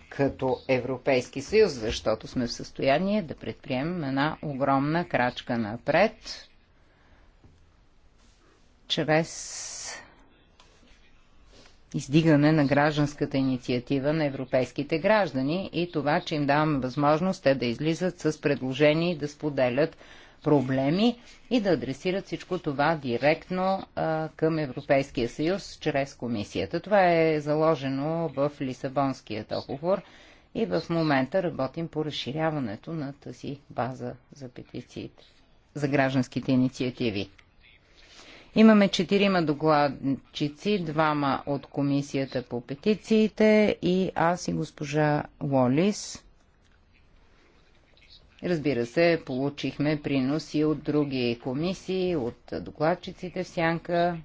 като Европейски съюз, защото сме в състояние да предприемем една огромна крачка напред чрез издигане на гражданската инициатива на европейските граждани и това, че им даваме възможност те да излизат с предложения и да споделят проблеми и да адресират всичко това директно а, към Европейския съюз чрез комисията. Това е заложено в Лисабонския договор и в момента работим по разширяването на тази база за петициите, за гражданските инициативи. Имаме четирима докладчици, двама от комисията по петициите и аз и госпожа Лолис. Разбира се, получихме приноси от други комисии, от докладчиците в Сянка.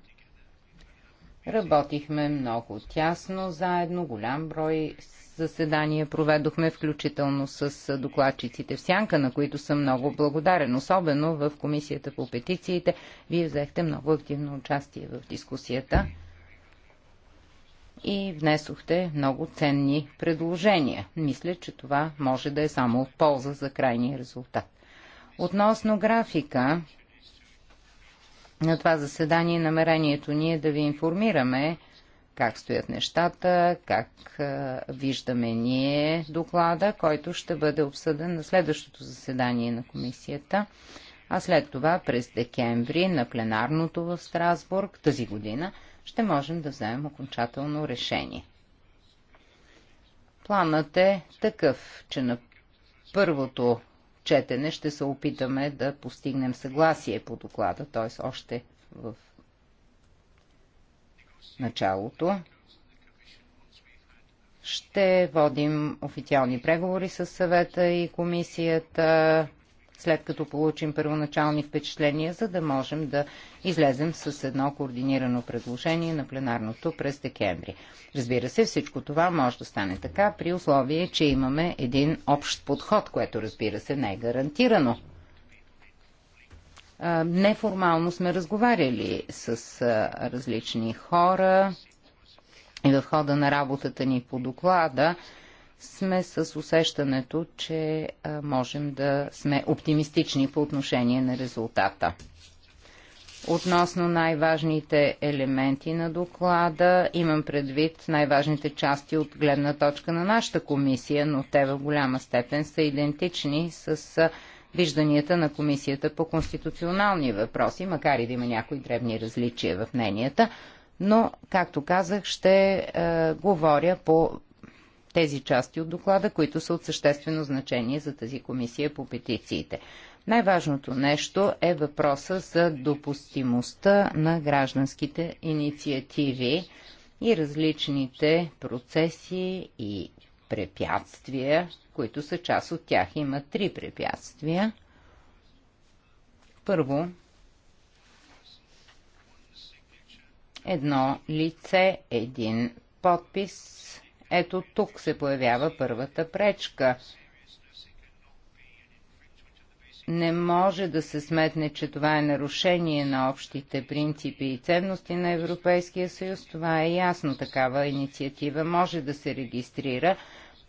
Работихме много тясно заедно, голям брой заседание проведохме, включително с докладчиците в Сянка, на които съм много благодарен. Особено в Комисията по петициите. Вие взехте много активно участие в дискусията и внесохте много ценни предложения. Мисля, че това може да е само в полза за крайния резултат. Относно графика, на това заседание намерението ни е да ви информираме как стоят нещата, как виждаме ние доклада, който ще бъде обсъден на следващото заседание на комисията, а след това през декември на пленарното в Страсбург тази година ще можем да вземем окончателно решение. Планът е такъв, че на първото четене ще се опитаме да постигнем съгласие по доклада, т.е. още в началото ще водим официални преговори с съвета и комисията, след като получим първоначални впечатления, за да можем да излезем с едно координирано предложение на пленарното през декември. Разбира се, всичко това може да стане така, при условие, че имаме един общ подход, което разбира се не е гарантирано. Неформално сме разговаряли с различни хора и в хода на работата ни по доклада сме с усещането, че можем да сме оптимистични по отношение на резултата. Относно най-важните елементи на доклада, имам предвид най-важните части от гледна точка на нашата комисия, но те в голяма степен са идентични с вижданията на Комисията по конституционални въпроси, макар и да има някои древни различия в мненията, но, както казах, ще е, говоря по тези части от доклада, които са от съществено значение за тази комисия по петициите. Най-важното нещо е въпроса за допустимостта на гражданските инициативи и различните процеси и препятствия, които са част от тях. Има три препятствия. Първо, едно лице, един подпис. Ето тук се появява първата пречка – не може да се сметне, че това е нарушение на общите принципи и ценности на Европейския съюз. Това е ясно. Такава инициатива може да се регистрира.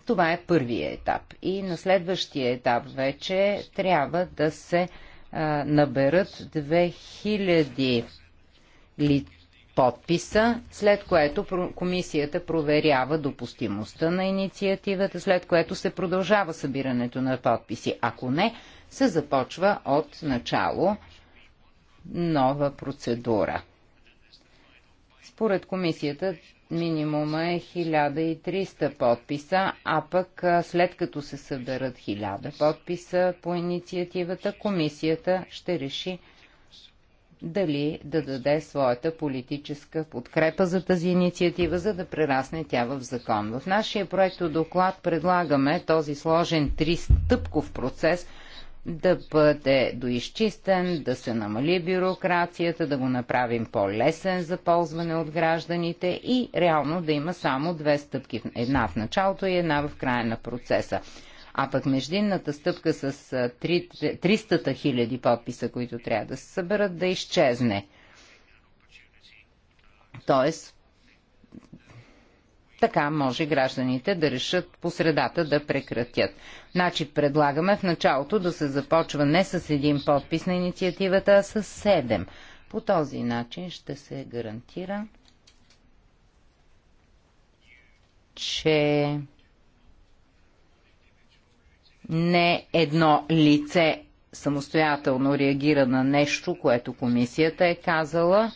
Това е първия етап. И на следващия етап вече трябва да се а, наберат 2000 ли, подписа, след което комисията проверява допустимостта на инициативата, след което се продължава събирането на подписи. Ако не, се започва от начало нова процедура. Според комисията минимума е 1300 подписа, а пък след като се съберат 1000 подписа по инициативата, комисията ще реши дали да даде своята политическа подкрепа за тази инициатива, за да прерасне тя в закон. В нашия проект доклад предлагаме този сложен тристъпков процес – да бъде доизчистен, да се намали бюрокрацията, да го направим по-лесен за ползване от гражданите и реално да има само две стъпки. Една в началото и една в края на процеса. А пък междинната стъпка с 300 000 подписа, които трябва да се съберат, да изчезне. Тоест, така може гражданите да решат по средата да прекратят. Значи предлагаме в началото да се започва не с един подпис на инициативата, а с седем. По този начин ще се гарантира, че не едно лице самостоятелно реагира на нещо, което комисията е казала,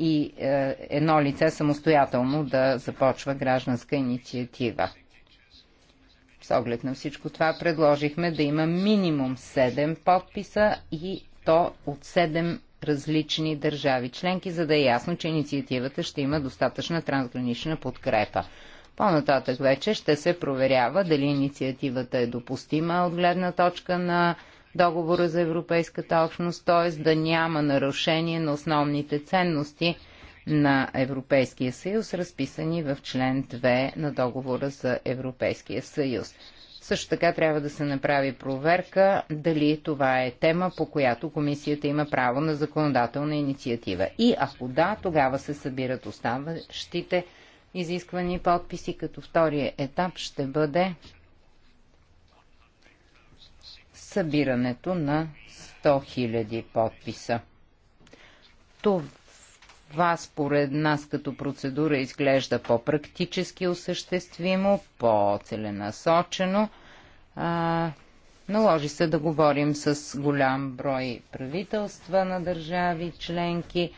и е, едно лице самостоятелно да започва гражданска инициатива. С оглед на всичко това предложихме да има минимум 7 подписа и то от 7 различни държави членки, за да е ясно, че инициативата ще има достатъчна трансгранична подкрепа. По-нататък вече ще се проверява дали инициативата е допустима от гледна точка на договора за Европейската общност, т.е. да няма нарушение на основните ценности на Европейския съюз, разписани в член 2 на договора за Европейския съюз. Също така трябва да се направи проверка дали това е тема, по която комисията има право на законодателна инициатива. И ако да, тогава се събират оставащите изисквани подписи, като втория етап ще бъде събирането на 100 000 подписа. Това според нас като процедура изглежда по-практически осъществимо, по-целенасочено. наложи се да говорим с голям брой правителства на държави членки,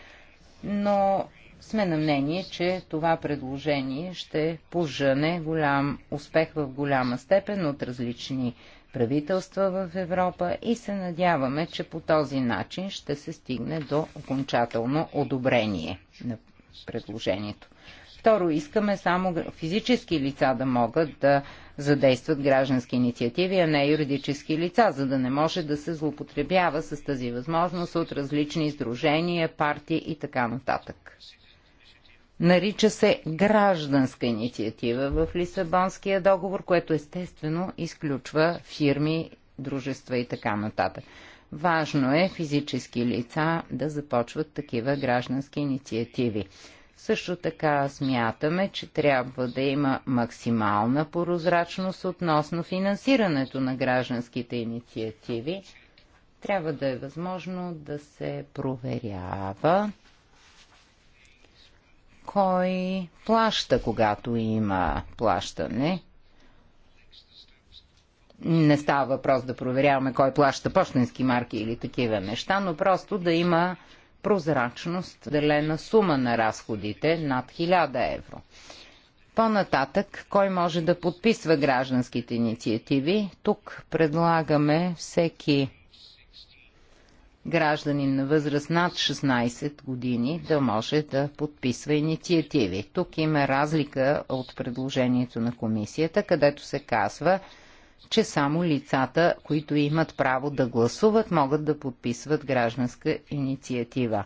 но сме на мнение, че това предложение ще пожъне голям успех в голяма степен от различни правителства в Европа и се надяваме, че по този начин ще се стигне до окончателно одобрение на предложението. Второ, искаме само физически лица да могат да задействат граждански инициативи, а не юридически лица, за да не може да се злоупотребява с тази възможност от различни издружения, партии и така нататък. Нарича се гражданска инициатива в Лисабонския договор, което естествено изключва фирми, дружества и така нататък. Важно е физически лица да започват такива граждански инициативи. Също така смятаме, че трябва да има максимална прозрачност относно финансирането на гражданските инициативи. Трябва да е възможно да се проверява кой плаща, когато има плащане. Не става въпрос да проверяваме кой плаща почтенски марки или такива неща, но просто да има прозрачност, делена сума на разходите над 1000 евро. По-нататък, кой може да подписва гражданските инициативи? Тук предлагаме всеки гражданин на възраст над 16 години да може да подписва инициативи. Тук има разлика от предложението на комисията, където се казва, че само лицата, които имат право да гласуват, могат да подписват гражданска инициатива.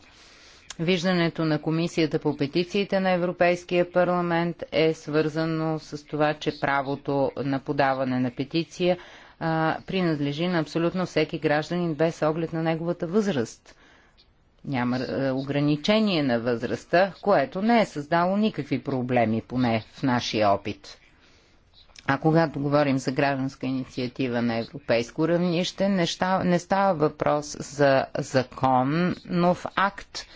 Виждането на Комисията по петициите на Европейския парламент е свързано с това, че правото на подаване на петиция а, принадлежи на абсолютно всеки гражданин без оглед на неговата възраст. Няма а, ограничение на възрастта, което не е създало никакви проблеми, поне в нашия опит. А когато говорим за гражданска инициатива на европейско равнище, неща, не става въпрос за закон, в акт,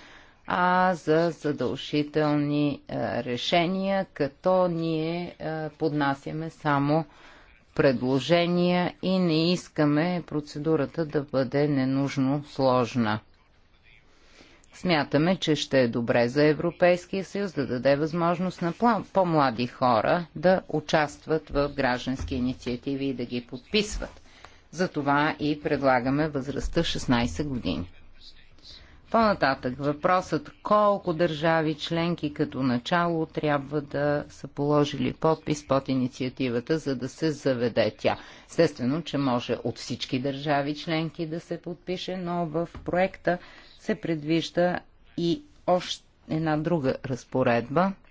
а за задължителни а, решения, като ние а, поднасяме само предложения и не искаме процедурата да бъде ненужно сложна. Смятаме, че ще е добре за Европейския съюз да даде възможност на по-млади хора да участват в граждански инициативи и да ги подписват. Затова и предлагаме възрастта 16 години. По-нататък въпросът колко държави членки като начало трябва да са положили подпис под инициативата, за да се заведе тя. Естествено, че може от всички държави членки да се подпише, но в проекта се предвижда и още една друга разпоредба –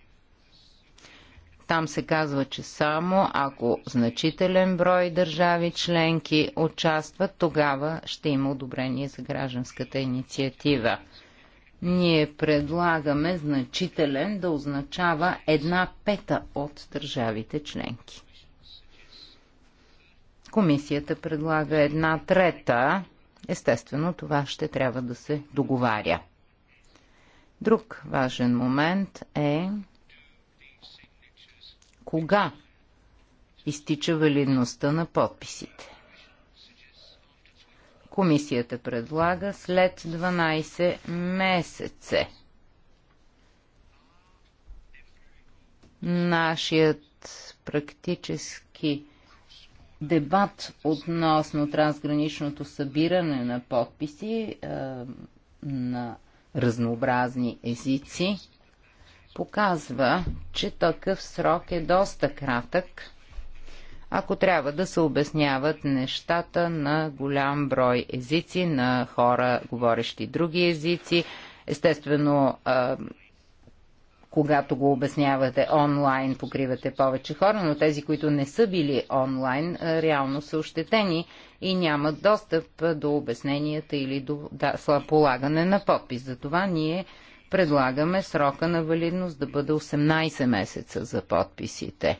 там се казва, че само ако значителен брой държави членки участват, тогава ще има одобрение за гражданската инициатива. Ние предлагаме значителен да означава една пета от държавите членки. Комисията предлага една трета. Естествено, това ще трябва да се договаря. Друг важен момент е кога изтича валидността на подписите. Комисията предлага след 12 месеце. Нашият практически дебат относно трансграничното събиране на подписи на разнообразни езици показва, че такъв срок е доста кратък, ако трябва да се обясняват нещата на голям брой езици, на хора, говорещи други езици. Естествено, когато го обяснявате онлайн, покривате повече хора, но тези, които не са били онлайн, реално са ощетени и нямат достъп до обясненията или до да, полагане на подпис. Затова ние предлагаме срока на валидност да бъде 18 месеца за подписите.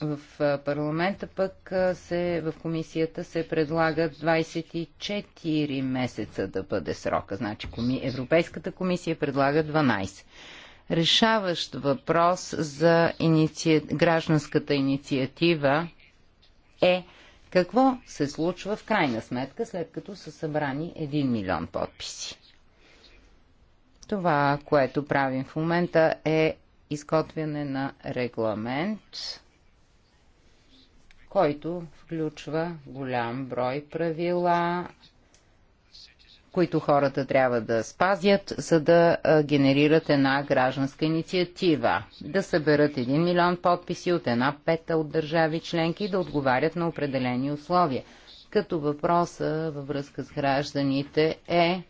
В парламента пък се, в комисията се предлага 24 месеца да бъде срока. Значи Европейската комисия предлага 12. Решаващ въпрос за иници... гражданската инициатива е какво се случва в крайна сметка, след като са събрани 1 милион подписи. Това, което правим в момента е изготвяне на регламент, който включва голям брой правила, които хората трябва да спазят, за да генерират една гражданска инициатива. Да съберат 1 милион подписи от една пета от държави членки и да отговарят на определени условия. Като въпроса във връзка с гражданите е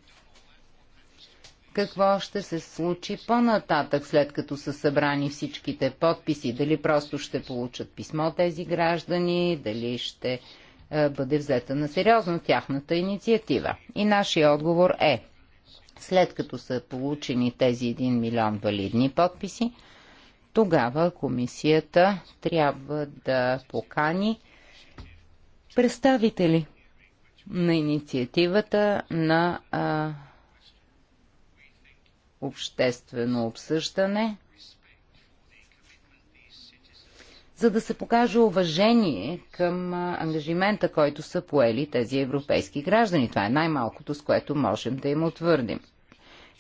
какво ще се случи по-нататък, след като са събрани всичките подписи. Дали просто ще получат писмо тези граждани, дали ще е, бъде взета на сериозно тяхната инициатива. И нашия отговор е, след като са получени тези 1 милион валидни подписи, тогава комисията трябва да покани представители на инициативата на а, обществено обсъждане, за да се покаже уважение към ангажимента, който са поели тези европейски граждани. Това е най-малкото, с което можем да им отвърдим.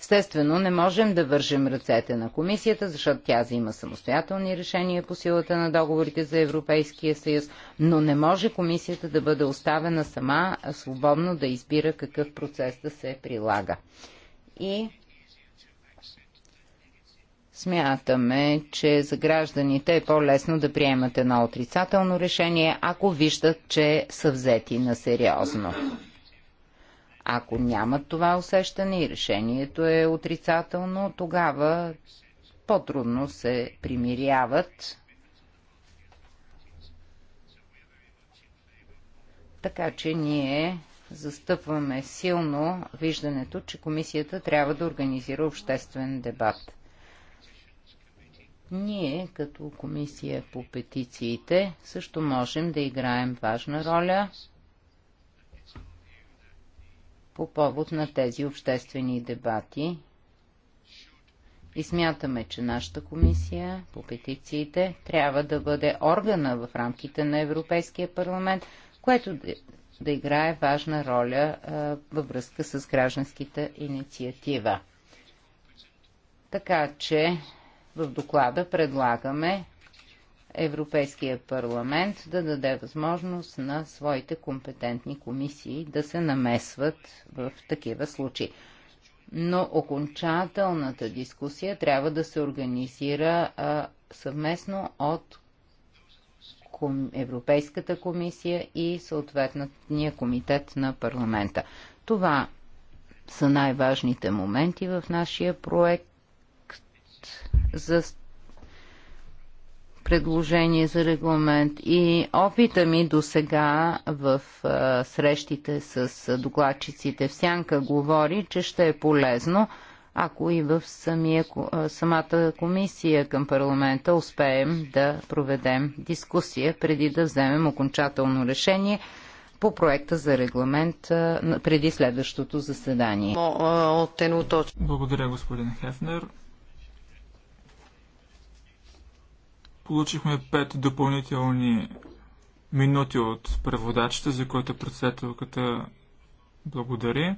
Естествено, не можем да вържем ръцете на комисията, защото тя взима самостоятелни решения по силата на договорите за Европейския съюз, но не може комисията да бъде оставена сама свободно да избира какъв процес да се прилага. И Смятаме, че за гражданите е по-лесно да приемат едно отрицателно решение, ако виждат, че са взети на сериозно. Ако нямат това усещане и решението е отрицателно, тогава по-трудно се примиряват. Така че ние застъпваме силно виждането, че комисията трябва да организира обществен дебат. Ние, като комисия по петициите, също можем да играем важна роля по повод на тези обществени дебати и смятаме, че нашата комисия по петициите трябва да бъде органа в рамките на Европейския парламент, което да играе важна роля а, във връзка с гражданската инициатива. Така че в доклада предлагаме Европейския парламент да даде възможност на своите компетентни комисии да се намесват в такива случаи. Но окончателната дискусия трябва да се организира а, съвместно от ком... Европейската комисия и съответния комитет на парламента. Това са най-важните моменти в нашия проект за предложение за регламент и опита ми до сега в а, срещите с докладчиците в Сянка говори, че ще е полезно, ако и в самия, а, самата комисия към парламента успеем да проведем дискусия преди да вземем окончателно решение по проекта за регламент а, преди следващото заседание. Благодаря, господин Хефнер. Получихме пет допълнителни минути от преводачите, за които председателката благодари.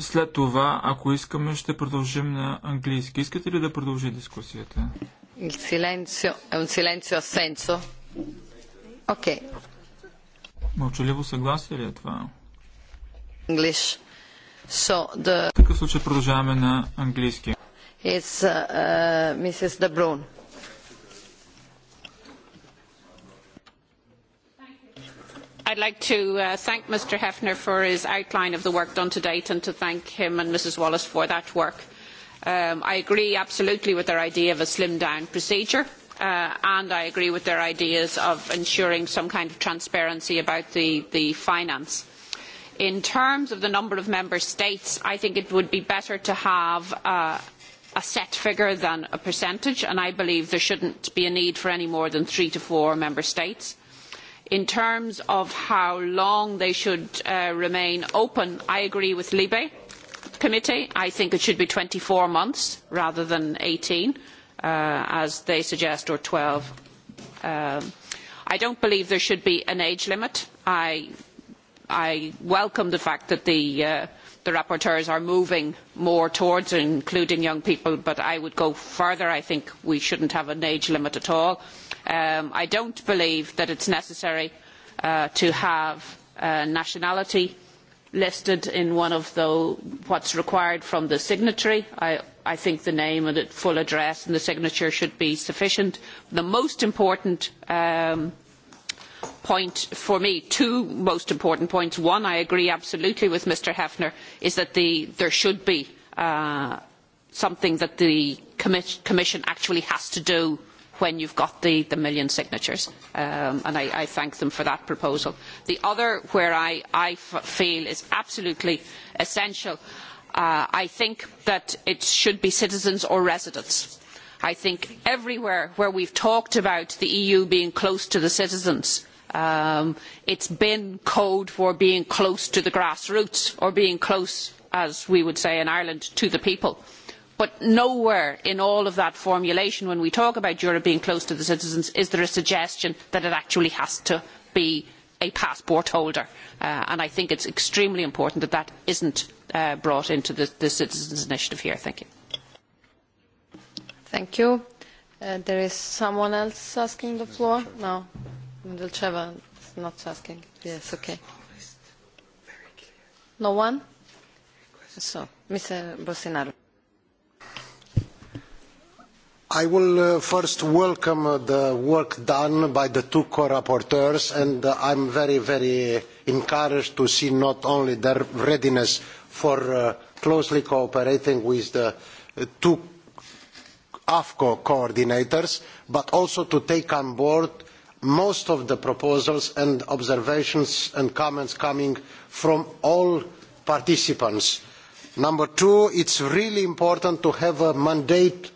След това, ако искаме, ще продължим на английски. Искате ли да продължи дискусията? Силенцио асенцо. Окей. Мълчаливо съгласие ли е това? English. So the... В такъв случай продължаваме на английски. I would like to thank Mr Hefner for his outline of the work done to date and to thank him and Mrs Wallis for that work. I agree absolutely with their idea of a slimmed down procedure and I agree with their ideas of ensuring some kind of transparency about the, finance. In terms of the number of member states, I think it would be better to have a set figure than a percentage, and I believe there should not be a need for any more than three to four member states. In terms of how long they should remain open, I agree with Libe committee. I think it should be twenty four months rather than eighteen, as they suggest, or twelve. I do not believe there should be an age limit. I, welcome the fact that the the rapporteurs are moving more towards including young people, but I would go further. I think we should not have an age limit at all. I do not believe that it is necessary to have nationality listed in one of the what is required from the signatory. I, think the name and the full address and the signature should be sufficient. The most important um, point for me, two most important points. One, I agree absolutely with Mr. Hefner, is that there should be something that the Commission actually has to do when you have got the, million signatures. and I, thank them for that proposal. The other where I, I feel is absolutely essential, I think that it should be citizens or residents. I think everywhere where we have talked about the EU being close to the citizens, It has been code for being close to the grassroots or being close, as we would say in Ireland, to the people. But nowhere in all of that formulation, when we talk about Europe being close to the citizens, is there a suggestion that it actually has to be a passport holder. and I think it is extremely important that that is not brought into the, Citizens' Initiative here. Thank you. there is someone else asking the floor? No is not asking. Yes, okay. No one? So, Mr. I will first welcome the work done by the two co-rapporteurs, and I am very, very encouraged to see not only their readiness for closely cooperating with the two AFCO coordinators, but also to take on board most of the proposals and observations and comments coming from all participants. Number two, it is really important to have a mandate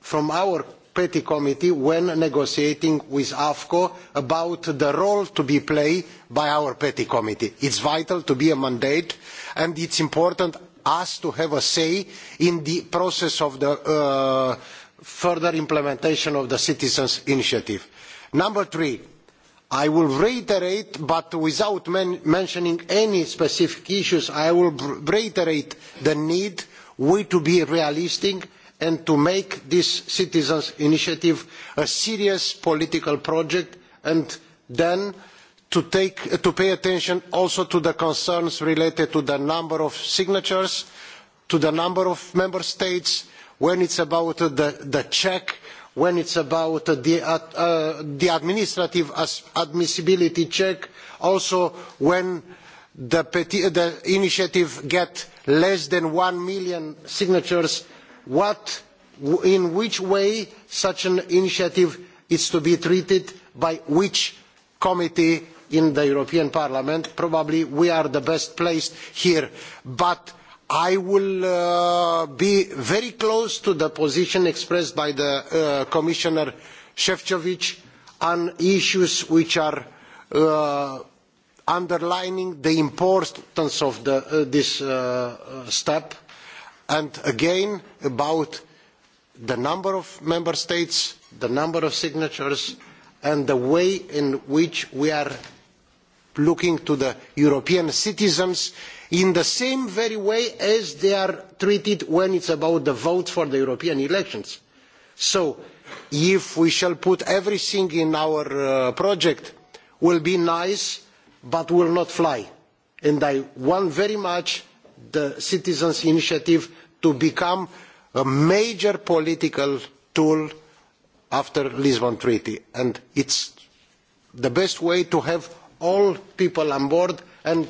from our Petty Committee when negotiating with AFCO about the role to be played by our Petty Committee. It is vital to be a mandate and it is important us to have a say in the process of the further implementation of the Citizens' Initiative number three i will reiterate but without mentioning any specific issues i will reiterate the need to be realistic and to make this citizens' initiative a serious political project and then to pay attention also to the concerns related to the number of signatures to the number of member states when it is about the check when it is about the, administrative admissibility check, also when the, initiative gets less than one million signatures, what, in which way such an initiative is to be treated by which committee in the European Parliament. Probably we are the best placed here. But I will be very close to the position expressed by the Commissioner Shevchovich on issues which are underlining the importance of this step and again about the number of member states, the number of signatures and the way in which we are looking to the European citizens in the same very way as they are treated when it is about the vote for the European elections. So if we shall put everything in our project, it will be nice but will not fly. And I want very much the citizens' initiative to become a major political tool after the Lisbon Treaty. And is the best way to have all people on board and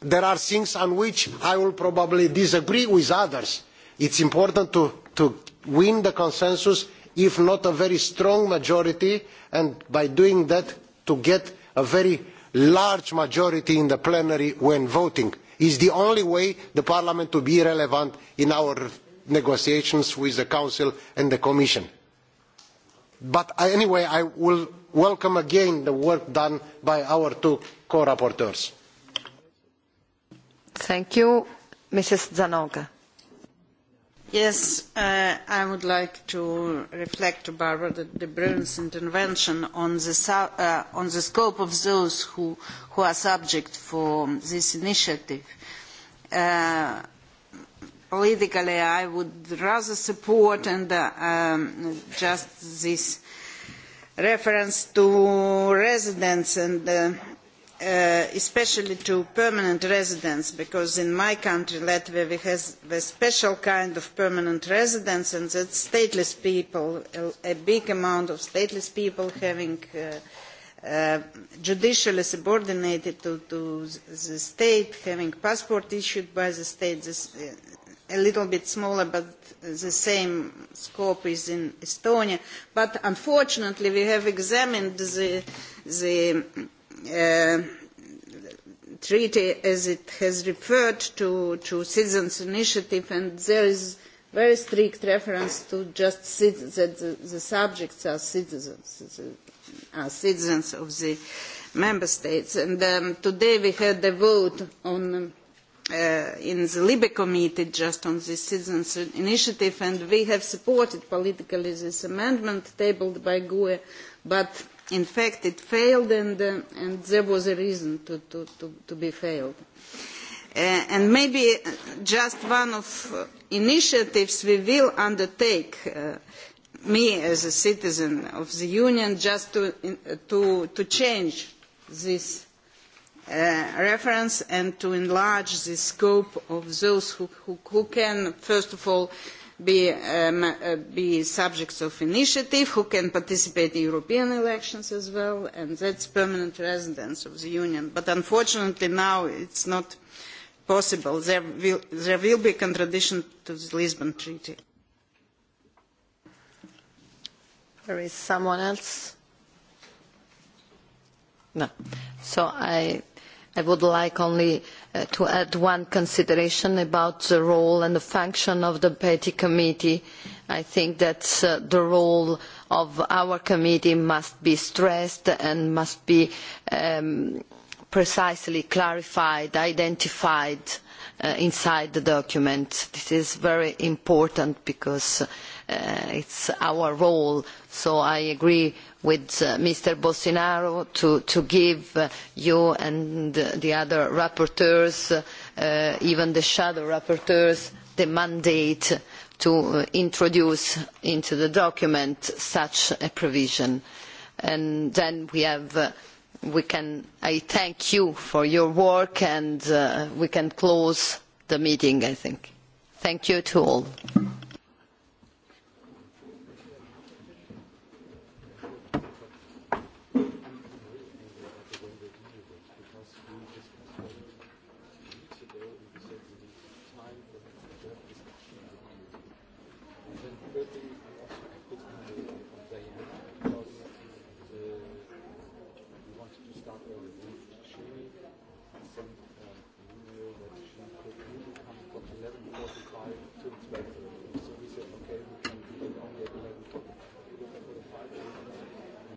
there are things on which I will probably disagree with others. It is important to, win the consensus, if not a very strong majority, and by doing that to get a very large majority in the plenary when voting. Is the only way the Parliament to be relevant in our negotiations with the Council and the Commission but anyway i will welcome again the work done by our two co rapporteurs. i would like to reflect on barbara de brn's intervention on the, scope of those who, are subject to this initiative politically I would rather support and um, just this reference to residents and uh, uh, especially to permanent residents because in my country Latvia we have a special kind of permanent residents and that's stateless people, a, a big amount of stateless people having uh, judicially subordinated to, the state, having passport issued by the state. This, a little bit smaller, but the same scope is in Estonia. But unfortunately, we have examined the, the uh, treaty as it has referred to, to citizens' initiative, and there is very strict reference to just citizens, that the, the subjects are citizens, are citizens of the member states. And um, today we had a vote on in the LIBE committee just on the citizens initiative and we have supported politically this amendment tabled by GUE but in fact it failed and, uh, and there was a reason to, to, to, to be failed. Uh, and maybe just one of uh, initiatives we will undertake uh, me as a citizen of the union just to, to, to change this reference and to enlarge the scope of those who, can, first of all, be, subjects of initiative, who can participate in European elections as well, and that's permanent residents of the Union. But unfortunately now it's not possible. There will, there will be a contradiction to the Lisbon Treaty. There is someone else? No. So I I would like only to add one consideration about the role and the function of the Petty Committee. I think that the role of our committee must be stressed and must be precisely clarified, identified inside the document. This is very important because it's our role. So I agree with Mr. Bolsonaro to, give you and the other rapporteurs, even the shadow rapporteurs, the mandate to introduce into the document such a provision. And then we have we can I thank you for your work and we can close the meeting I think. Thank you to all.